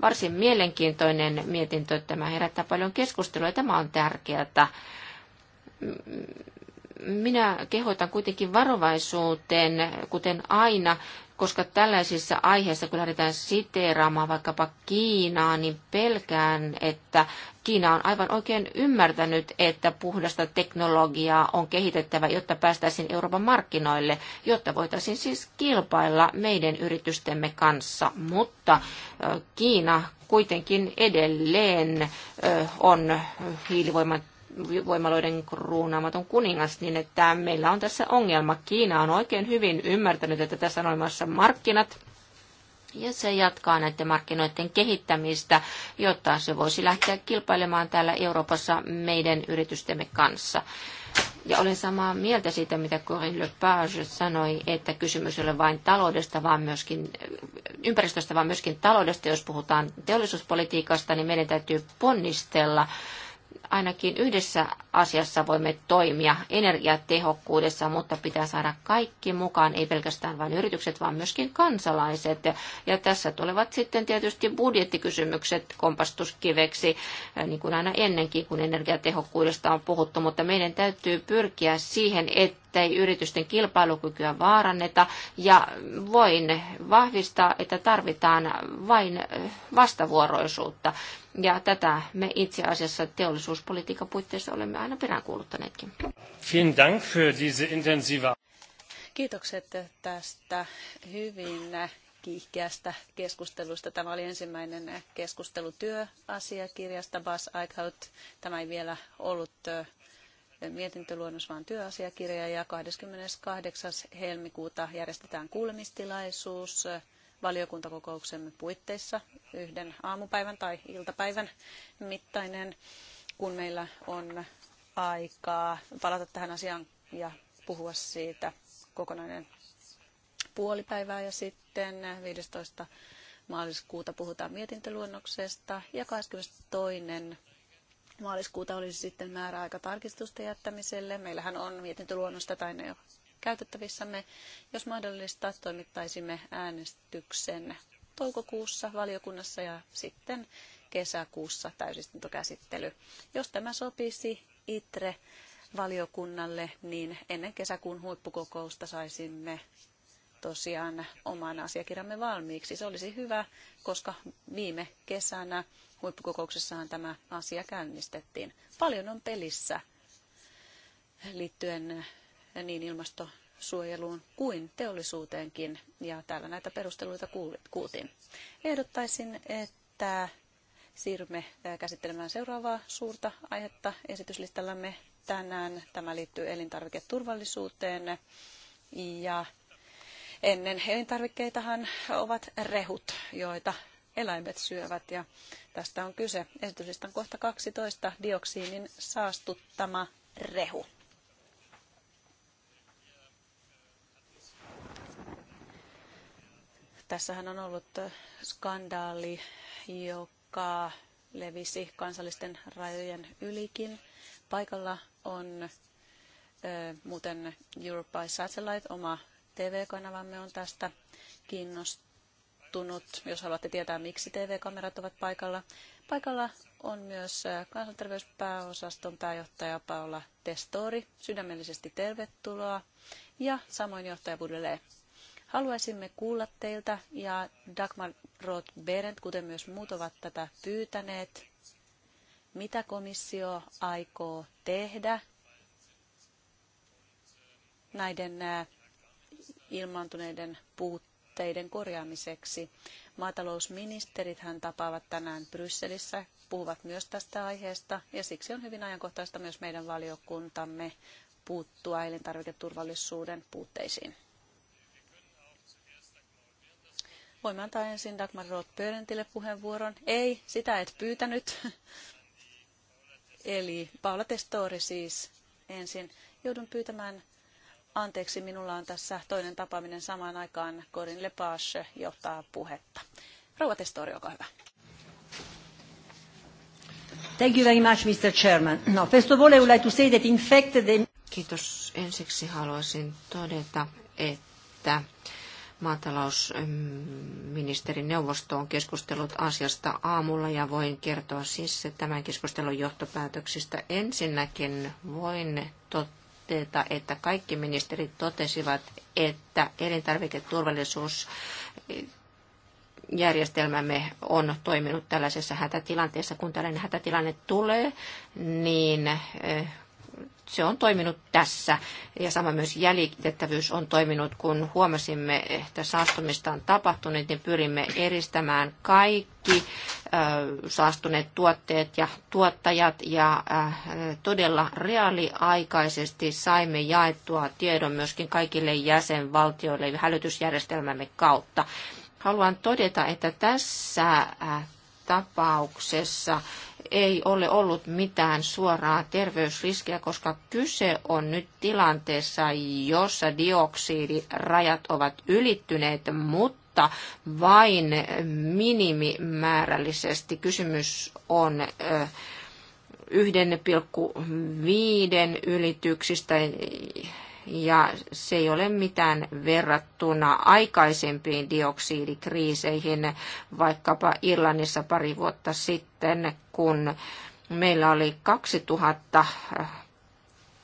varsin mielenkiintoinen mietintö. Tämä herättää paljon keskustelua ja tämä on tärkeää. Minä kehotan kuitenkin varovaisuuteen, kuten aina, koska tällaisissa aiheissa, kun lähdetään siteeraamaan vaikkapa Kiinaa, niin pelkään, että Kiina on aivan oikein ymmärtänyt, että puhdasta teknologiaa on kehitettävä, jotta päästäisiin Euroopan markkinoille, jotta voitaisiin siis kilpailla meidän yritystemme kanssa. Mutta Kiina kuitenkin edelleen on hiilivoiman voimaloiden kruunaamaton kuningas, niin että meillä on tässä ongelma. Kiina on oikein hyvin ymmärtänyt, että tässä on olemassa markkinat, ja se jatkaa näiden markkinoiden kehittämistä, jotta se voisi lähteä kilpailemaan täällä Euroopassa meidän yritystemme kanssa. Ja olen samaa mieltä siitä, mitä Corinne Lepage sanoi, että kysymys ei ole vain taloudesta, vaan myöskin ympäristöstä, vaan myöskin taloudesta. Jos puhutaan teollisuuspolitiikasta, niin meidän täytyy ponnistella ainakin yhdessä asiassa voimme toimia energiatehokkuudessa, mutta pitää saada kaikki mukaan, ei pelkästään vain yritykset, vaan myöskin kansalaiset. Ja tässä tulevat sitten tietysti budjettikysymykset kompastuskiveksi, äh, niin kuin aina ennenkin, kun energiatehokkuudesta on puhuttu, mutta meidän täytyy pyrkiä siihen, ettei yritysten kilpailukykyä vaaranneta. Ja voin vahvistaa, että tarvitaan vain äh, vastavuoroisuutta ja tätä me itse asiassa teollisuuspolitiikan puitteissa olemme aina peräänkuuluttaneetkin. Vielen Dank für diese intensive... Kiitokset tästä hyvin kiihkeästä keskustelusta. Tämä oli ensimmäinen keskustelu työasiakirjasta Bas Eichhout. Tämä ei vielä ollut mietintöluonnos, vaan työasiakirja. Ja 28. helmikuuta järjestetään kuulemistilaisuus valiokuntakokouksemme puitteissa yhden aamupäivän tai iltapäivän mittainen, kun meillä on aikaa palata tähän asiaan ja puhua siitä kokonainen puolipäivää ja sitten 15 maaliskuuta puhutaan mietintöluonnoksesta ja 22. maaliskuuta olisi sitten määräaika tarkistusten jättämiselle. Meillähän on mietintöluonnosta tai ne käytettävissämme, jos mahdollista toimittaisimme äänestyksen toukokuussa valiokunnassa ja sitten kesäkuussa täysistuntokäsittely. Jos tämä sopisi ITRE valiokunnalle, niin ennen kesäkuun huippukokousta saisimme tosiaan oman asiakirjamme valmiiksi. Se olisi hyvä, koska viime kesänä huippukokouksessahan tämä asia käynnistettiin. Paljon on pelissä liittyen niin ilmastosuojeluun kuin teollisuuteenkin, ja täällä näitä perusteluita kuultiin. Ehdottaisin, että siirrymme käsittelemään seuraavaa suurta aihetta esityslistallamme tänään. Tämä liittyy elintarviketurvallisuuteen ja ennen elintarvikkeitahan ovat rehut, joita eläimet syövät ja tästä on kyse. Esityslistan kohta 12, dioksiinin saastuttama rehu. Tässähän on ollut skandaali, joka levisi kansallisten rajojen ylikin. Paikalla on muuten Europe by Satellite, oma TV-kanavamme on tästä kiinnostunut, jos haluatte tietää, miksi TV-kamerat ovat paikalla. Paikalla on myös kansanterveyspääosaston pääjohtaja Paola Testori. Sydämellisesti tervetuloa. Ja samoin johtaja Budele. Haluaisimme kuulla teiltä, ja Dagmar Roth-Berendt, kuten myös muut ovat tätä pyytäneet, mitä komissio aikoo tehdä näiden ilmaantuneiden puutteiden korjaamiseksi. Maatalousministerit hän tapaavat tänään Brysselissä, puhuvat myös tästä aiheesta ja siksi on hyvin ajankohtaista myös meidän valiokuntamme puuttua elintarviketurvallisuuden puutteisiin. mä antaa ensin Dagmar Roth-Pörentille puheenvuoron. Ei, sitä et pyytänyt. Eli Paula Testori siis ensin. Joudun pyytämään anteeksi, minulla on tässä toinen tapaaminen samaan aikaan. Corinne Lepage johtaa puhetta. Rouva Testori, olkaa hyvä. Thank you very much, Mr. Chairman. No, first of all, I would like to say that in fact the... Kiitos. Ensiksi haluaisin todeta, että maatalousministerin on keskustellut asiasta aamulla ja voin kertoa siis tämän keskustelun johtopäätöksistä. Ensinnäkin voin todeta, että kaikki ministerit totesivat, että elintarviketurvallisuus järjestelmämme on toiminut tällaisessa hätätilanteessa. Kun tällainen hätätilanne tulee, niin eh, se on toiminut tässä. Ja sama myös jäljitettävyys on toiminut, kun huomasimme, että saastumista on tapahtunut, niin pyrimme eristämään kaikki saastuneet tuotteet ja tuottajat ja todella reaaliaikaisesti saimme jaettua tiedon myöskin kaikille jäsenvaltioille hälytysjärjestelmämme kautta. Haluan todeta, että tässä tapauksessa ei ole ollut mitään suoraa terveysriskiä, koska kyse on nyt tilanteessa, jossa dioksidirajat ovat ylittyneet, mutta vain minimimäärällisesti. Kysymys on 1,5 ylityksistä ja se ei ole mitään verrattuna aikaisempiin dioksidikriiseihin, vaikkapa Irlannissa pari vuotta sitten, kun meillä oli 2000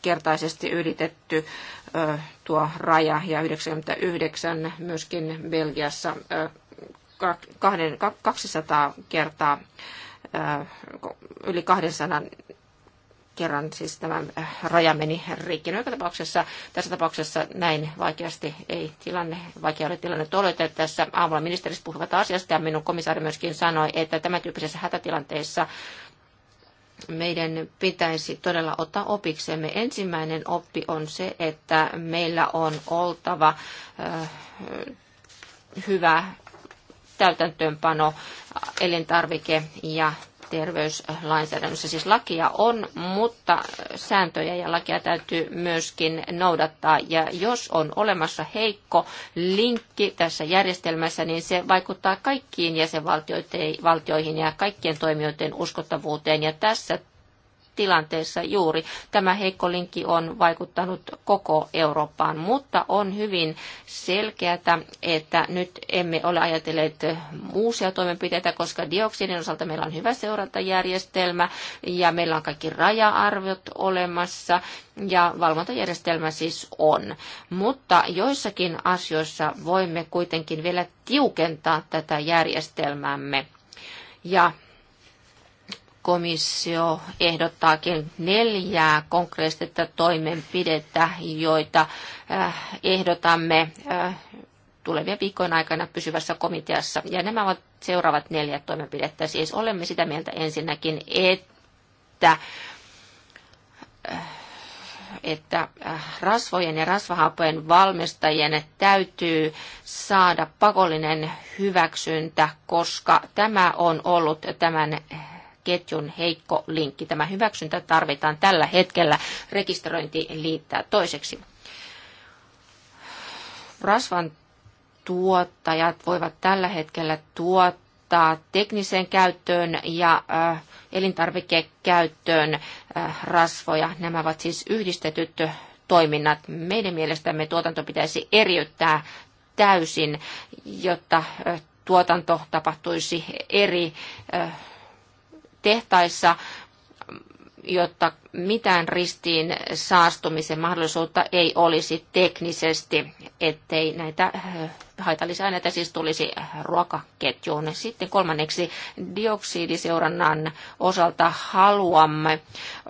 kertaisesti ylitetty tuo raja ja 99 myöskin Belgiassa 200 kertaa yli 200 kerran siis tämä äh, raja meni rikki. No, tapauksessa, tässä tapauksessa näin vaikeasti ei tilanne, vaikea oli tilanne että Tässä aamulla ministerit puhuvat asiasta ja minun komissaari myöskin sanoi, että tämän tyyppisessä hätätilanteessa meidän pitäisi todella ottaa opiksemme. Ensimmäinen oppi on se, että meillä on oltava äh, hyvä täytäntöönpano elintarvike- ja terveyslainsäädännössä. Siis lakia on, mutta sääntöjä ja lakia täytyy myöskin noudattaa. Ja jos on olemassa heikko linkki tässä järjestelmässä, niin se vaikuttaa kaikkiin jäsenvaltioihin ja kaikkien toimijoiden uskottavuuteen. Ja tässä tilanteessa juuri. Tämä heikko linkki on vaikuttanut koko Eurooppaan, mutta on hyvin selkeätä, että nyt emme ole ajatelleet uusia toimenpiteitä, koska dioksidin osalta meillä on hyvä seurantajärjestelmä ja meillä on kaikki raja-arviot olemassa ja valvontajärjestelmä siis on. Mutta joissakin asioissa voimme kuitenkin vielä tiukentaa tätä järjestelmäämme. Ja komissio ehdottaakin neljää konkreettista toimenpidettä, joita äh, ehdotamme äh, tulevien viikkojen aikana pysyvässä komiteassa. Ja nämä ovat seuraavat neljä toimenpidettä. Siis olemme sitä mieltä ensinnäkin, että äh, että rasvojen ja rasvahapojen valmistajien täytyy saada pakollinen hyväksyntä, koska tämä on ollut tämän ketjun heikko linkki. Tämä hyväksyntä tarvitaan tällä hetkellä rekisteröintiin liittää toiseksi. Rasvan tuottajat voivat tällä hetkellä tuottaa tekniseen käyttöön ja äh, elintarvikekäyttöön äh, rasvoja. Nämä ovat siis yhdistetyt toiminnat. Meidän mielestämme tuotanto pitäisi eriyttää täysin, jotta äh, tuotanto tapahtuisi eri äh, tehtaissa, jotta mitään ristiin saastumisen mahdollisuutta ei olisi teknisesti, ettei näitä äh, haitallisia aineita siis tulisi ruokaketjuun. Sitten kolmanneksi dioksidiseurannan osalta haluamme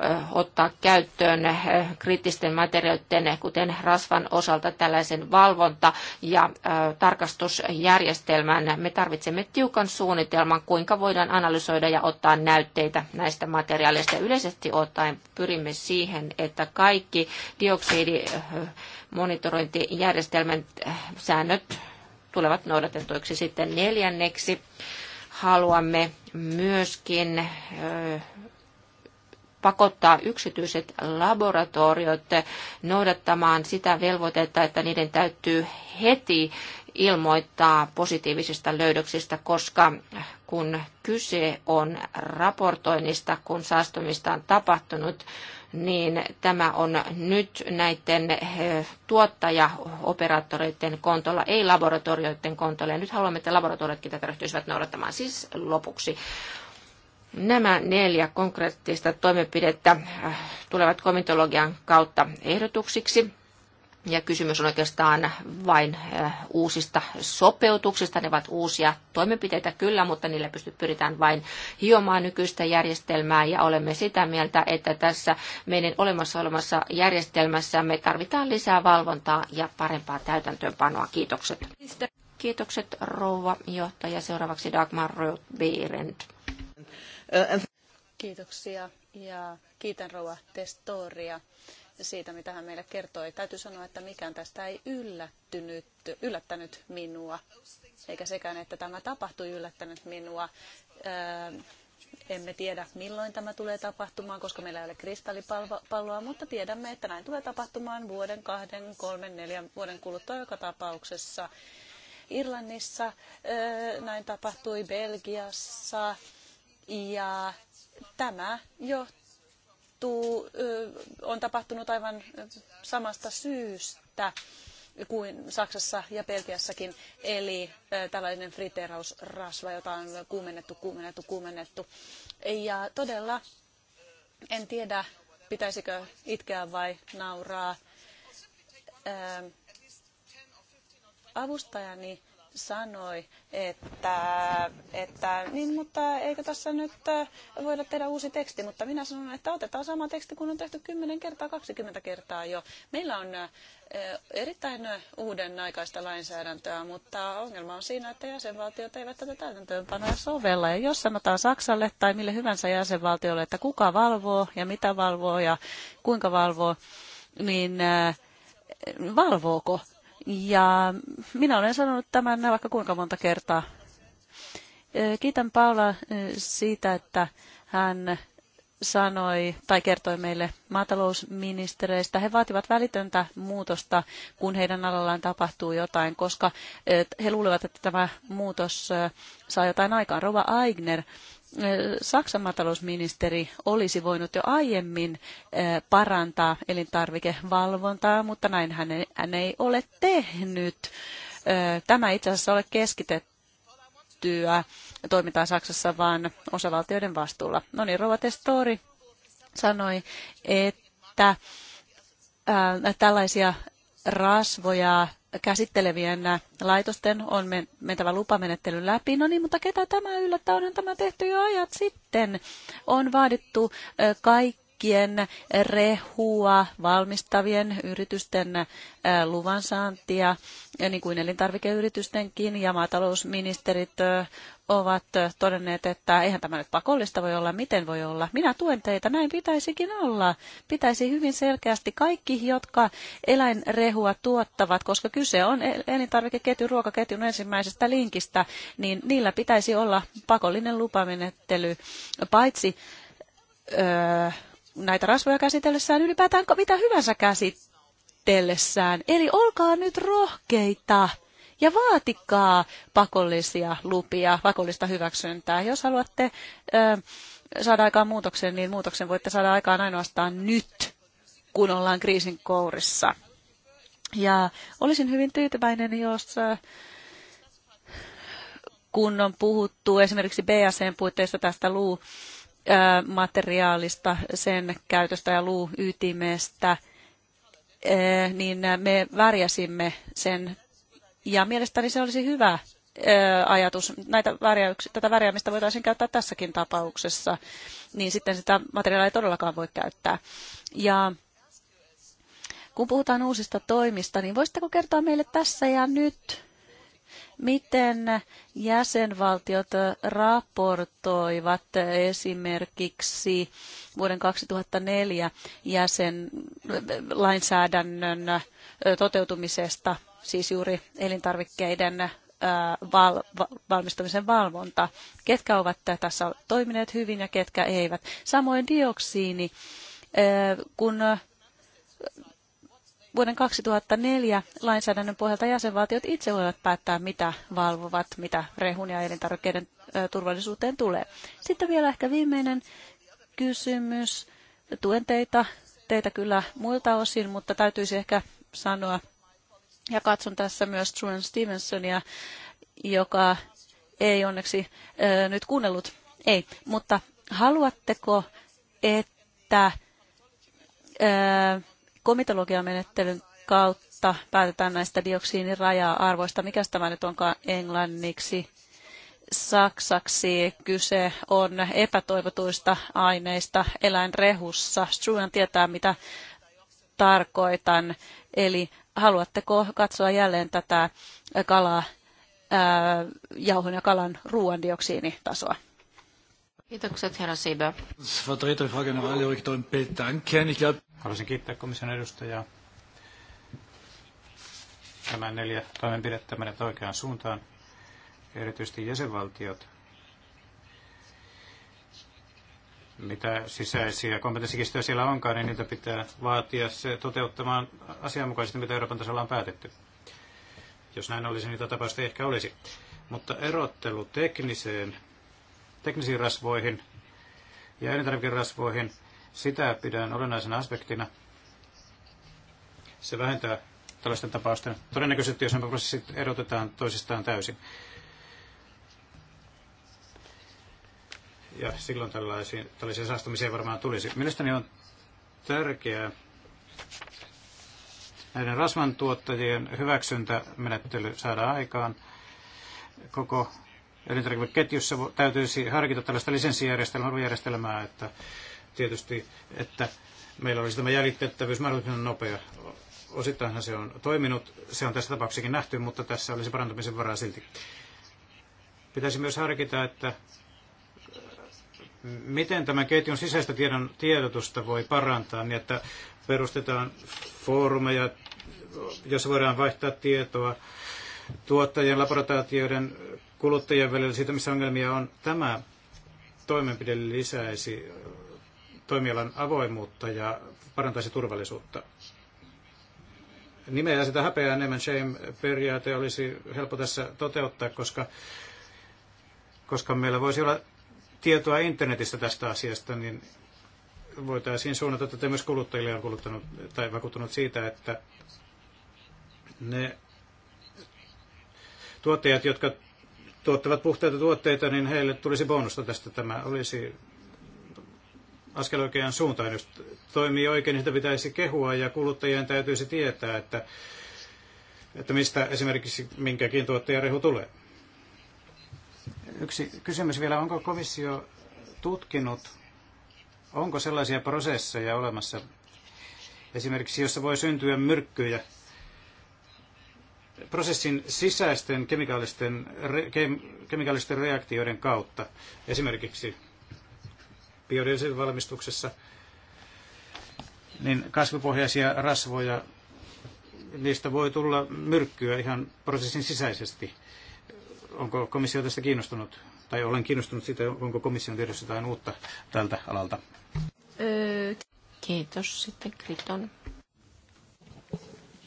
äh, ottaa käyttöön äh, kriittisten materiaalien, kuten rasvan osalta, tällaisen valvonta- ja tarkastusjärjestelmän. Me tarvitsemme tiukan suunnitelman, kuinka voidaan analysoida ja ottaa näytteitä näistä materiaaleista yleisesti ottaen pyrimme siihen, että kaikki dioksidimonitorointijärjestelmän äh, säännöt tulevat noudatetuiksi sitten neljänneksi. Haluamme myöskin äh, pakottaa yksityiset laboratoriot noudattamaan sitä velvoitetta, että niiden täytyy heti ilmoittaa positiivisista löydöksistä, koska kun kyse on raportoinnista, kun saastumista on tapahtunut, niin tämä on nyt näiden eh, tuottajaoperaattoreiden kontolla, ei laboratorioiden kontolla. Ja nyt haluamme, että laboratoriotkin tätä ryhtyisivät noudattamaan. Siis lopuksi Nämä neljä konkreettista toimenpidettä äh, tulevat komitologian kautta ehdotuksiksi. Ja kysymys on oikeastaan vain äh, uusista sopeutuksista. Ne ovat uusia toimenpiteitä kyllä, mutta niillä pyritään vain hiomaan nykyistä järjestelmää ja olemme sitä mieltä, että tässä meidän olemassa olemassa järjestelmässä me tarvitaan lisää valvontaa ja parempaa täytäntöönpanoa. Kiitokset. Kiitokset rouva johtaja. Seuraavaksi Dagmar Rödbeerend. Kiitoksia ja kiitän rouva Testoria siitä, mitä hän meille kertoi. Täytyy sanoa, että mikään tästä ei yllättynyt, yllättänyt minua, eikä sekään, että tämä tapahtui yllättänyt minua. Öö, emme tiedä, milloin tämä tulee tapahtumaan, koska meillä ei ole kristallipalloa, mutta tiedämme, että näin tulee tapahtumaan vuoden, kahden, kolmen, neljän vuoden kuluttua joka tapauksessa. Irlannissa öö, näin tapahtui, Belgiassa, ja tämä johtuu, on tapahtunut aivan samasta syystä kuin Saksassa ja Belgiassakin, eli tällainen friteerausrasva, jota on kuumennettu, kuumennettu, kuumennettu. Ja todella en tiedä, pitäisikö itkeä vai nauraa. Avustajani sanoi, että, että niin, mutta eikö tässä nyt äh, voida tehdä uusi teksti, mutta minä sanon, että otetaan sama teksti, kun on tehty 10 kertaa, 20 kertaa jo. Meillä on äh, erittäin uuden aikaista lainsäädäntöä, mutta ongelma on siinä, että jäsenvaltiot eivät tätä täytäntöönpanoa sovella. Ja jos sanotaan Saksalle tai mille hyvänsä jäsenvaltiolle, että kuka valvoo ja mitä valvoo ja kuinka valvoo, niin äh, valvooko ja minä olen sanonut tämän vaikka kuinka monta kertaa. Kiitän Paula siitä, että hän sanoi tai kertoi meille maatalousministereistä. He vaativat välitöntä muutosta, kun heidän alallaan tapahtuu jotain, koska he luulevat, että tämä muutos saa jotain aikaan. Rova Aigner Saksan maatalousministeri olisi voinut jo aiemmin parantaa elintarvikevalvontaa, mutta näin hän ei ole tehnyt. Tämä itse asiassa ole keskitettyä toimintaa Saksassa, vaan osavaltioiden vastuulla. No niin, Rova Testori sanoi, että tällaisia rasvoja käsittelevien äh, laitosten on mentävä lupamenettelyn läpi. No niin, mutta ketä tämä yllättää? Onhan tämä tehty jo ajat sitten. On vaadittu äh, kaikki koskien rehua valmistavien yritysten luvansaantia, niin kuin elintarvikeyritystenkin, ja maatalousministerit ovat todenneet, että eihän tämä nyt pakollista voi olla, miten voi olla. Minä tuen teitä, näin pitäisikin olla. Pitäisi hyvin selkeästi kaikki, jotka eläinrehua tuottavat, koska kyse on e- elintarvikeketjun, ruokaketjun ensimmäisestä linkistä, niin niillä pitäisi olla pakollinen lupamenettely, paitsi öö, näitä rasvoja käsitellessään, ylipäätään mitä hyvänsä käsitellessään. Eli olkaa nyt rohkeita ja vaatikaa pakollisia lupia, pakollista hyväksyntää. Jos haluatte ö, saada aikaan muutoksen, niin muutoksen voitte saada aikaan ainoastaan nyt, kun ollaan kriisin kourissa. Ja olisin hyvin tyytyväinen, jos kun on puhuttu esimerkiksi bsn puitteissa tästä luu materiaalista, sen käytöstä ja luuytimestä, niin me värjäsimme sen. Ja mielestäni se olisi hyvä ajatus. Näitä värjäyks- tätä värjäämistä voitaisiin käyttää tässäkin tapauksessa, niin sitten sitä materiaalia ei todellakaan voi käyttää. Ja kun puhutaan uusista toimista, niin voisitteko kertoa meille tässä ja nyt Miten jäsenvaltiot raportoivat esimerkiksi vuoden 2004 jäsen toteutumisesta, siis juuri elintarvikkeiden val, valmistamisen valvonta, ketkä ovat tässä toimineet hyvin ja ketkä eivät. Samoin dioksiini, kun vuoden 2004 lainsäädännön pohjalta jäsenvaltiot itse voivat päättää, mitä valvovat, mitä rehun ja elintarvikkeiden turvallisuuteen tulee. Sitten vielä ehkä viimeinen kysymys. Tuen teitä, teitä kyllä muilta osin, mutta täytyisi ehkä sanoa, ja katson tässä myös Truman Stevensonia, joka ei onneksi äh, nyt kuunnellut. Ei, mutta haluatteko, että äh, komitologiamenettelyn kautta päätetään näistä dioksiiniraja-arvoista. Mikä tämä nyt onkaan englanniksi? Saksaksi kyse on epätoivotuista aineista eläinrehussa. Struan tietää, mitä tarkoitan. Eli haluatteko katsoa jälleen tätä kalaa, jauhon ja kalan ruoan dioksiinitasoa? Kiitokset, herra Sieber. Haluaisin kiittää komission edustajaa. Nämä neljä toimenpidettä menevät oikeaan suuntaan. Erityisesti jäsenvaltiot mitä sisäisiä kompetenssikistoja siellä onkaan, niin niitä pitää vaatia se toteuttamaan asianmukaisesti, mitä Euroopan tasolla on päätetty. Jos näin olisi, niin tätä tapausta ei ehkä olisi. Mutta erottelu tekniseen teknisiin rasvoihin ja elintarvikerasvoihin. Sitä pidän olennaisena aspektina. Se vähentää tällaisten tapausten todennäköisesti, jos nämä prosessit erotetaan toisistaan täysin. Ja silloin tällaisiin tällaisia saastumisia varmaan tulisi. Mielestäni on tärkeää näiden rasvantuottajien hyväksyntämenettely saada aikaan koko elintarvikeketjussa täytyisi harkita tällaista lisenssijärjestelmää, arvojärjestelmää, että tietysti, että meillä olisi tämä jäljitettävyys mahdollisimman nopea. Osittainhan se on toiminut, se on tässä tapauksessakin nähty, mutta tässä olisi parantamisen varaa silti. Pitäisi myös harkita, että äh, miten tämä ketjun sisäistä tiedon, tiedotusta voi parantaa, niin että perustetaan foorumeja, jossa voidaan vaihtaa tietoa tuottajien, laboratorioiden kuluttajien välillä siitä, missä ongelmia on. Tämä toimenpide lisäisi toimialan avoimuutta ja parantaisi turvallisuutta. Nimeä sitä häpeää enemmän shame-periaate olisi helppo tässä toteuttaa, koska, koska meillä voisi olla tietoa internetistä tästä asiasta, niin voitaisiin suunnata tätä myös kuluttajille on kuluttanut tai vakuuttunut siitä, että ne tuottajat, jotka tuottavat puhtaita tuotteita, niin heille tulisi bonusta tästä. Tämä olisi askel oikeaan suuntaan. Jos toimii oikein, niin sitä pitäisi kehua ja kuluttajien täytyisi tietää, että, että mistä esimerkiksi minkäkin tuottajan rehu tulee. Yksi kysymys vielä, onko komissio tutkinut, onko sellaisia prosesseja olemassa, esimerkiksi jossa voi syntyä myrkkyjä prosessin sisäisten kemikaalisten, re, ke, kemikaalisten reaktioiden kautta, esimerkiksi biodieselin valmistuksessa, niin kasvipohjaisia rasvoja, niistä voi tulla myrkkyä ihan prosessin sisäisesti. Onko komissio tästä kiinnostunut? Tai olen kiinnostunut siitä, onko komission tiedossa jotain uutta tältä alalta. Kiitos. Sitten Kriton.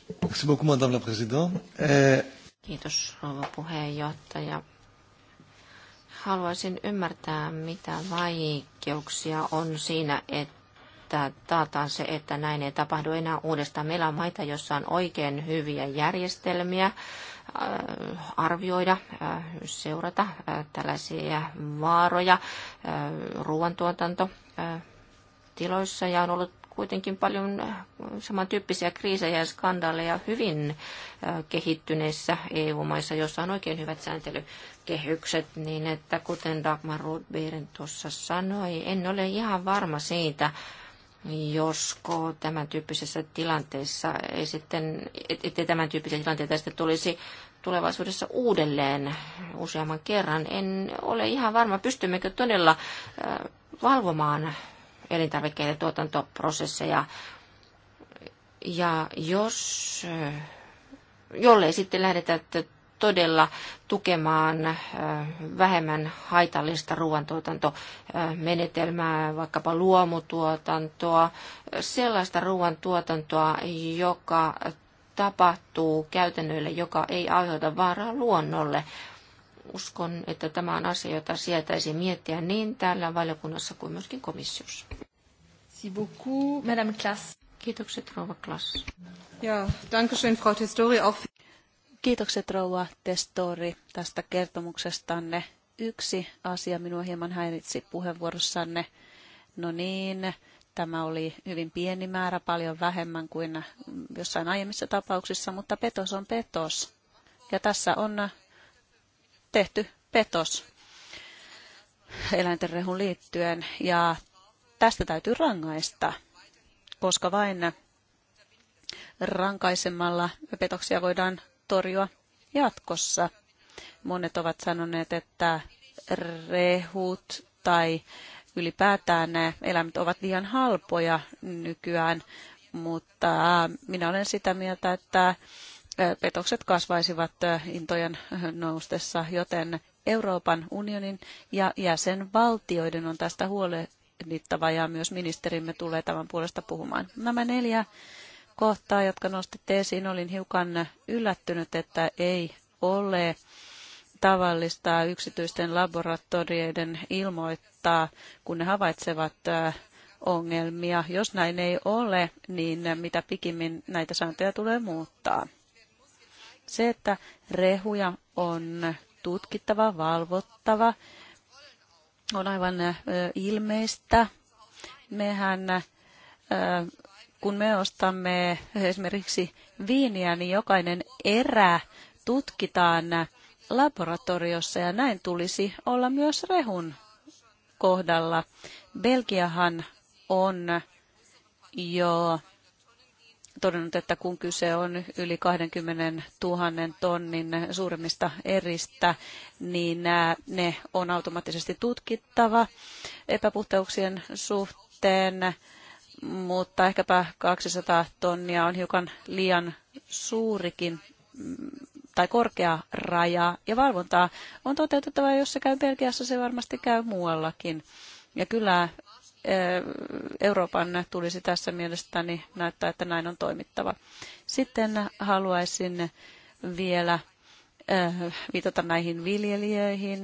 Euh, Kiitos, rouva puheenjohtaja. Haluaisin ymmärtää, mitä vaikeuksia on siinä, että taataan se, että näin ei tapahdu enää uudestaan. Meillä on maita, joissa on oikein hyviä järjestelmiä äh, arvioida, äh, seurata äh, tällaisia vaaroja, ruoantuotanto tiloissa ja on ollut kuitenkin paljon äh, samantyyppisiä kriisejä ja skandaaleja hyvin äh, kehittyneissä EU-maissa, joissa on oikein hyvät sääntelykehykset, niin että kuten Dagmar Rudbeeren tuossa sanoi, en ole ihan varma siitä, josko tämän tyyppisessä tilanteessa ei sitten, ettei tämän tyyppisiä tilanteita sitten tulisi tulevaisuudessa uudelleen useamman kerran. En ole ihan varma, pystymmekö todella äh, valvomaan elintarvikkeiden tuotantoprosesseja. Ja jos, jollei sitten lähdetä todella tukemaan vähemmän haitallista ruoantuotantomenetelmää, vaikkapa luomutuotantoa, sellaista ruoantuotantoa, joka tapahtuu käytännöille, joka ei aiheuta vaaraa luonnolle uskon, että tämä on asia, jota sietäisi miettiä niin täällä valiokunnassa kuin myöskin komissiossa. Merci beaucoup, Madame Klaas. Kiitokset, rouva Ja, dankeschön, Frau Testori. Auf... Kiitokset, rouva Testori, tästä kertomuksestanne. Yksi asia minua hieman häiritsi puheenvuorossanne. No niin, tämä oli hyvin pieni määrä, paljon vähemmän kuin jossain aiemmissa tapauksissa, mutta petos on petos. Ja tässä on tehty petos eläinten rehun liittyen ja tästä täytyy rangaista, koska vain rankaisemalla petoksia voidaan torjua jatkossa. Monet ovat sanoneet, että rehut tai ylipäätään nämä eläimet ovat liian halpoja nykyään, mutta minä olen sitä mieltä, että petokset kasvaisivat hintojen noustessa, joten Euroopan unionin ja jäsenvaltioiden on tästä huolehdittava ja myös ministerimme tulee tämän puolesta puhumaan. Nämä neljä kohtaa, jotka nostitte esiin, olin hiukan yllättynyt, että ei ole tavallista yksityisten laboratorioiden ilmoittaa, kun ne havaitsevat ongelmia. Jos näin ei ole, niin mitä pikimmin näitä sääntöjä tulee muuttaa. Se, että rehuja on tutkittava, valvottava, on aivan ilmeistä. Mehän, kun me ostamme esimerkiksi viiniä, niin jokainen erä tutkitaan laboratoriossa ja näin tulisi olla myös rehun kohdalla. Belgiahan on jo todennut, että kun kyse on yli 20 000 tonnin suuremmista eristä, niin ne on automaattisesti tutkittava epäpuhteuksien suhteen, mutta ehkäpä 200 tonnia on hiukan liian suurikin mm, tai korkea raja ja valvontaa on toteutettava, jos se käy Belgiassa, se varmasti käy muuallakin. Ja kyllä Eh, Euroopan tulisi tässä mielestäni näyttää, että näin on toimittava. Sitten haluaisin vielä eh, viitata näihin viljelijöihin.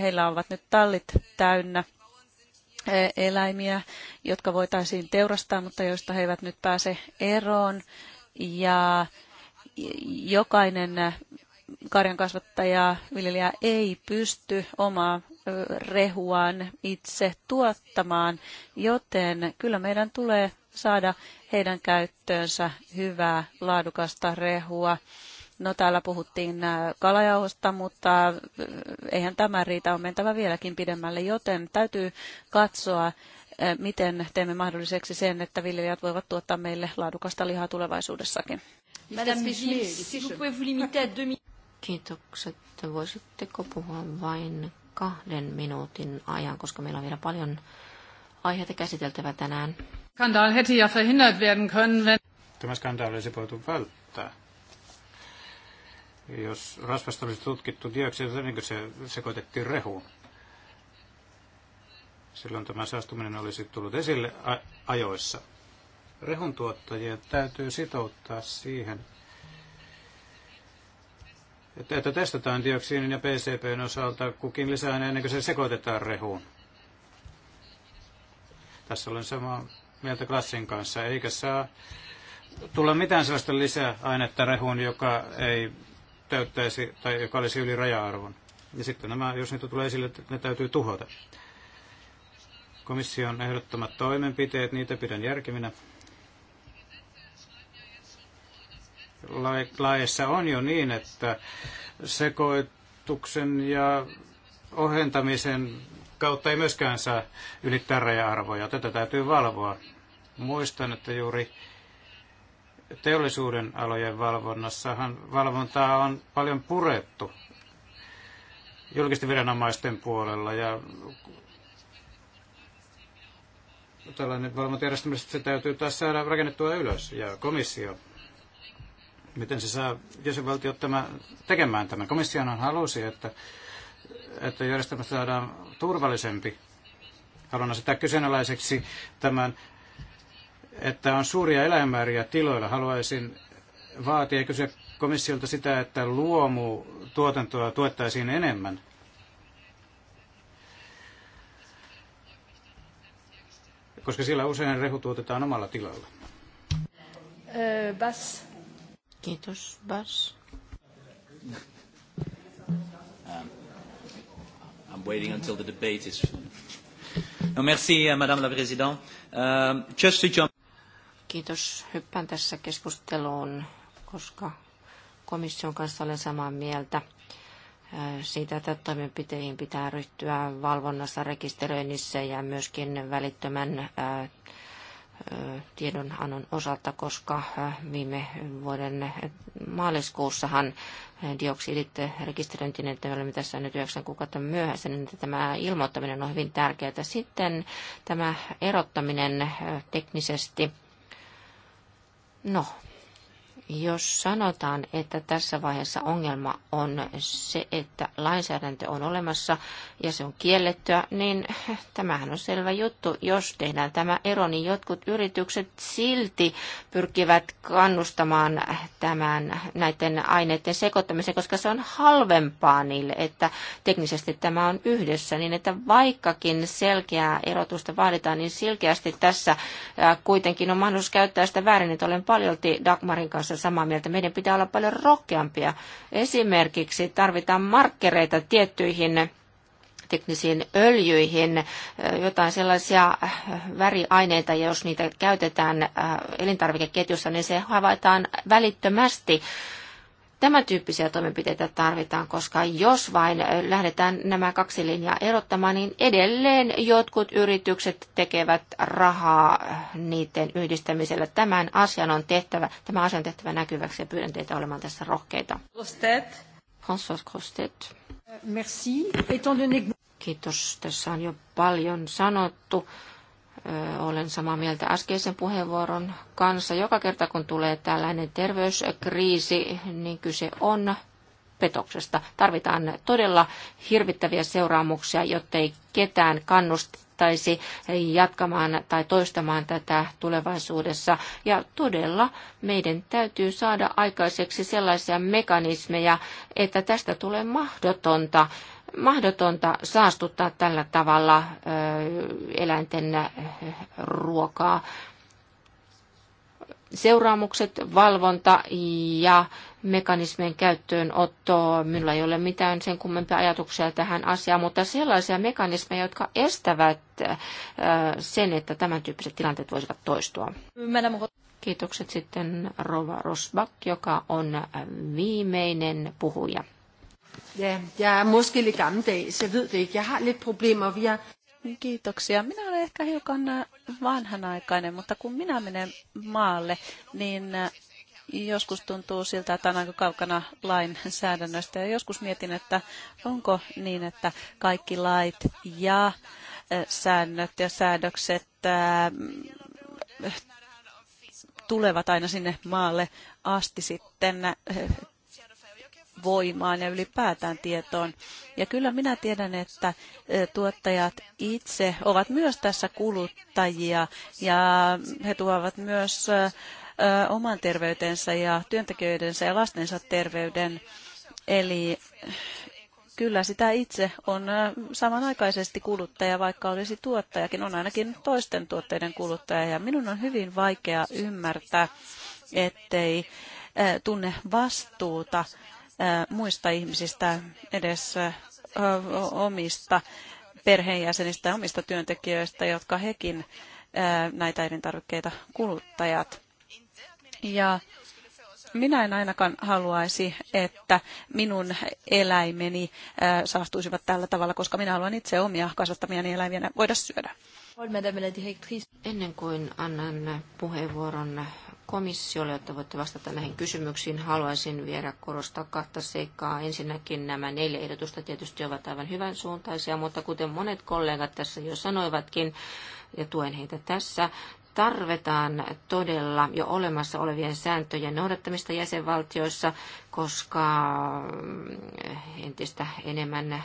Heillä ovat nyt tallit täynnä eh, eläimiä, jotka voitaisiin teurastaa, mutta joista he eivät nyt pääse eroon. Ja jokainen karjankasvattaja, kasvattaja, viljelijä ei pysty omaa rehuaan itse tuottamaan, joten kyllä meidän tulee saada heidän käyttöönsä hyvää laadukasta rehua. No täällä puhuttiin kalajauhosta, mutta eihän tämä riitä, on mentävä vieläkin pidemmälle, joten täytyy katsoa, miten teemme mahdolliseksi sen, että viljelijät voivat tuottaa meille laadukasta lihaa tulevaisuudessakin. Madame Michel, si vous pouvez vous limiter à deux minutes. Kiitokset. Voisitteko puhua vain kahden minuutin ajan, koska meillä on vielä paljon aiheita käsiteltävä tänään. Skandaal heti ja verhindert werden können, wenn... Tämä skandaali olisi voitu välttää. Jos rasvasta olisi tutkittu dioksidia, niin kuin se sekoitettiin rehuun. Silloin tämä saastuminen olisi tullut esille ajoissa. Rehun tuottajien täytyy sitouttaa siihen, että testataan dioksiinin ja PCPn osalta kukin lisää ennen kuin se sekoitetaan rehuun. Tässä olen samaa mieltä klassin kanssa, eikä saa tulla mitään sellaista lisäainetta rehuun, joka ei täyttäisi tai joka olisi yli raja-arvon. Ja sitten nämä, jos niitä tulee esille, ne täytyy tuhota. Komission ehdottamat toimenpiteet, niitä pidän järkevinä. laissa on jo niin, että sekoituksen ja ohentamisen kautta ei myöskään saa ylittää raja-arvoja. Tätä täytyy valvoa. Muistan, että juuri teollisuuden alojen valvonnassahan valvontaa on paljon purettu julkisten viranomaisten puolella ja tällainen valvontajärjestelmä se täytyy taas saada rakennettua ylös ja komissio miten se saa jäsenvaltiot tämä, tekemään tämän. Komissiohan halusi, että, että järjestelmä saadaan turvallisempi. Haluan asettaa kyseenalaiseksi tämän, että on suuria eläinmääriä tiloilla. Haluaisin vaatia ja kysyä komissiolta sitä, että luomu tuotantoa tuettaisiin enemmän. Koska siellä usein rehu tuotetaan omalla tilalla. Öö, äh, Kiitos, Bas. Um, I'm waiting until the debate is... No, merci, euh, Madame la Présidente. Euh, just to jump... Kiitos. Hyppään tässä keskusteluun, koska komission kanssa olen samaa mieltä äh, siitä, että toimenpiteihin pitää ryhtyä valvonnassa, rekisteröinnissä ja myöskin välittömän äh, tiedonannon osalta, koska viime vuoden maaliskuussahan dioksidit rekisteröintiin, että me olemme tässä nyt yhdeksän kuukautta myöhässä, niin tämä ilmoittaminen on hyvin tärkeää. Sitten tämä erottaminen teknisesti, no jos sanotaan, että tässä vaiheessa ongelma on se, että lainsäädäntö on olemassa ja se on kiellettyä, niin tämähän on selvä juttu. Jos tehdään tämä ero, niin jotkut yritykset silti pyrkivät kannustamaan tämän, näiden aineiden sekoittamiseen, koska se on halvempaa niille, että teknisesti tämä on yhdessä, niin että vaikkakin selkeää erotusta vaaditaan, niin selkeästi tässä kuitenkin on mahdollisuus käyttää sitä väärin, että olen paljolti Dagmarin kanssa samaa mieltä. Meidän pitää olla paljon rohkeampia. Esimerkiksi tarvitaan markkereita tiettyihin teknisiin öljyihin, eh, jotain sellaisia eh, väriaineita, ja jos niitä käytetään eh, elintarvikeketjussa, niin se havaitaan välittömästi Tämän tyyppisiä toimenpiteitä tarvitaan, koska jos vain lähdetään nämä kaksi linjaa erottamaan, niin edelleen jotkut yritykset tekevät rahaa niiden yhdistämisellä. Tämän asian on tehtävä, tämä asian tehtävä näkyväksi ja pyydän teitä olemaan tässä rohkeita. Kostet. François Kostet. Merci. Kiitos. Tässä on jo paljon sanottu olen samaa mieltä äskeisen puheenvuoron kanssa. Joka kerta kun tulee tällainen terveyskriisi, niin kyse on petoksesta. Tarvitaan todella hirvittäviä seuraamuksia, ei ketään kannustaisi jatkamaan tai toistamaan tätä tulevaisuudessa. Ja todella meidän täytyy saada aikaiseksi sellaisia mekanismeja, että tästä tulee mahdotonta mahdotonta saastuttaa tällä tavalla eläinten ruokaa. Seuraamukset, valvonta ja mekanismien käyttöönotto. Minulla ei ole mitään sen kummempia ajatuksia tähän asiaan, mutta sellaisia mekanismeja, jotka estävät sen, että tämän tyyppiset tilanteet voisivat toistua. Kiitokset sitten Rova Rosbach, joka on viimeinen puhuja. Ja, jeg er måske lidt gammeldags, jeg ved det ikke. Jeg har lidt problemer. Vi har... Niin, kiitoksia. Minä olen ehkä hiukan äh, vanhanaikainen, mutta kun minä menen maalle, niin äh, joskus tuntuu siltä, että on aika kaukana lainsäädännöstä. Ja joskus mietin, että onko niin, että kaikki lait ja äh, säännöt ja säädökset tulevat aina sinne maalle asti sitten voimaan ja ylipäätään tietoon. Ja kyllä minä tiedän, että tuottajat itse ovat myös tässä kuluttajia ja he tuovat myös oman terveytensä ja työntekijöidensä ja lastensa terveyden. Eli kyllä sitä itse on samanaikaisesti kuluttaja, vaikka olisi tuottajakin, on ainakin toisten tuotteiden kuluttaja. Ja minun on hyvin vaikea ymmärtää, ettei tunne vastuuta muista ihmisistä, edes omista perheenjäsenistä ja omista työntekijöistä, jotka hekin näitä elintarvikkeita kuluttajat. Ja minä en ainakaan haluaisi, että minun eläimeni saastuisivat tällä tavalla, koska minä haluan itse omia kasvattamiani eläimiä voida syödä. Ennen kuin annan puheenvuoron komissiolle, jotta voitte vastata näihin kysymyksiin. Haluaisin vielä korostaa kahta seikkaa. Ensinnäkin nämä neljä ehdotusta tietysti ovat aivan hyvän suuntaisia, mutta kuten monet kollegat tässä jo sanoivatkin, ja tuen heitä tässä, tarvitaan todella jo olemassa olevien sääntöjen noudattamista jäsenvaltioissa, koska entistä enemmän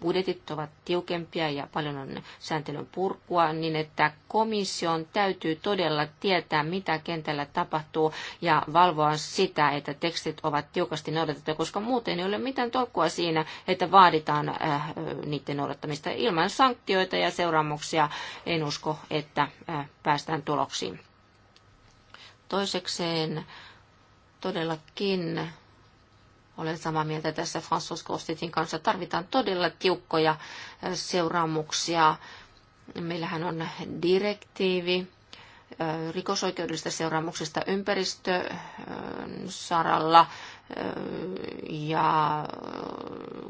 budjetit ovat tiukempia ja paljon on sääntelyn purkua, niin että komission täytyy todella tietää, mitä kentällä tapahtuu ja valvoa sitä, että tekstit ovat tiukasti noudatettuja, koska muuten ei ole mitään tolkkua siinä, että vaaditaan äh, niiden noudattamista ilman sanktioita ja seuraamuksia. En usko, että äh, päästään tuloksiin. Toisekseen todellakin olen samaa mieltä tässä François Kostitin kanssa. Tarvitaan todella tiukkoja seuraamuksia. Meillähän on direktiivi rikosoikeudellisista seuraamuksista ympäristösaralla. Ja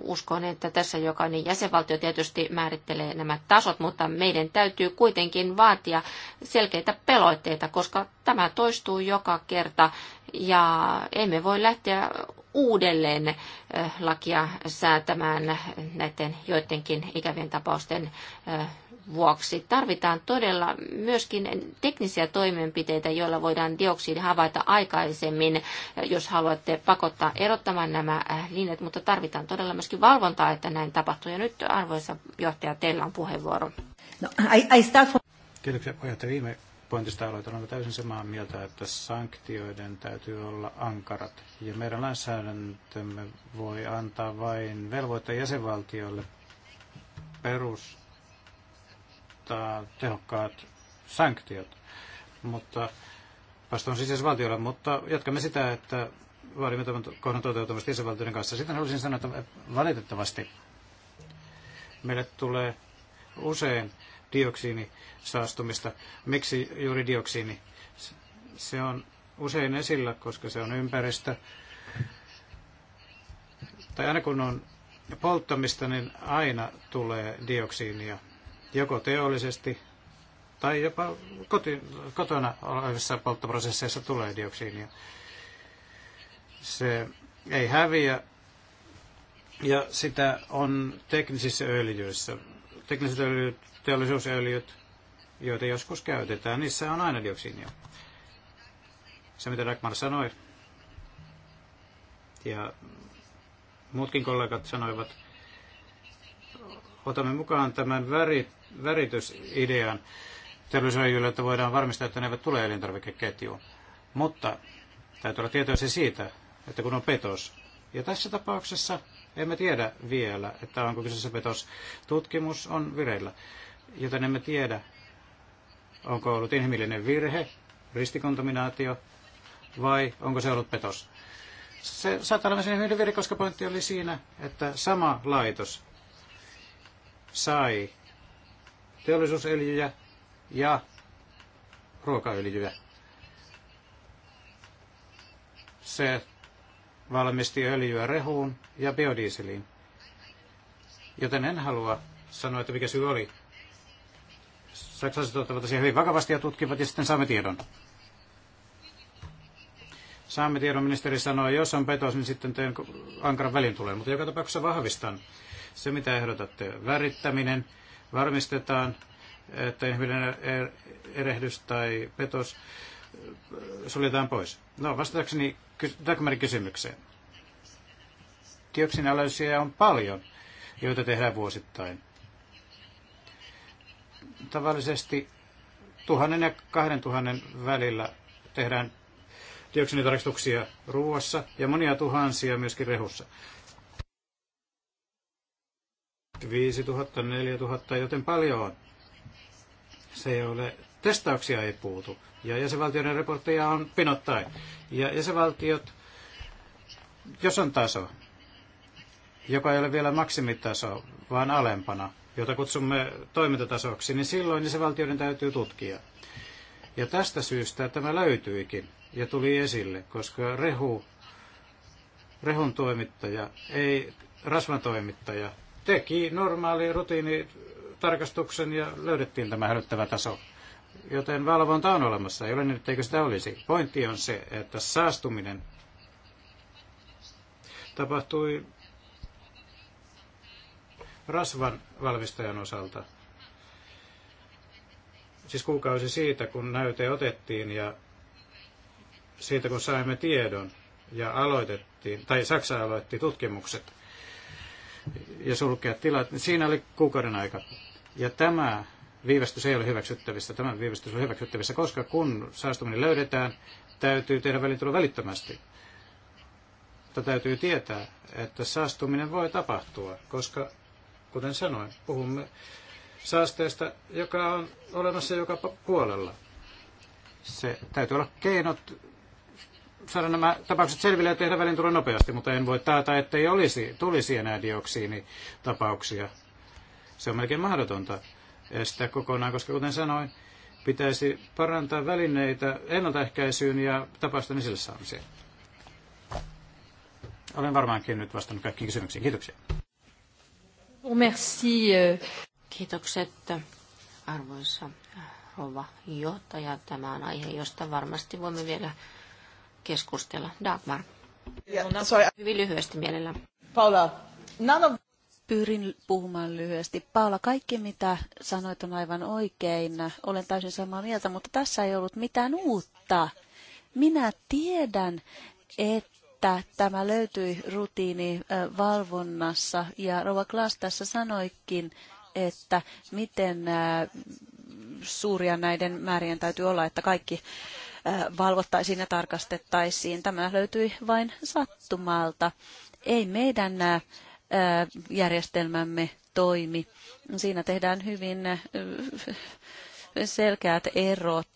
uskon, että tässä jokainen jäsenvaltio tietysti määrittelee nämä tasot, mutta meidän täytyy kuitenkin vaatia selkeitä peloitteita, koska tämä toistuu joka kerta ja emme voi lähteä uudelleen eh, lakia säätämään näiden joidenkin ikävien tapausten eh, vuoksi. Tarvitaan todella myöskin teknisiä toimenpiteitä, joilla voidaan dioksidi havaita aikaisemmin, eh, jos haluatte pakottaa erottamaan nämä linjat, mutta tarvitaan todella myöskin valvontaa, että näin tapahtuu. Ja nyt arvoisa johtaja, teillä on puheenvuoro. No, I, I start Kiitoksia puheenjohtaja. Viime pointista aloitan, olen täysin samaa mieltä, että sanktioiden täytyy olla ankarat. Ja meidän lainsäädäntömme voi antaa vain velvoitteen jäsenvaltioille perustaa tehokkaat sanktiot. Mutta vastaan siis jäsenvaltiolle, mutta jatkamme sitä, että vaadimme tämän kohdan toteutumista jäsenvaltioiden kanssa. Sitten haluaisin sanoa, että valitettavasti meille tulee usein dioksiinisaastumista. Miksi juuri dioksiini? Se on usein esillä, koska se on ympäristö. Tai aina kun on polttamista, niin aina tulee dioksiinia, joko teollisesti tai jopa koti, kotona olevissa polttoprosesseissa tulee dioksiinia. Se ei häviä ja sitä on teknisissä öljyissä. Tekniset öljyt teollisuusöljyt, joita joskus käytetään, niissä on aina dioksiinia. Se, mitä Dagmar sanoi, ja muutkin kollegat sanoivat, otamme mukaan tämän väri, väritysidean teollisuusöljyllä, että voidaan varmistaa, että ne eivät tule elintarvikeketjuun. Mutta täytyy olla tietoisia siitä, että kun on petos. Ja tässä tapauksessa emme tiedä vielä, että onko kyseessä petos. Tutkimus on vireillä joten emme tiedä, onko ollut inhimillinen virhe, ristikontaminaatio vai onko se ollut petos. Se saattaa olla inhimillinen virhe, koska pointti oli siinä, että sama laitos sai teollisuusöljyjä ja ruokaöljyjä. Se valmisti öljyä rehuun ja biodieseliin. Joten en halua sanoa, että mikä syy oli, Saksalaiset ottavat asian hyvin vakavasti ja tutkivat ja sitten saamme tiedon. Saamme tiedon, ministeri sanoi, jos on petos, niin sitten teen ankaran välin tulee. Mutta joka tapauksessa vahvistan se, mitä ehdotatte. Värittäminen varmistetaan, että ihminen er-, erehdys tai petos äh, suljetaan pois. No vastatakseni Dagmarin kysymykseen. Dioksinalyysejä on paljon, joita tehdään vuosittain tavallisesti 1000 ja 2000 välillä tehdään dioksinitarkistuksia ruoassa ja monia tuhansia myöskin rehussa. 5000, 4000, joten paljon on. Se ei ole, testauksia ei puutu. Ja jäsenvaltioiden raportteja on pinottain. Ja jäsenvaltiot, jos on taso, joka ei ole vielä maksimitaso, vaan alempana, jota kutsumme toimintatasoksi, niin silloin niin se valtioiden täytyy tutkia. Ja tästä syystä tämä löytyikin ja tuli esille, koska rehu, rehun toimittaja, ei rasvan toimittaja, teki normaali rutiinitarkastuksen ja löydettiin tämä hälyttävä taso. Joten valvonta on olemassa, ei ole niin, etteikö sitä olisi. Pointti on se, että saastuminen tapahtui rasvan valmistajan osalta. Siis kuukausi siitä, kun näyte otettiin ja siitä, kun saimme tiedon ja aloitettiin, tai Saksa aloitti tutkimukset ja sulkea tilat, niin siinä oli kuukauden aika. Ja tämä viivästys ei ole hyväksyttävissä, tämä viivästys on hyväksyttävissä, koska kun saastuminen löydetään, täytyy tehdä välintulo välittömästi. Mutta täytyy tietää, että saastuminen voi tapahtua, koska Kuten sanoin, puhumme saasteesta, joka on olemassa joka puolella. Se täytyy olla keinot saada nämä tapaukset selville ja tehdä välintulo nopeasti, mutta en voi taata, että ei olisi, tulisi enää dioksiinitapauksia. Se on melkein mahdotonta estää kokonaan, koska kuten sanoin, pitäisi parantaa välineitä ennaltaehkäisyyn ja tapausten esille saamiseen. Olen varmaankin nyt vastannut kaikkiin kysymyksiin. Kiitoksia. Merci. Euh. Kiitokset arvoisa rouva johtaja. Tämä on aihe, josta varmasti voimme vielä keskustella. Dagmar. Hyvin lyhyesti mielellä. Paula, none of... Pyrin puhumaan lyhyesti. Paula, kaikki mitä sanoit on aivan oikein. Olen täysin samaa mieltä, mutta tässä ei ollut mitään uutta. Minä tiedän, että että tämä löytyi rutiinivalvonnassa ja Rova Klaas tässä sanoikin, että miten suuria näiden määrien täytyy olla, että kaikki valvottaisiin ja tarkastettaisiin. Tämä löytyi vain sattumalta. Ei meidän järjestelmämme toimi. Siinä tehdään hyvin selkeät erot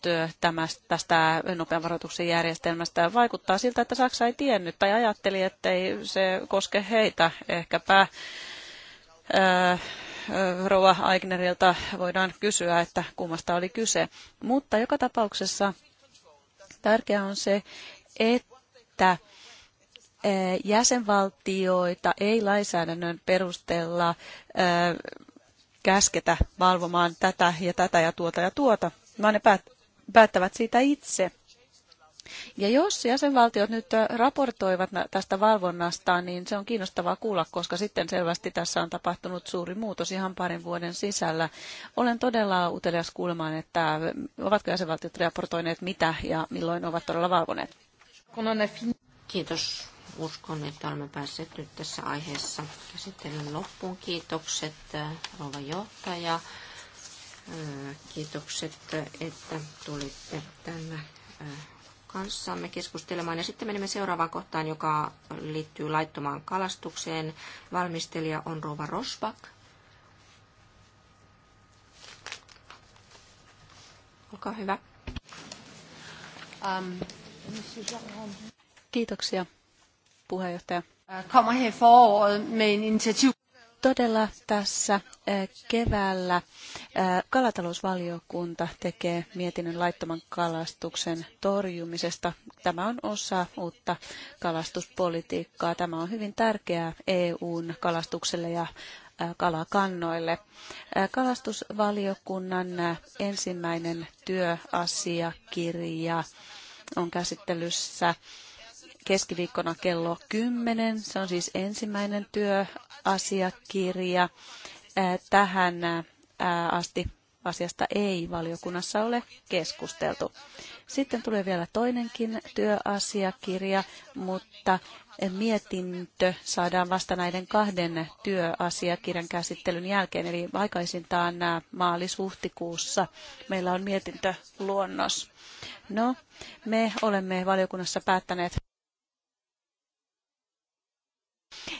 tästä nopean varoituksen järjestelmästä. Vaikuttaa siltä, että Saksa ei tiennyt tai ajatteli, että ei se koske heitä. Ehkäpä Rova Aignerilta voidaan kysyä, että kummasta oli kyse. Mutta joka tapauksessa tärkeää on se, että jäsenvaltioita ei lainsäädännön perusteella käsketä valvomaan tätä ja tätä ja tuota ja tuota, vaan ne päät- päättävät siitä itse. Ja jos jäsenvaltiot nyt raportoivat tästä valvonnasta, niin se on kiinnostavaa kuulla, koska sitten selvästi tässä on tapahtunut suuri muutos ihan parin vuoden sisällä. Olen todella utelias kuulemaan, että ovatko jäsenvaltiot raportoineet mitä ja milloin ovat todella valvoneet. Kiitos uskon, että olemme päässeet nyt tässä aiheessa käsittelyn loppuun. Kiitokset rouva johtaja. Kiitokset, että tulitte tänne kanssamme keskustelemaan. Ja sitten menemme seuraavaan kohtaan, joka liittyy laittomaan kalastukseen. Valmistelija on Rova Rosbach. Olkaa hyvä. Um. Kiitoksia puheenjohtaja. Todella tässä eh, keväällä eh, kalatalousvaliokunta tekee mietinnön laittoman kalastuksen torjumisesta. Tämä on osa uutta kalastuspolitiikkaa. Tämä on hyvin tärkeää EUn kalastukselle ja eh, kalakannoille. Kalastusvaliokunnan ensimmäinen työasiakirja on käsittelyssä keskiviikkona kello 10. Se on siis ensimmäinen työasiakirja. Tähän asti asiasta ei valiokunnassa ole keskusteltu. Sitten tulee vielä toinenkin työasiakirja, mutta mietintö saadaan vasta näiden kahden työasiakirjan käsittelyn jälkeen, eli aikaisintaan maalis-huhtikuussa meillä on mietintöluonnos. No, me olemme valiokunnassa päättäneet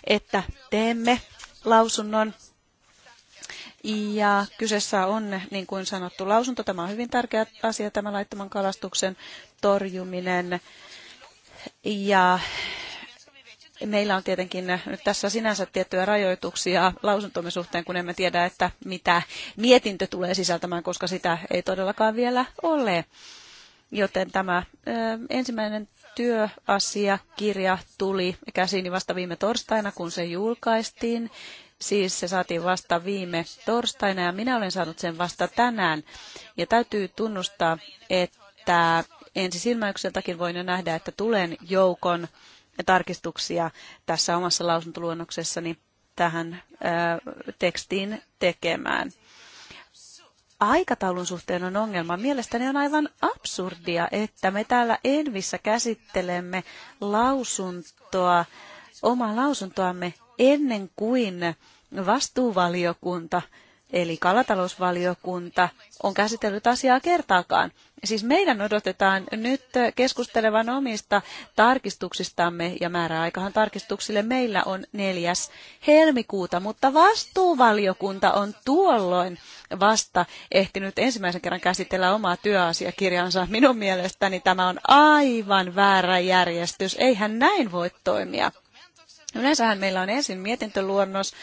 että teemme lausunnon ja kyseessä on, niin kuin sanottu, lausunto. Tämä on hyvin tärkeä asia, tämä laittoman kalastuksen torjuminen. Ja meillä on tietenkin nyt tässä sinänsä tiettyjä rajoituksia lausuntomme suhteen, kun emme tiedä, että mitä mietintö tulee sisältämään, koska sitä ei todellakaan vielä ole. Joten tämä ensimmäinen työasiakirja tuli käsiini vasta viime torstaina, kun se julkaistiin. Siis se saatiin vasta viime torstaina ja minä olen saanut sen vasta tänään. Ja täytyy tunnustaa, että ensisilmäykseltäkin voin jo nähdä, että tulen joukon tarkistuksia tässä omassa lausuntoluonnoksessani tähän tekstiin tekemään aikataulun suhteen on ongelma. Mielestäni on aivan absurdia, että me täällä Envissä käsittelemme lausuntoa, omaa lausuntoamme ennen kuin vastuuvaliokunta eli kalatalousvaliokunta on käsitellyt asiaa kertaakaan. Siis meidän odotetaan nyt keskustelevan omista tarkistuksistamme, ja määräaikahan tarkistuksille meillä on 4. helmikuuta, mutta vastuuvaliokunta on tuolloin vasta ehtinyt ensimmäisen kerran käsitellä omaa työasiakirjansa. Minun mielestäni tämä on aivan väärä järjestys. Eihän näin voi toimia. Yleensähän meillä on ensin mietintöluonnos,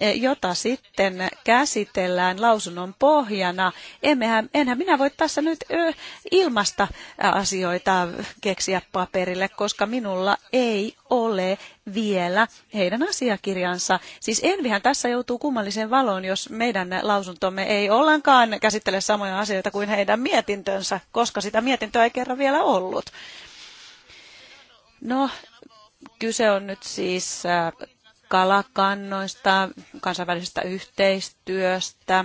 Eh, jota sitten käsitellään lausunnon pohjana. Emmehän, enhän minä voi tässä nyt ilmasta asioita keksiä paperille, koska minulla ei ole vielä heidän asiakirjansa. Siis Envihän tässä joutuu kummalliseen valoon, jos meidän lausuntomme ei ollenkaan käsittele samoja asioita kuin heidän mietintönsä, koska sitä mietintöä ei kerran vielä ollut. No, kyse on nyt siis kalakannoista, kansainvälisestä yhteistyöstä,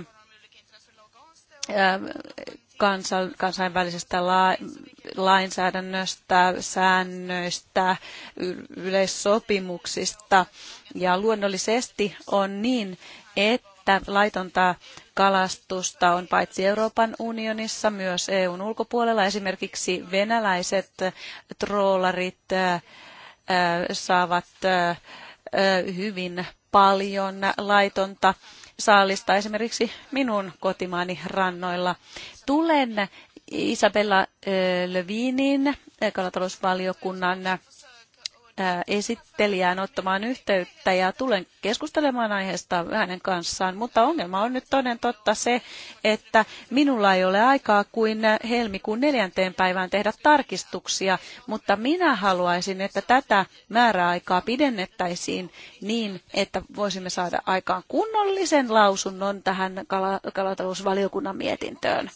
kansainvälisestä lainsäädännöstä, säännöistä, yleissopimuksista. Ja luonnollisesti on niin, että laitonta kalastusta on paitsi Euroopan unionissa, myös EUn ulkopuolella. Esimerkiksi venäläiset troolarit saavat hyvin paljon laitonta saalista esimerkiksi minun kotimaani rannoilla. Tulen Isabella Lövinin kalatalousvaliokunnan esittelijään ottamaan yhteyttä ja tulen keskustelemaan aiheesta hänen kanssaan, mutta ongelma on nyt toden totta se, että minulla ei ole aikaa kuin helmikuun neljänteen päivään tehdä tarkistuksia, mutta minä haluaisin, että tätä määräaikaa pidennettäisiin niin, että voisimme saada aikaan kunnollisen lausunnon tähän kalatalousvaliokunnan mietintöön.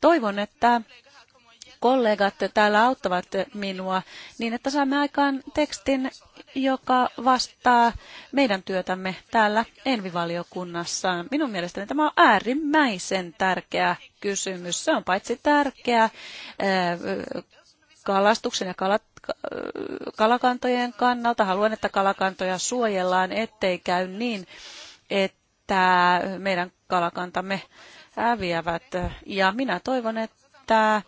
Toivon, että kollegat täällä auttavat minua niin, että saamme aikaan tekstin, joka vastaa meidän työtämme täällä Envivaliokunnassa. Minun mielestäni tämä on äärimmäisen tärkeä kysymys. Se on paitsi tärkeä äh, kalastuksen ja kalat, äh, kalakantojen kannalta. Haluan, että kalakantoja suojellaan, ettei käy niin, että meidän kalakantamme häviävät. Ja minä toivon, että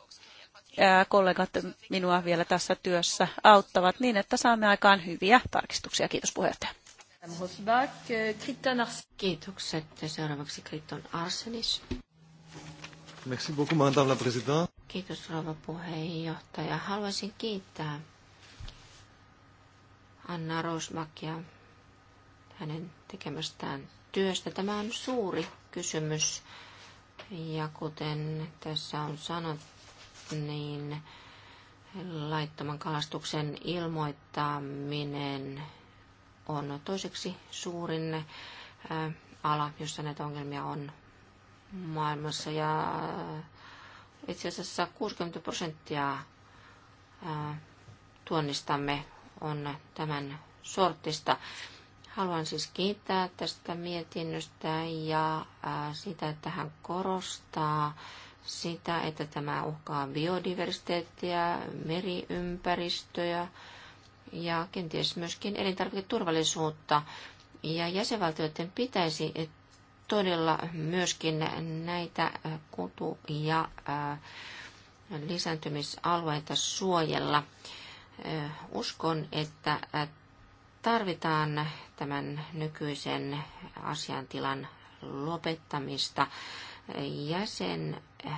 kollegat minua vielä tässä työssä auttavat niin, että saamme aikaan hyviä tarkistuksia. Kiitos puheenjohtaja. Kiitokset. Seuraavaksi Kriton Arsenis. Merci beaucoup, madame la présidente. Kiitos rouva puheenjohtaja. Haluaisin kiittää Anna Rosmakia hänen tekemästään työstä. Tämä on suuri kysymys ja kuten tässä on sanottu, niin laittoman kalastuksen ilmoittaminen on toiseksi suurin ala, jossa näitä ongelmia on maailmassa. Ja itse asiassa 60 prosenttia tuonnistamme on tämän sortista. Haluan siis kiittää tästä mietinnöstä ja sitä, että hän korostaa sitä, että tämä uhkaa biodiversiteettiä, meriympäristöjä ja kenties myöskin elintarviketurvallisuutta. Ja jäsenvaltioiden pitäisi todella myöskin näitä kutu- ja äh, lisääntymisalueita suojella. Äh, uskon, että äh, tarvitaan tämän nykyisen asiantilan lopettamista. Jäsen Äh,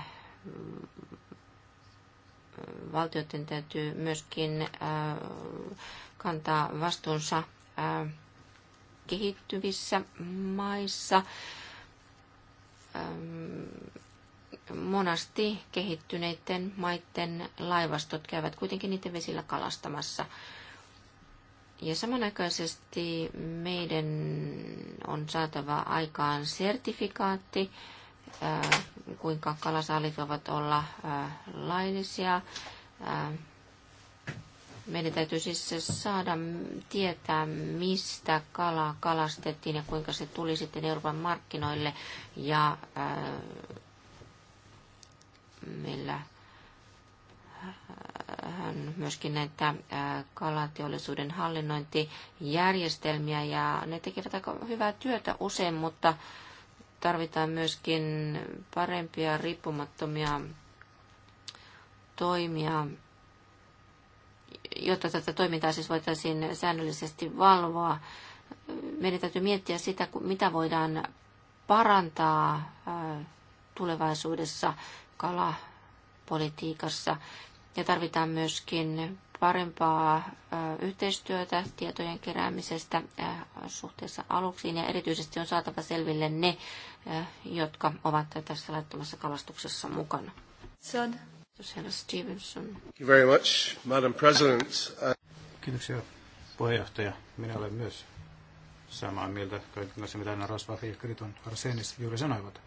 valtioiden täytyy myöskin äh, kantaa vastuunsa äh, kehittyvissä maissa. Ähm, monasti kehittyneiden maiden laivastot käyvät kuitenkin niiden vesillä kalastamassa. Ja samanaikaisesti meidän on saatava aikaan sertifikaatti, Äh, kuinka kalasaalit voivat olla äh, laillisia. Äh, meidän täytyy siis saada tietää, mistä kalaa kalastettiin ja kuinka se tuli sitten Euroopan markkinoille ja millä hän myöskin näitä kalateollisuuden hallinnointijärjestelmiä ja ne tekevät aika hyvää työtä usein, mutta Tarvitaan myöskin parempia riippumattomia toimia, jotta tätä toimintaa siis voitaisiin säännöllisesti valvoa. Meidän täytyy miettiä sitä, mitä voidaan parantaa äh, tulevaisuudessa kalapolitiikassa. Ja tarvitaan myöskin parempaa yhteistyötä tietojen keräämisestä suhteessa aluksiin ja erityisesti on saatava selville ne, jotka ovat tässä laittomassa kalastuksessa mukana. Stevenson. Thank you very much, Madam President. Kiitoksia puheenjohtaja. Minä olen myös samaa mieltä kaiken mitä Anna Rosbach ja Kriton Arsenis juuri sanoivat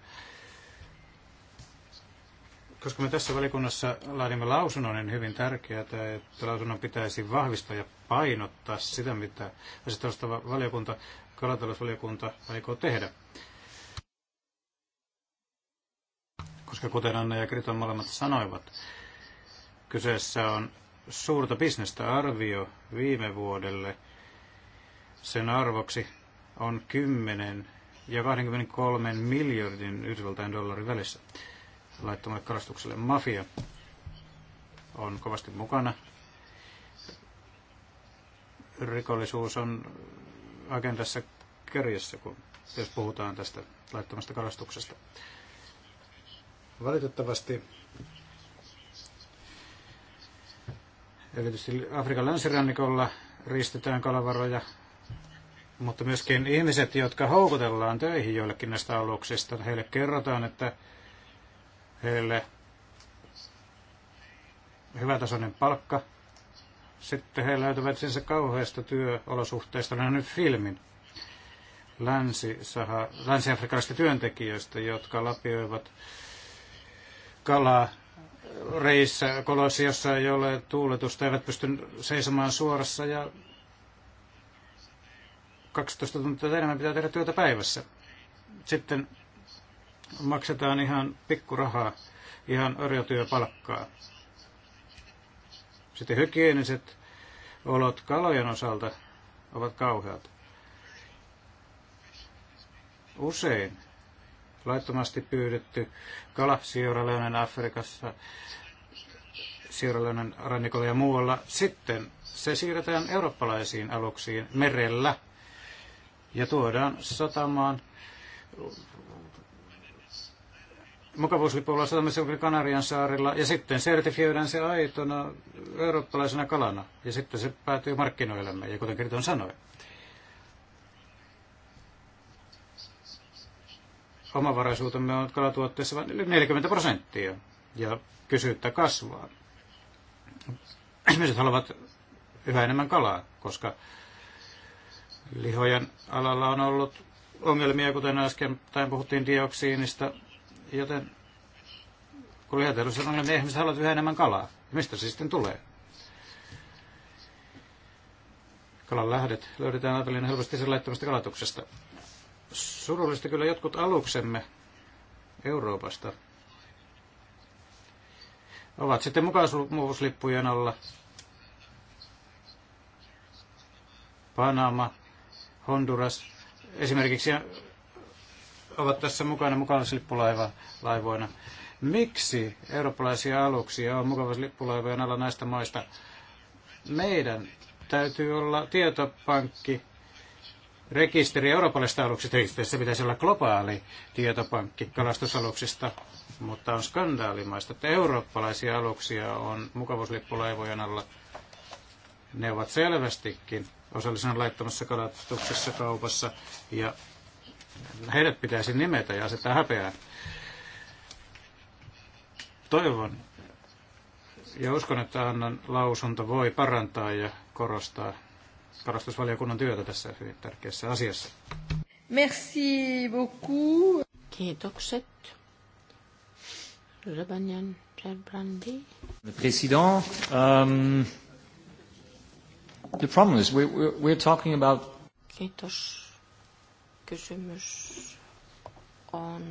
koska me tässä valikunnassa laadimme lausunnon, niin hyvin tärkeää, että lausunnon pitäisi vahvistaa ja painottaa sitä, mitä asettavasta valiokunta, kalatalousvaliokunta aikoo tehdä. Koska kuten Anna ja Kriton molemmat sanoivat, kyseessä on suurta bisnestä arvio viime vuodelle. Sen arvoksi on 10 ja 23 miljardin Yhdysvaltain dollarin välissä laittomalle kalastukselle. Mafia on kovasti mukana. Rikollisuus on agendassa kärjessä, kun jos puhutaan tästä laittomasta kalastuksesta. Valitettavasti erityisesti Afrikan länsirannikolla riistetään kalavaroja, mutta myöskin ihmiset, jotka houkutellaan töihin joillekin näistä aluksista, heille kerrotaan, että heille hyvätasoinen palkka. Sitten he löytävät sinänsä kauheista työolosuhteista nähnyt no filmin länsi-afrikkalaisista työntekijöistä, jotka lapioivat kalaa reissä koloissa, jossa ei ole tuuletusta, eivät pysty seisomaan suorassa ja 12 tuntia enemmän pitää tehdä työtä päivässä. Sitten maksetaan ihan pikkurahaa, ihan orjatyöpalkkaa. Sitten hygieniset olot kalojen osalta ovat kauheat. Usein laittomasti pyydetty kala Sierra Afrikassa, Sierra rannikolla ja muualla. Sitten se siirretään eurooppalaisiin aluksiin merellä ja tuodaan satamaan mukavuuslipulla satamisen Kanarian saarilla ja sitten sertifioidaan se aitona eurooppalaisena kalana ja sitten se päätyy markkinoillemme ja kuten Kriton sanoi. Omavaraisuutemme on kalatuotteessa vain 40 prosenttia ja kysyntä kasvaa. Ihmiset haluavat yhä enemmän kalaa, koska lihojen alalla on ollut ongelmia, kuten äsken puhuttiin dioksiinista, Joten kun lihateollisuus että ongelmia, ihmiset haluavat yhä enemmän kalaa. Mistä se sitten tulee? Kalan lähdet löydetään aika helposti sen laittomasta kalatuksesta. Surullista kyllä jotkut aluksemme Euroopasta ovat sitten mukaisuuslippujen alla. Panama, Honduras, esimerkiksi ovat tässä mukana laivoina. Miksi eurooppalaisia aluksia on mukavuuslippulaivojen alla näistä maista? Meidän täytyy olla tietopankki, rekisteri eurooppalaisista aluksista. Tässä pitäisi olla globaali tietopankki kalastusaluksista, mutta on skandaalimaista, että eurooppalaisia aluksia on mukavuuslippulaivojen alla. Ne ovat selvästikin osallisena laittomassa kalastuksessa, kaupassa ja heidät pitäisi nimetä ja asettaa häpeää. Toivon ja uskon, että Annan lausunto voi parantaa ja korostaa kalastusvaliokunnan työtä tässä hyvin tärkeässä asiassa. Merci beaucoup. Kiitokset. Lebanyan Gerbrandi. President, um, the problem is we, we're, we're talking about... Kiitos kysymys on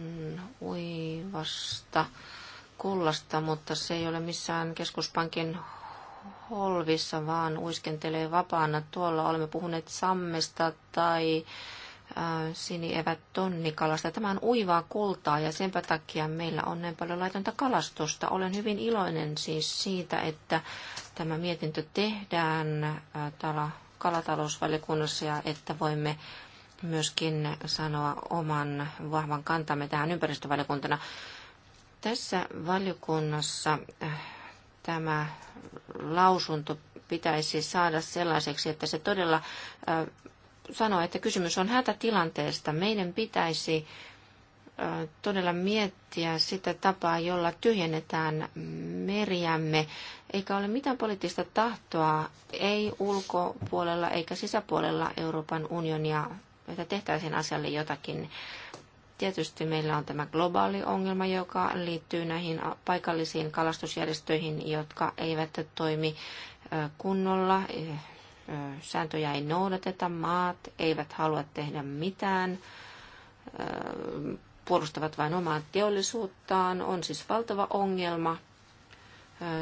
uivasta kullasta, mutta se ei ole missään keskuspankin holvissa, vaan uiskentelee vapaana. Tuolla olemme puhuneet sammesta tai äh, sinievät tonnikalasta. Tämä on uivaa kultaa ja senpä takia meillä on näin paljon laitonta kalastusta. Olen hyvin iloinen siis siitä, että tämä mietintö tehdään äh, täällä kalatalousvaliokunnassa ja että voimme myöskin sanoa oman vahvan kantamme tähän ympäristövaliokuntana. Tässä valiokunnassa äh, tämä lausunto pitäisi saada sellaiseksi, että se todella äh, sanoo, että kysymys on hätätilanteesta. Meidän pitäisi äh, todella miettiä sitä tapaa, jolla tyhjennetään meriämme, eikä ole mitään poliittista tahtoa, ei ulkopuolella eikä sisäpuolella Euroopan unionia että tehtäisiin asialle jotakin. Tietysti meillä on tämä globaali ongelma, joka liittyy näihin paikallisiin kalastusjärjestöihin, jotka eivät toimi kunnolla. Sääntöjä ei noudateta, maat eivät halua tehdä mitään puolustavat vain omaa teollisuuttaan, on siis valtava ongelma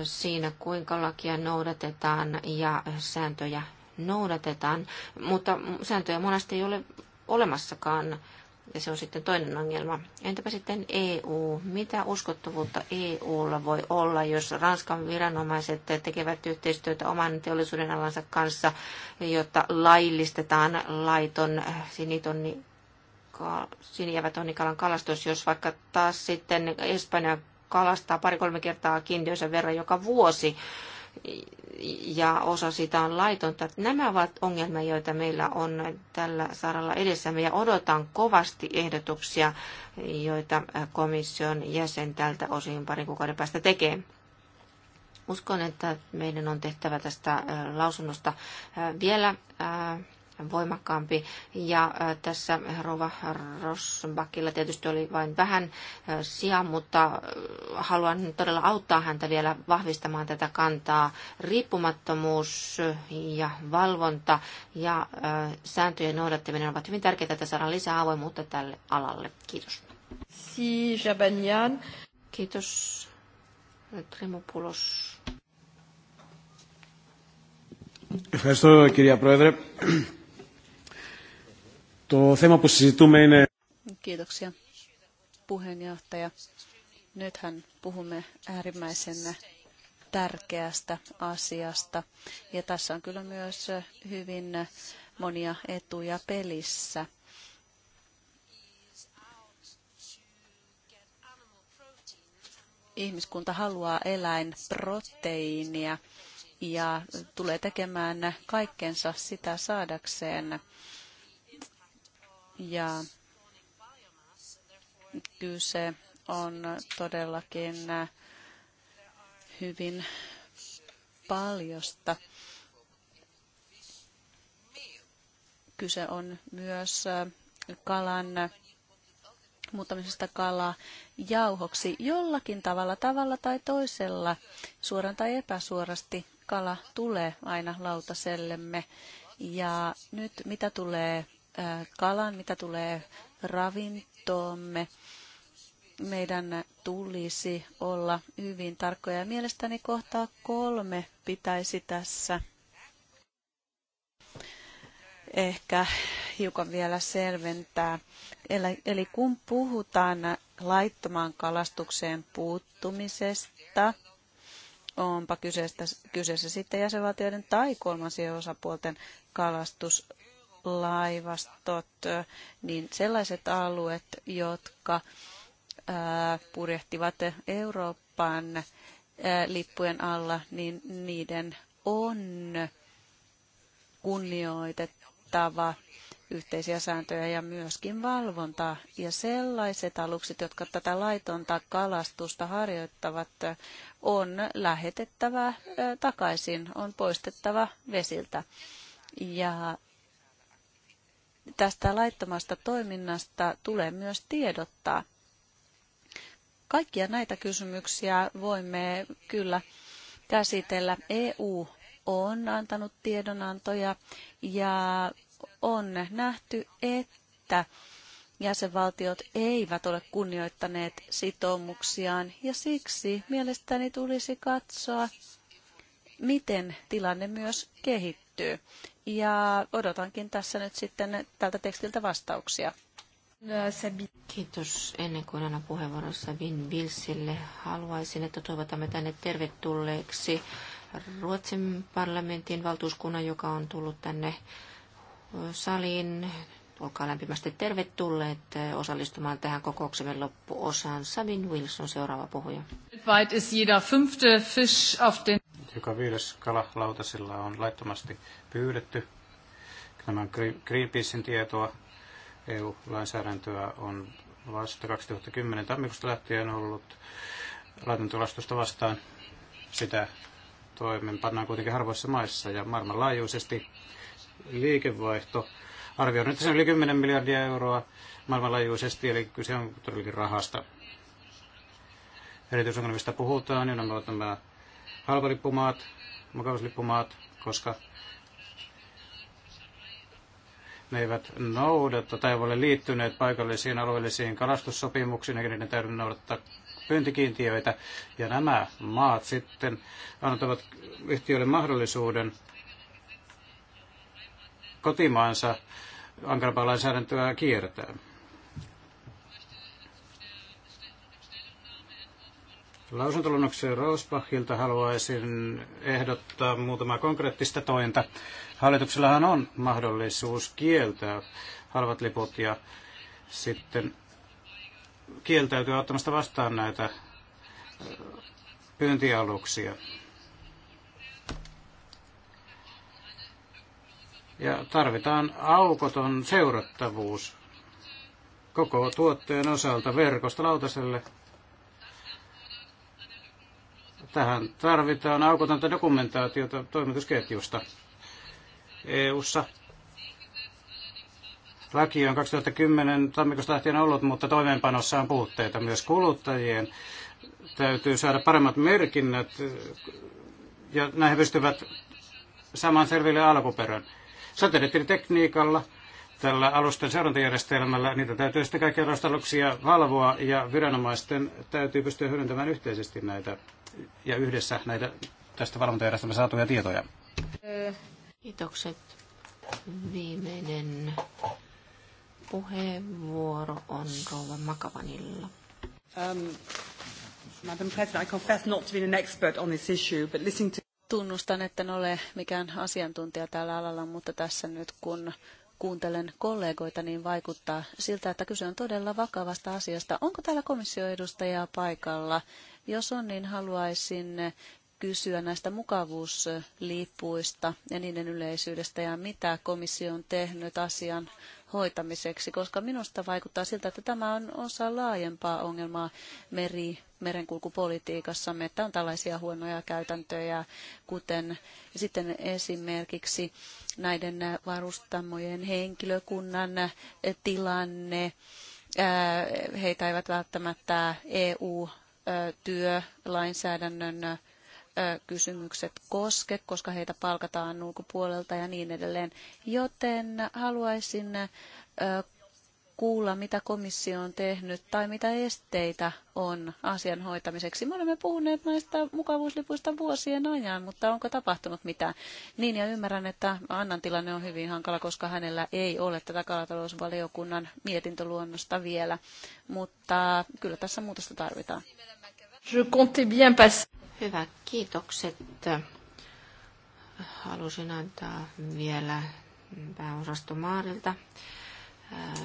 siinä, kuinka lakia noudatetaan ja sääntöjä noudatetaan, mutta sääntöjä monesti ei ole olemassakaan. Ja se on sitten toinen ongelma. Entäpä sitten EU? Mitä uskottavuutta EUlla voi olla, jos Ranskan viranomaiset tekevät yhteistyötä oman teollisuuden alansa kanssa, jotta laillistetaan laiton sinitonni, sinijävä tonnikalan kalastus, jos vaikka taas sitten Espanja kalastaa pari-kolme kertaa kiintiönsä verran joka vuosi ja osa sitä on laitonta. Nämä ovat ongelmia, joita meillä on tällä saralla edessämme ja odotan kovasti ehdotuksia, joita komission jäsen tältä osin parin kuukauden päästä tekee. Uskon, että meidän on tehtävä tästä äh, lausunnosta äh, vielä äh, voimakkaampi. Ja tässä Rova Rosbackilla tietysti oli vain vähän sijaa, mutta haluan todella auttaa häntä vielä vahvistamaan tätä kantaa. Riippumattomuus ja valvonta ja sääntöjen noudattaminen ovat hyvin tärkeitä, että saadaan lisää avoimuutta tälle alalle. Kiitos. Si, Jabanian. Kiitos. Τριμοπούλος. Ευχαριστώ κυρία Πρόεδρε. Το θέμα που συζητούμε είναι... Kiitoksia puheenjohtaja. Nythän puhumme äärimmäisen tärkeästä asiasta. Ja tässä on kyllä myös hyvin monia etuja pelissä. Ihmiskunta haluaa eläinproteiinia ja tulee tekemään kaikkensa sitä saadakseen. Ja kyse on todellakin hyvin paljosta. Kyse on myös kalan muuttamisesta kalaa jauhoksi jollakin tavalla, tavalla tai toisella, suoran tai epäsuorasti kala tulee aina lautasellemme. Ja nyt mitä tulee kalan, mitä tulee ravintoomme, meidän tulisi olla hyvin tarkkoja. Mielestäni kohtaa kolme pitäisi tässä ehkä hiukan vielä selventää. Eli kun puhutaan laittomaan kalastukseen puuttumisesta, onpa kyseessä, kyseessä sitten jäsenvaltioiden tai kolmansien osapuolten kalastus, laivastot, niin sellaiset alueet, jotka purjehtivat Euroopan lippujen alla, niin niiden on kunnioitettava yhteisiä sääntöjä ja myöskin valvontaa. Ja sellaiset alukset, jotka tätä laitonta kalastusta harjoittavat, on lähetettävä takaisin, on poistettava vesiltä. Ja tästä laittomasta toiminnasta tulee myös tiedottaa. Kaikkia näitä kysymyksiä voimme kyllä käsitellä. EU on antanut tiedonantoja ja on nähty, että jäsenvaltiot eivät ole kunnioittaneet sitoumuksiaan ja siksi mielestäni tulisi katsoa, miten tilanne myös kehittyy liittyy. Ja odotankin tässä nyt sitten tältä tekstiltä vastauksia. Kiitos. Ennen kuin annan puheenvuoron Sabin Vilsille, haluaisin, että toivotamme tänne tervetulleeksi Ruotsin parlamentin valtuuskunnan, joka on tullut tänne saliin. Olkaa lämpimästi tervetulleet osallistumaan tähän kokouksemme loppuosaan. Sabin Wilson, seuraava puhuja. Weltweit ist jeder fünfte Fisch auf den joka viides kala lautasilla on laittomasti pyydetty. Tämän Greenpeacein tietoa. EU-lainsäädäntöä on vasta 2010 tammikuusta lähtien ollut laitontilastusta vastaan. Sitä toimenpannaan kuitenkin harvoissa maissa ja maailmanlaajuisesti liikevaihto arvioi nyt sen yli 10 miljardia euroa maailmanlaajuisesti, eli kyse on todellakin rahasta. Erityisongelmista puhutaan, niin on tämä halvalippumaat, mukavuuslippumaat, koska ne eivät noudata tai ole liittyneet paikallisiin alueellisiin kalastussopimuksiin, eikä niiden täytyy noudattaa pyyntikiintiöitä. Ja nämä maat sitten antavat yhtiöille mahdollisuuden kotimaansa ankarampaa lainsäädäntöä kiertää. Lausuntolunnokseen Rosbachilta haluaisin ehdottaa muutamaa konkreettista tointa. Hallituksellahan on mahdollisuus kieltää halvat liput ja sitten kieltäytyä ottamasta vastaan näitä pyyntialuksia. Ja tarvitaan aukoton seurattavuus koko tuotteen osalta verkosta lautaselle Tähän tarvitaan aukotonta dokumentaatiota toimitusketjusta EU-ssa. Laki on 2010 tammikuusta lähtien ollut, mutta toimeenpanossa on puutteita. Myös kuluttajien täytyy saada paremmat merkinnät ja näihin pystyvät saman selville alkuperän. Satelliittitekniikalla tällä alusten seurantajärjestelmällä niitä täytyy sitten kaikkia aluksia valvoa ja viranomaisten täytyy pystyä hyödyntämään yhteisesti näitä ja yhdessä näitä tästä valvontajärjestelmästä saatuja tietoja. Kiitokset. Viimeinen puheenvuoro on Rouva Makavanilla. Um, Madam President, I confess not to be an expert on this issue, but listening to... Tunnustan, että en ole mikään asiantuntija tällä alalla, mutta tässä nyt kun kuuntelen kollegoita, niin vaikuttaa siltä, että kyse on todella vakavasta asiasta. Onko täällä komission paikalla? Jos on, niin haluaisin kysyä näistä mukavuusliipuista ja niiden yleisyydestä ja mitä komissio on tehnyt asian hoitamiseksi, koska minusta vaikuttaa siltä, että tämä on osa laajempaa ongelmaa meri, merenkulkupolitiikassamme, että on tällaisia huonoja käytäntöjä, kuten sitten esimerkiksi näiden varustamojen henkilökunnan tilanne, heitä eivät välttämättä EU työlainsäädännön kysymykset koske, koska heitä palkataan ulkopuolelta ja niin edelleen. Joten haluaisin kuulla, mitä komissio on tehnyt tai mitä esteitä on asian hoitamiseksi. Me olemme puhuneet näistä mukavuuslipuista vuosien ajan, mutta onko tapahtunut mitään? Niin ja ymmärrän, että Annan tilanne on hyvin hankala, koska hänellä ei ole tätä kalatalousvaliokunnan mietintöluonnosta vielä, mutta kyllä tässä muutosta tarvitaan. Je comptais bien passer. Hyvä, kiitokset. Halusin antaa vielä pääosasto Maarilta äh,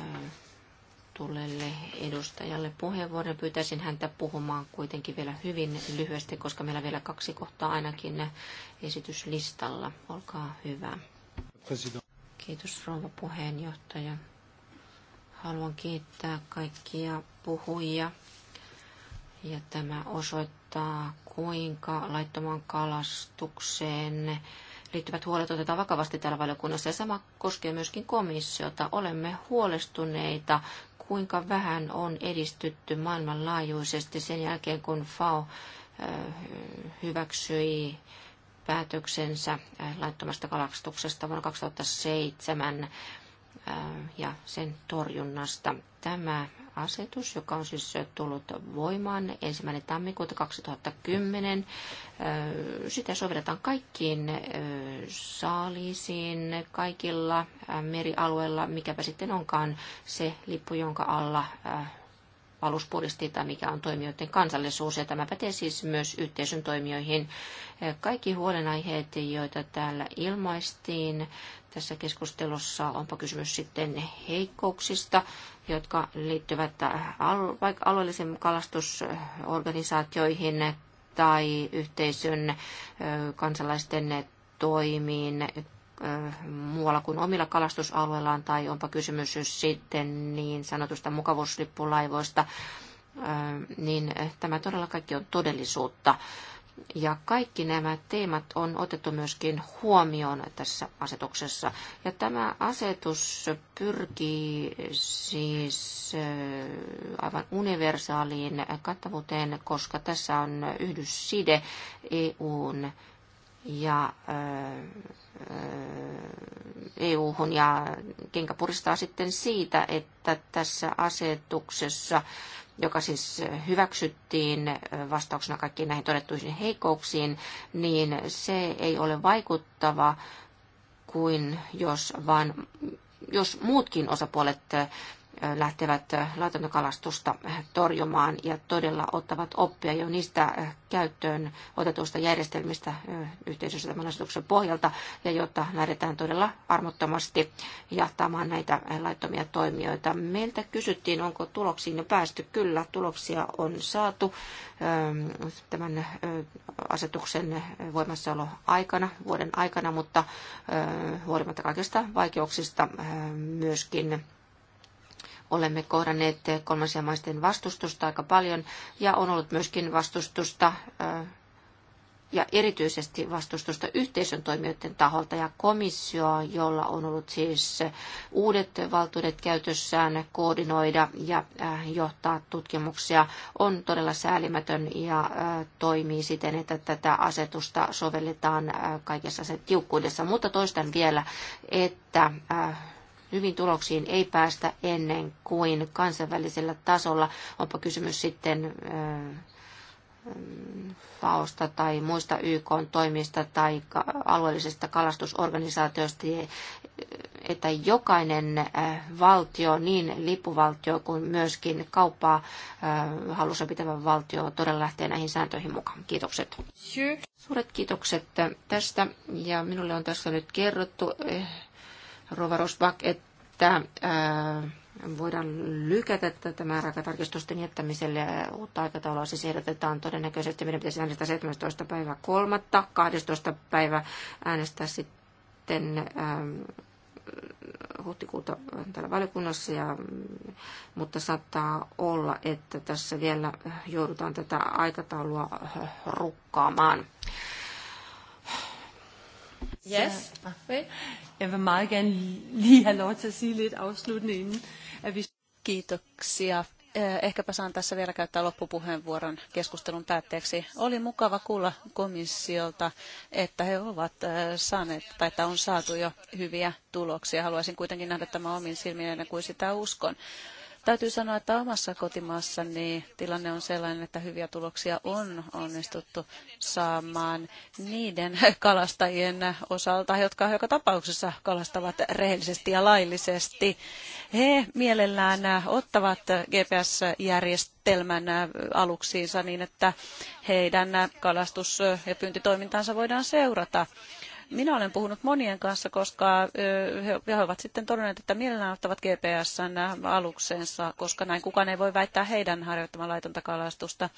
tulelle edustajalle puheenvuoron. Pyytäisin häntä puhumaan kuitenkin vielä hyvin lyhyesti, koska meillä on vielä kaksi kohtaa ainakin esityslistalla. Olkaa hyvä. President. Kiitos rouva puheenjohtaja. Haluan kiittää kaikkia puhujia ja tämä osoittaa, kuinka laittoman kalastukseen liittyvät huolet otetaan vakavasti täällä valiokunnassa. Ja sama koskee myöskin komissiota. Olemme huolestuneita, kuinka vähän on edistytty maailmanlaajuisesti sen jälkeen, kun FAO hyväksyi päätöksensä laittomasta kalastuksesta vuonna 2007 ja sen torjunnasta. Tämä asetus, joka on siis tullut voimaan ensimmäinen tammikuuta 2010. Sitä sovelletaan kaikkiin saaliisiin kaikilla merialueilla, mikäpä sitten onkaan se lippu, jonka alla aluspuolisti tai mikä on toimijoiden kansallisuus. Ja tämä pätee siis myös yhteisön toimijoihin. Eh, kaikki huolenaiheet, joita täällä ilmaistiin tässä keskustelussa, onpa kysymys sitten heikkouksista, jotka liittyvät vaikka alueellisen kalastusorganisaatioihin tai yhteisön eh, kansalaisten toimiin muualla kuin omilla kalastusalueillaan, tai onpa kysymys sitten niin sanotusta mukavuuslippulaivoista, niin tämä todella kaikki on todellisuutta. Ja kaikki nämä teemat on otettu myöskin huomioon tässä asetuksessa. Ja tämä asetus pyrkii siis aivan universaaliin kattavuuteen, koska tässä on yhdysside EUn ja EU-hun ja kenkä puristaa sitten siitä, että tässä asetuksessa, joka siis hyväksyttiin vastauksena kaikkiin näihin todettuihin heikouksiin, niin se ei ole vaikuttava kuin jos vain jos muutkin osapuolet lähtevät laatantokalastusta torjumaan ja todella ottavat oppia jo niistä käyttöön otetuista järjestelmistä yhteisössä tämän asetuksen pohjalta, ja jotta lähdetään todella armottomasti jahtaamaan näitä laittomia toimijoita. Meiltä kysyttiin, onko tuloksiin jo päästy. Kyllä, tuloksia on saatu tämän asetuksen voimassaoloaikana, aikana, vuoden aikana, mutta huolimatta kaikista vaikeuksista myöskin Olemme kohdanneet kolmansia maisten vastustusta aika paljon ja on ollut myöskin vastustusta ja erityisesti vastustusta yhteisön toimijoiden taholta ja komissio, jolla on ollut siis uudet valtuudet käytössään koordinoida ja johtaa tutkimuksia, on todella säälimätön ja toimii siten, että tätä asetusta sovelletaan kaikessa sen tiukkuudessa. Mutta toistan vielä, että hyvin tuloksiin ei päästä ennen kuin kansainvälisellä tasolla, onpa kysymys sitten FAOsta tai muista YK-toimista tai alueellisesta kalastusorganisaatiosta, että jokainen valtio, niin lippuvaltio kuin myöskin kauppaa halussa pitävä valtio todella lähtee näihin sääntöihin mukaan. Kiitokset. Suuret kiitokset tästä ja minulle on tässä nyt kerrottu eh, Rova Rosbach, että äh, voidaan lykätä tätä määräaikatarkistusten jättämiselle. Uutta aikataulua siis ehdotetaan todennäköisesti. Meidän pitäisi äänestää 17. päivä 3. 12. päivä äänestää sitten ää, ähm, huhtikuuta täällä valiokunnassa, ja, mm, mutta saattaa olla, että tässä vielä joudutaan tätä aikataulua äh, rukkaamaan. Yes. Jeg vil meget gerne lige have lov til at sige lidt afsluttende inden, at vi... Kiitoksia. Eh, ehkäpä saan tässä vielä käyttää loppupuheenvuoron keskustelun päätteeksi. Oli mukava kuulla komissiolta, että he ovat eh, saaneet tai että on saatu jo hyviä tuloksia. Haluaisin kuitenkin nähdä tämän omin silmin ennen kuin sitä uskon. Täytyy sanoa, että omassa kotimaassani tilanne on sellainen, että hyviä tuloksia on onnistuttu saamaan niiden kalastajien osalta, jotka joka tapauksessa kalastavat rehellisesti ja laillisesti. He mielellään ottavat GPS-järjestelmän aluksiinsa niin, että heidän kalastus- ja pyyntitoimintaansa voidaan seurata. Minä olen puhunut monien kanssa, koska he ovat sitten todenneet, että mielellään ottavat GPSn aluksensa, koska näin kukaan ei voi väittää heidän harjoittamaan laitonta kalastusta.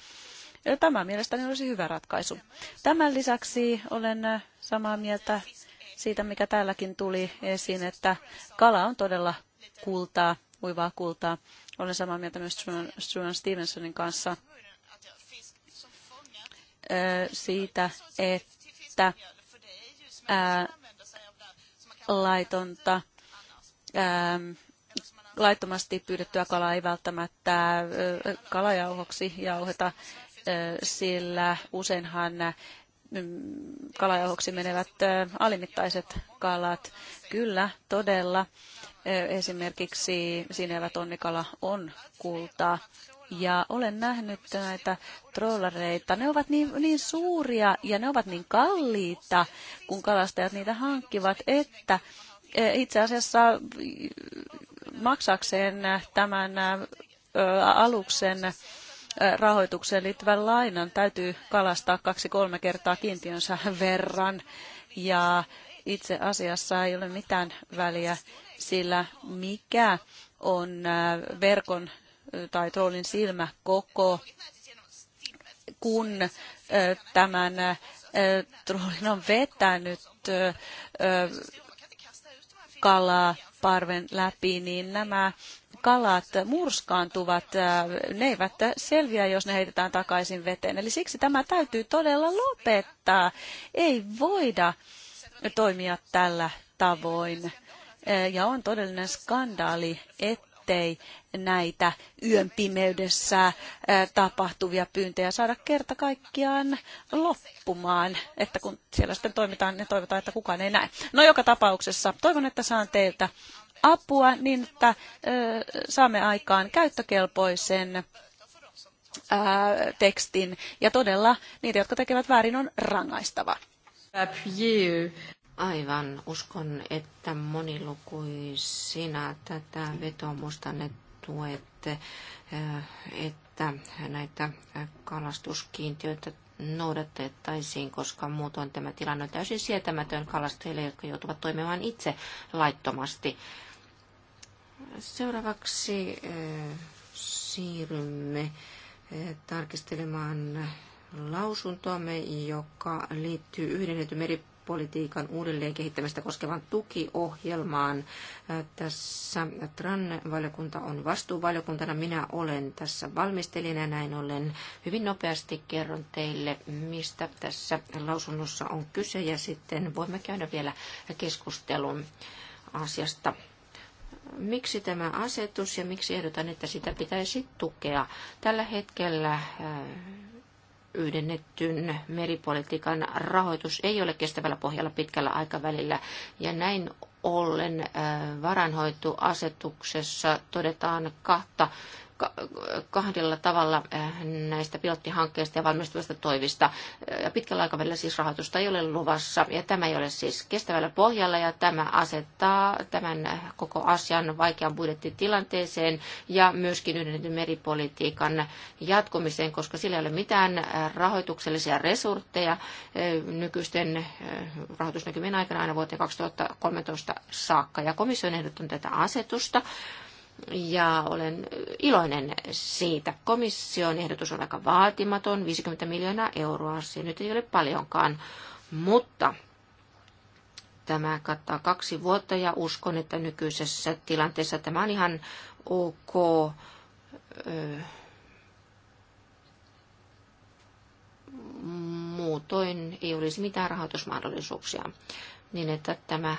Tämä mielestäni olisi hyvä ratkaisu. Tämän lisäksi olen samaa mieltä siitä, mikä täälläkin tuli esiin, että kala on todella kultaa, uivaa kultaa. Olen samaa mieltä myös Struan Stevensonin kanssa siitä, että laitonta, ää, laittomasti pyydettyä kalaa ei välttämättä ää, kalajauhoksi jauheta, ää, sillä useinhan kalajauhoksi menevät alimittaiset kalat. Kyllä, todella. Esimerkiksi sinevä tonnikala on kultaa ja olen nähnyt näitä trollareita. Ne ovat niin, niin suuria ja ne ovat niin kalliita, kun kalastajat niitä hankkivat, että e, itse asiassa mm, maksakseen tämän aluksen rahoitukseen liittyvän lainan täytyy kalastaa kaksi-kolme kertaa kiintiönsä verran. Ja itse asiassa ei ole mitään väliä sillä, mikä on verkon tai trollin silmä koko, kun tämän trollin on vetänyt kalaa parven läpi, niin nämä kalat murskaantuvat, ne eivät selviä, jos ne heitetään takaisin veteen. Eli siksi tämä täytyy todella lopettaa. Ei voida toimia tällä tavoin. Ja on todellinen skandaali, että ettei näitä yön pimeydessä tapahtuvia pyyntejä saada kerta kaikkiaan loppumaan, että kun siellä sitten toimitaan, niin toivotaan, että kukaan ei näe. No joka tapauksessa toivon, että saan teiltä apua niin, että saamme aikaan käyttökelpoisen tekstin. Ja todella niitä, jotka tekevät väärin, on rangaistava. Aivan. Uskon, että monilukuisina tätä vetomusta ne tuette, eh, että näitä kalastuskiintiöitä noudatettaisiin, koska muutoin tämä tilanne on täysin sietämätön kalastajille, jotka joutuvat toimimaan itse laittomasti. Seuraavaksi eh, siirrymme eh, tarkistelemaan lausuntoamme, joka liittyy yhdennetty meri politiikan uudelleen kehittämistä koskevan tukiohjelmaan. Tässä TRAN-valiokunta on vastuuvaliokuntana. Minä olen tässä valmistelijana näin ollen. Hyvin nopeasti kerron teille, mistä tässä lausunnossa on kyse ja sitten voimme käydä vielä keskustelun asiasta miksi tämä asetus ja miksi ehdotan, että sitä pitäisi tukea. Tällä hetkellä yhdennetyn meripolitiikan rahoitus ei ole kestävällä pohjalla pitkällä aikavälillä. Ja näin ollen äh, varanhoitoasetuksessa todetaan kahta kahdella tavalla eh, näistä pilottihankkeista ja valmistuvista toivista. Eh, ja pitkällä aikavälillä siis rahoitusta ei ole luvassa ja tämä ei ole siis kestävällä pohjalla ja tämä asettaa tämän koko asian vaikean budjettitilanteeseen ja myöskin yhdennetyn meripolitiikan jatkumiseen, koska sillä ei ole mitään eh, rahoituksellisia resursseja nykyisten rahoitusnäkymien aikana aina vuoteen 2013 saakka. Ja komissio on ehdottanut tätä asetusta ja olen iloinen siitä. Komission ehdotus on aika vaatimaton, 50 miljoonaa euroa, se nyt ei ole paljonkaan, mutta tämä kattaa kaksi vuotta ja uskon, että nykyisessä tilanteessa tämä on ihan ok. Muutoin ei olisi mitään rahoitusmahdollisuuksia, niin että tämä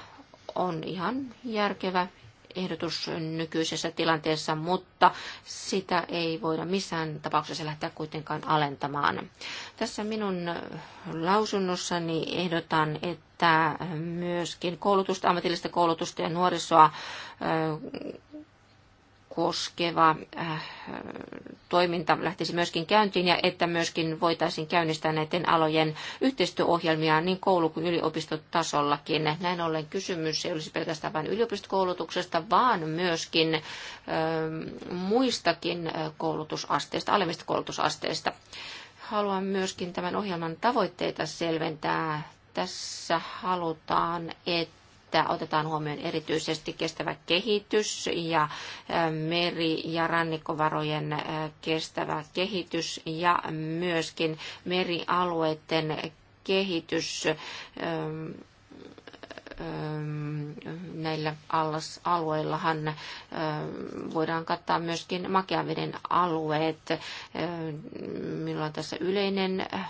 on ihan järkevä ehdotus nykyisessä tilanteessa, mutta sitä ei voida missään tapauksessa lähteä kuitenkaan alentamaan. Tässä minun lausunnossani ehdotan, että myöskin koulutusta, ammatillista koulutusta ja nuorisoa koskeva äh, toiminta lähtisi myöskin käyntiin ja että myöskin voitaisiin käynnistää näiden alojen yhteistyöohjelmia niin koulu- kuin yliopistotasollakin. Näin ollen kysymys ei olisi pelkästään vain yliopistokoulutuksesta, vaan myöskin ähm, muistakin äh, koulutusasteista, alemmista koulutusasteista. Haluan myöskin tämän ohjelman tavoitteita selventää. Tässä halutaan, että että otetaan huomioon erityisesti kestävä kehitys ja meri- ja rannikkovarojen kestävä kehitys ja myöskin merialueiden kehitys näillä allasalueillahan voidaan kattaa myöskin makeaveden alueet. Minulla on tässä yleinen äh,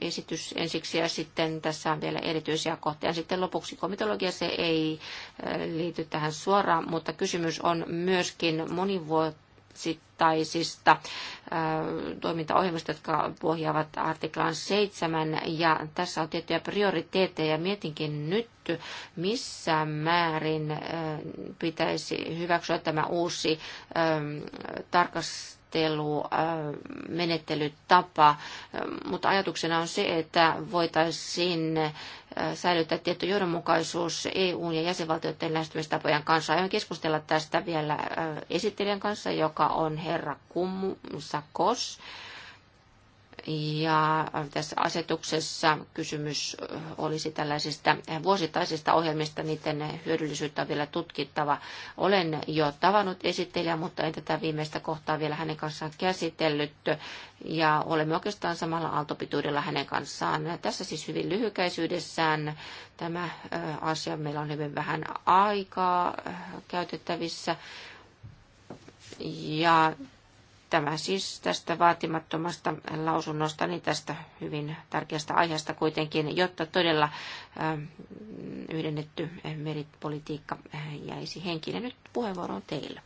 esitys ensiksi ja sitten tässä on vielä erityisiä kohtia. Sitten lopuksi komitologia se ei äh, liity tähän suoraan, mutta kysymys on myöskin monivuotiaista vuosittaisista toimintaohjelmista, jotka pohjaavat artiklaan 7. Ja tässä on tiettyjä prioriteetteja. Mietinkin nyt, missä määrin pitäisi hyväksyä tämä uusi tarkastus ajattelu, äh, menettelytapa, äh, mutta ajatuksena on se, että voitaisiin äh, säilyttää tietty johdonmukaisuus EU- ja jäsenvaltioiden lähestymistapojen kanssa. Aion keskustella tästä vielä esittelijän kanssa, joka on herra Kummu Sakos. Ja tässä asetuksessa kysymys olisi tällaisista vuosittaisista ohjelmista, niiden hyödyllisyyttä on vielä tutkittava. Olen jo tavannut esittelijä, mutta en tätä viimeistä kohtaa vielä hänen kanssaan käsitellyt. Ja olemme oikeastaan samalla aaltopituudella hänen kanssaan. Tässä siis hyvin lyhykäisyydessään tämä asia. Meillä on hyvin vähän aikaa käytettävissä. Ja Tämä siis tästä vaatimattomasta lausunnosta, niin tästä hyvin tärkeästä aiheesta kuitenkin, jotta todella ähm, yhdennetty meripolitiikka äh, jäisi henkiin. nyt puheenvuoro on teillä.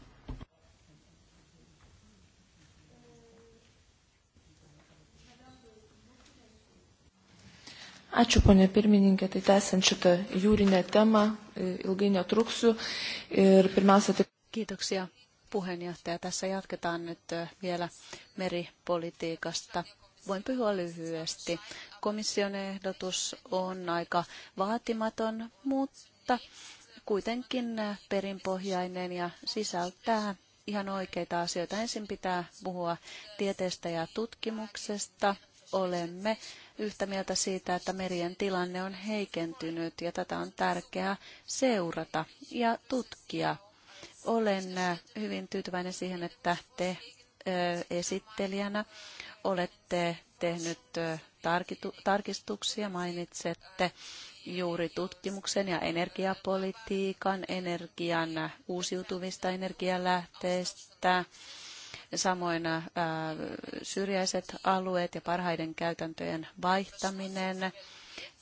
Ačiū, ponė pirmininkė, tai tęsiant šitą jūrinę temą, e, ilgai netruksiu. Ir pirmiausia, taip. Kiitoksia, puheenjohtaja. Tässä jatketaan nyt vielä meripolitiikasta. Voin puhua lyhyesti. Komission ehdotus on aika vaatimaton, mutta kuitenkin perinpohjainen ja sisältää ihan oikeita asioita. Ensin pitää puhua tieteestä ja tutkimuksesta. Olemme yhtä mieltä siitä, että merien tilanne on heikentynyt ja tätä on tärkeää seurata ja tutkia olen äh, hyvin tyytyväinen siihen, että te esittelijänä olette tehnyt tarkistuksia, mainitsette juuri tutkimuksen ja energiapolitiikan, energian uusiutuvista energialähteistä, samoin syrjäiset alueet ja parhaiden käytäntöjen vaihtaminen.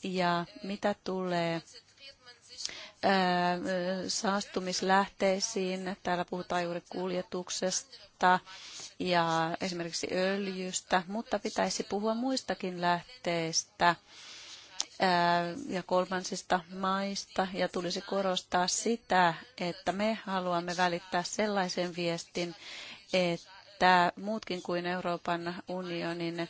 Ja mitä tulee saastumislähteisiin. Täällä puhutaan juuri kuljetuksesta ja esimerkiksi öljystä, mutta pitäisi puhua muistakin lähteistä ja kolmansista maista ja tulisi korostaa sitä, että me haluamme välittää sellaisen viestin, että muutkin kuin Euroopan unionin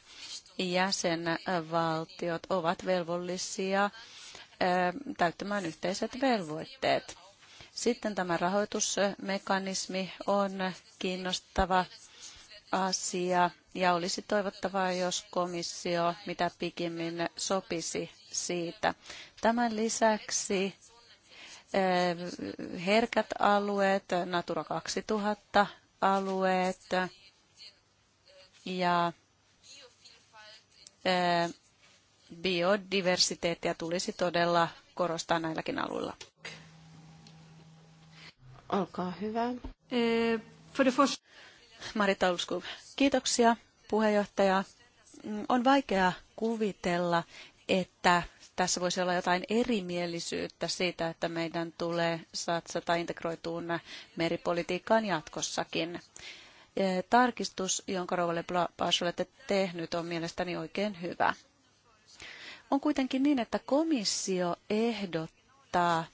jäsenvaltiot ovat velvollisia täyttämään yhteiset velvoitteet. Sitten tämä rahoitusmekanismi on kiinnostava asia ja olisi toivottavaa, jos komissio mitä pikimmin sopisi siitä. Tämän lisäksi herkät alueet, Natura 2000 alueet ja biodiversiteettiä tulisi todella korostaa näilläkin alueilla. Olkaa hyvä. Eh, Marita Ulskub, kiitoksia puheenjohtaja. Mm, on vaikea kuvitella, että tässä voisi olla jotain erimielisyyttä siitä, että meidän tulee satsata integroituun meripolitiikkaan jatkossakin. Eh, tarkistus, jonka Rouvalle Paas olette tehnyt, on mielestäni oikein hyvä. On kuitenkin niin, että komissio ehdottaa,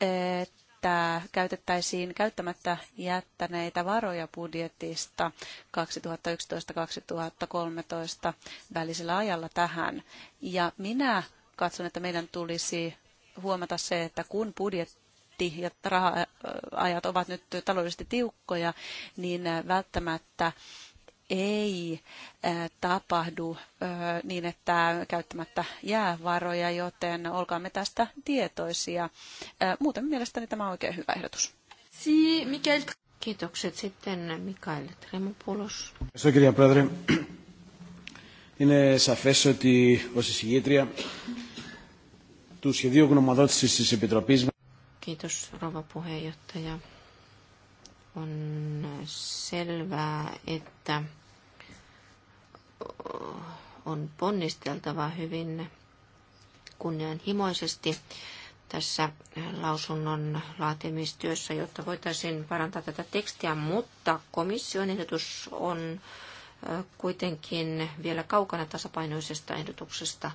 että käytettäisiin käyttämättä jättäneitä varoja budjetista 2011-2013 välisellä ajalla tähän. Ja minä katson, että meidän tulisi huomata se, että kun budjetti budjetti ja raha-ajat ovat nyt taloudellisesti tiukkoja, niin välttämättä ei tapahdu niin, että käyttämättä jää varoja, joten olkaamme tästä tietoisia. Muuten mielestäni tämä on oikein hyvä ehdotus. Si, Mikael. Kiitokset sitten Mikael Tremopoulos. Ευχαριστώ κυρία Πρόεδρε. Είναι σαφές ότι ως εισηγήτρια του σχεδίου γνωμοδότησης της Επιτροπής Kiitos rouva puheenjohtaja. On selvää, että on ponnisteltava hyvin kunnianhimoisesti tässä lausunnon laatimistyössä, jotta voitaisiin parantaa tätä tekstiä, mutta komission ehdotus on kuitenkin vielä kaukana tasapainoisesta ehdotuksesta.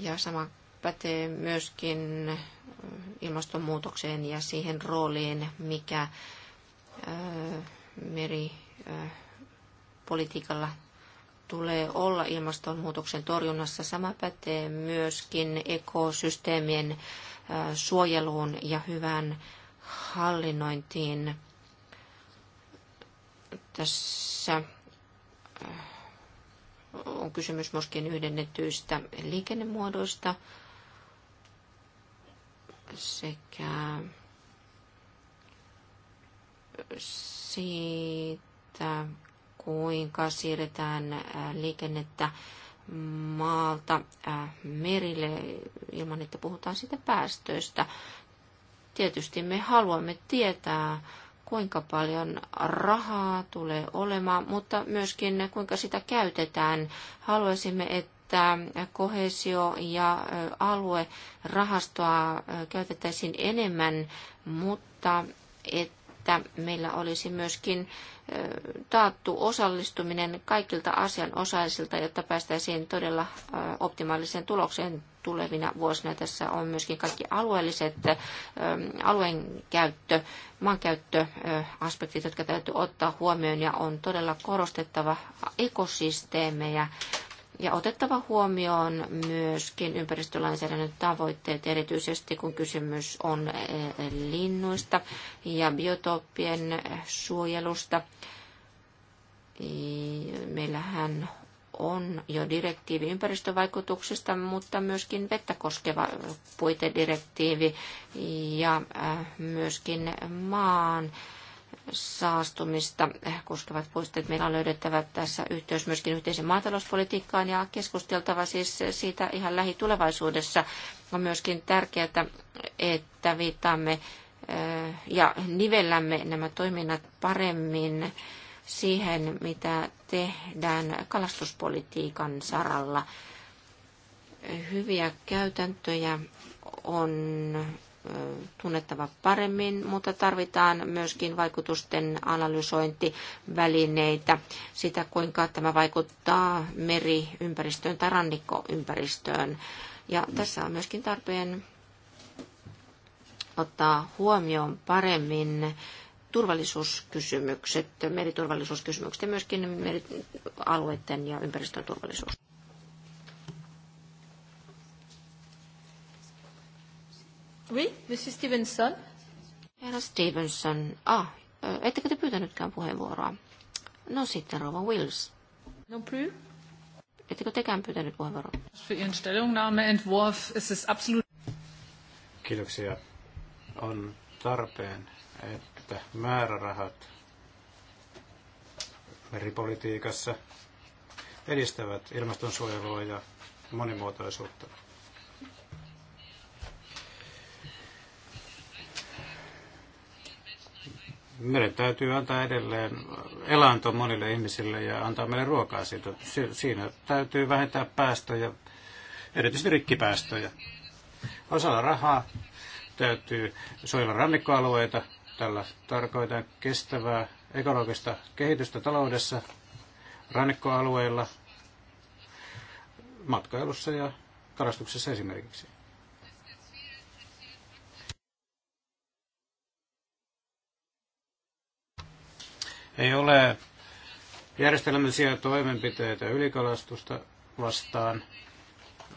Ja sama pätee myöskin ilmastonmuutokseen ja siihen rooliin, mikä meripolitiikalla tulee olla ilmastonmuutoksen torjunnassa. Sama pätee myöskin ekosysteemien suojeluun ja hyvään hallinnointiin. Tässä on kysymys myöskin yhdennetyistä liikennemuodoista sekä siitä, kuinka siirretään äh, liikennettä maalta äh, merille ilman, että puhutaan siitä päästöistä. Tietysti me haluamme tietää, kuinka paljon rahaa tulee olemaan, mutta myöskin kuinka sitä käytetään. Haluaisimme, että että kohesio- ja aluerahastoa käytettäisiin enemmän, mutta että meillä olisi myöskin taattu osallistuminen kaikilta asianosaisilta, jotta päästäisiin todella optimaaliseen tulokseen tulevina vuosina. Tässä on myöskin kaikki alueelliset alueen käyttö, maankäyttöaspektit, jotka täytyy ottaa huomioon ja on todella korostettava ekosysteemejä ja otettava huomioon myöskin ympäristölainsäädännön tavoitteet, erityisesti kun kysymys on eh, linnuista ja biotooppien suojelusta. Meillähän on jo direktiivi ympäristövaikutuksista, mutta myöskin vettä koskeva puitedirektiivi ja eh, myöskin maan saastumista koskevat puisteet. Meillä on löydettävä tässä yhteys myöskin yhteisen maatalouspolitiikkaan ja keskusteltava siis siitä ihan lähitulevaisuudessa. On myöskin tärkeää, että viittaamme eh, ja nivellämme nämä toiminnat paremmin siihen, mitä tehdään kalastuspolitiikan saralla. Hyviä käytäntöjä on tunnettava paremmin, mutta tarvitaan myöskin vaikutusten analysointivälineitä, sitä kuinka tämä vaikuttaa meriympäristöön tai rannikkoympäristöön. Ja tässä on myöskin tarpeen ottaa huomioon paremmin turvallisuuskysymykset, meriturvallisuuskysymykset ja myöskin alueiden ja ympäristön turvallisuus. Oui, Mrs. Stevenson. Herra Stevenson, ah, ettekö te pyytänytkään puheenvuoroa? No sitten Rova Wills. Non plus. Ettekö tekään pyytänyt puheenvuoroa? Für Ihren Stellungnahmeentwurf ist es absolut... Kiitoksia. On tarpeen, että määrärahat meripolitiikassa edistävät ilmastonsuojelua ja monimuotoisuutta. meidän täytyy antaa edelleen elanto monille ihmisille ja antaa meille ruokaa siitä. Siinä täytyy vähentää päästöjä, erityisesti rikkipäästöjä. Osalla rahaa täytyy suojella rannikkoalueita. Tällä tarkoitan kestävää ekologista kehitystä taloudessa, rannikkoalueilla, matkailussa ja kalastuksessa esimerkiksi. Ei ole järjestelmällisiä toimenpiteitä ylikalastusta vastaan,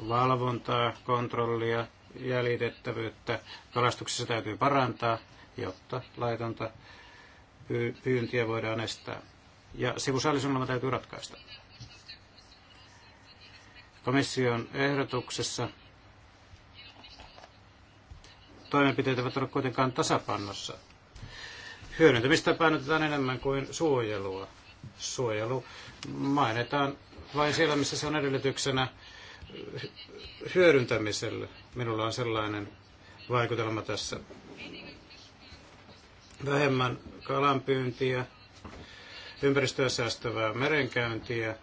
valvontaa, kontrollia, jäljitettävyyttä kalastuksessa täytyy parantaa, jotta laitonta pyyntiä voidaan estää. Ja sivusallisongelma täytyy ratkaista. Komission ehdotuksessa toimenpiteet eivät ole kuitenkaan tasapannossa Hyödyntämistä painotetaan enemmän kuin suojelua. Suojelu mainitaan vain siellä, missä se on edellytyksenä hyödyntämiselle. Minulla on sellainen vaikutelma tässä. Vähemmän kalanpyyntiä, ympäristöä säästävää merenkäyntiä.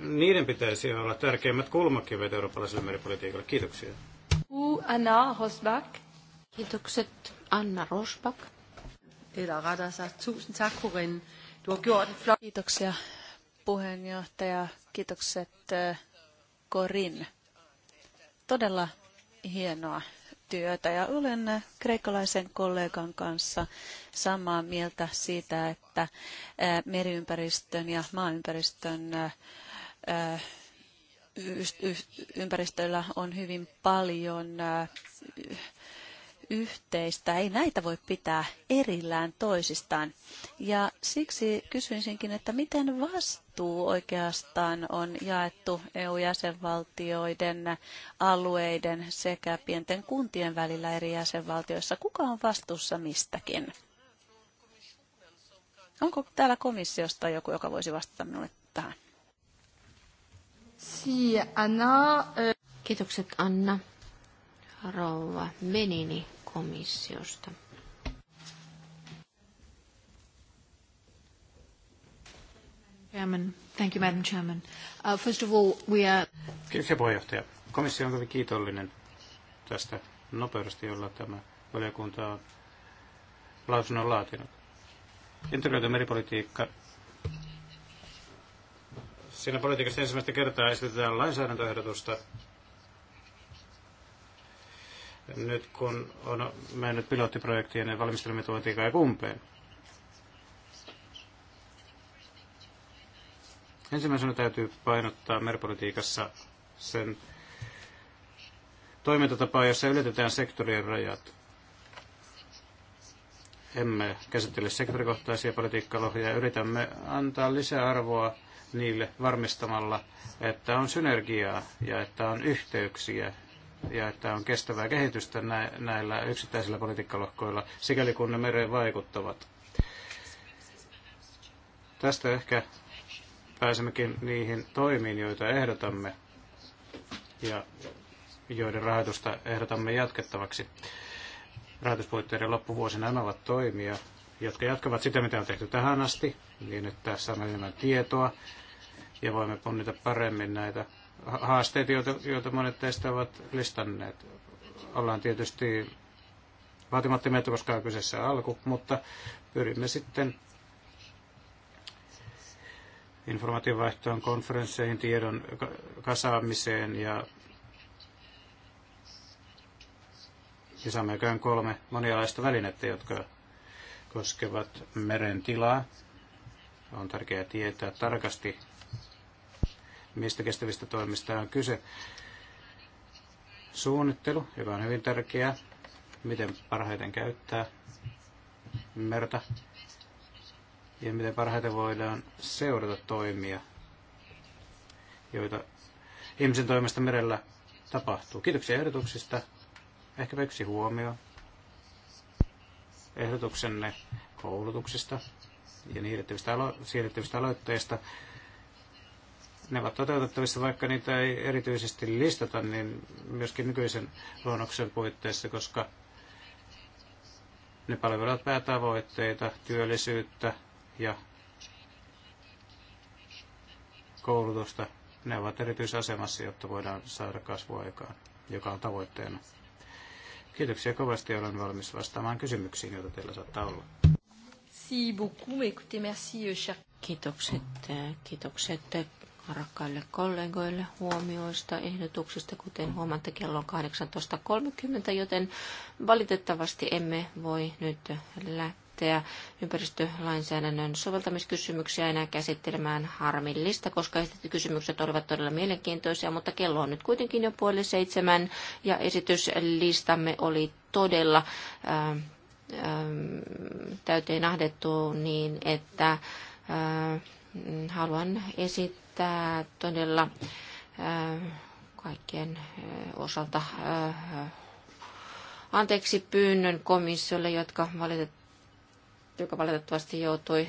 Niiden pitäisi olla tärkeimmät kulmakivet eurooppalaiselle meripolitiikalle. Kiitoksia. Anna Rosbach. Kiitokset Anna Rosbach eller rettere sagt, tusind tak, Corinne. Du har gjort flot... Kiitoksia puheenjohtaja, kiitokset Korin. Eh, Todella hienoa työtä ja olen eh, kreikkalaisen kollegan kanssa samaa mieltä siitä, että eh, meriympäristön ja maaympäristön ympäristöllä on hyvin paljon yhteistä. Ei näitä voi pitää erillään toisistaan. Ja siksi kysyisinkin, että miten vastuu oikeastaan on jaettu EU-jäsenvaltioiden, alueiden sekä pienten kuntien välillä eri jäsenvaltioissa? Kuka on vastuussa mistäkin? Onko täällä komissiosta joku, joka voisi vastata minulle tähän? Si, Anna. Kiitokset Anna. Rouva Benini komissiosta. Chairman. Thank you, Madam Chairman. Uh, first of all, we are... Kiitoksia puheenjohtaja. Komissio on kovin kiitollinen tästä nopeudesta, jolla tämä valiokunta on lausunnon laatinut. Integroitu meripolitiikka. Siinä politiikassa ensimmäistä kertaa esitetään lainsäädäntöehdotusta, nyt kun on mennyt pilottiprojektien ja valmistelemme tuontiin kai Ensimmäisenä täytyy painottaa merpolitiikassa sen toimintatapaa, jossa ylitetään sektorien rajat. Emme käsittele sektorikohtaisia politiikkalohjia, yritämme antaa lisäarvoa niille varmistamalla, että on synergiaa ja että on yhteyksiä ja että on kestävää kehitystä näillä yksittäisillä politiikkalohkoilla, sikäli kun ne mereen vaikuttavat. Tästä ehkä pääsemmekin niihin toimiin, joita ehdotamme ja joiden rahoitusta ehdotamme jatkettavaksi. Rahoituspuitteiden loppuvuosina nämä ovat toimia, jotka jatkavat sitä, mitä on tehty tähän asti, niin että saamme enemmän tietoa ja voimme punnita paremmin näitä haasteet, joita, joita monet teistä ovat listanneet. Ollaan tietysti vaatimattomia, koska on kyseessä alku, mutta pyrimme sitten informaatiovaihtoon, konferensseihin, tiedon kasaamiseen ja, ja saamme käyn kolme monialaista välinettä, jotka koskevat meren tilaa. On tärkeää tietää tarkasti, mistä kestävistä toimista on kyse. Suunnittelu, joka on hyvin tärkeää, miten parhaiten käyttää merta ja miten parhaiten voidaan seurata toimia, joita ihmisen toimesta merellä tapahtuu. Kiitoksia ehdotuksista. Ehkä yksi huomio ehdotuksenne koulutuksista ja niidettävistä alo- siirrettävistä aloitteista ne ovat toteutettavissa, vaikka niitä ei erityisesti listata, niin myöskin nykyisen luonnoksen puitteissa, koska ne palvelevat päätavoitteita, työllisyyttä ja koulutusta. Ne ovat erityisasemassa, jotta voidaan saada kasvuaikaan, joka on tavoitteena. Kiitoksia kovasti ja olen valmis vastaamaan kysymyksiin, joita teillä saattaa olla. Euh, kiitokset, äh, kiitokset äh, rakkaille kollegoille huomioista, ehdotuksista, kuten huomaatte kello on 18.30, joten valitettavasti emme voi nyt lähteä ympäristölainsäädännön soveltamiskysymyksiä enää käsittelemään harmillista, koska esitetyt kysymykset olivat todella mielenkiintoisia, mutta kello on nyt kuitenkin jo puoli seitsemän ja esityslistamme oli todella äh, täyteen ahdettu niin, että äh, haluan esittää että todella äh, kaikkien äh, osalta äh, anteeksi pyynnön komissiolle, jotka joka valitettavasti joutui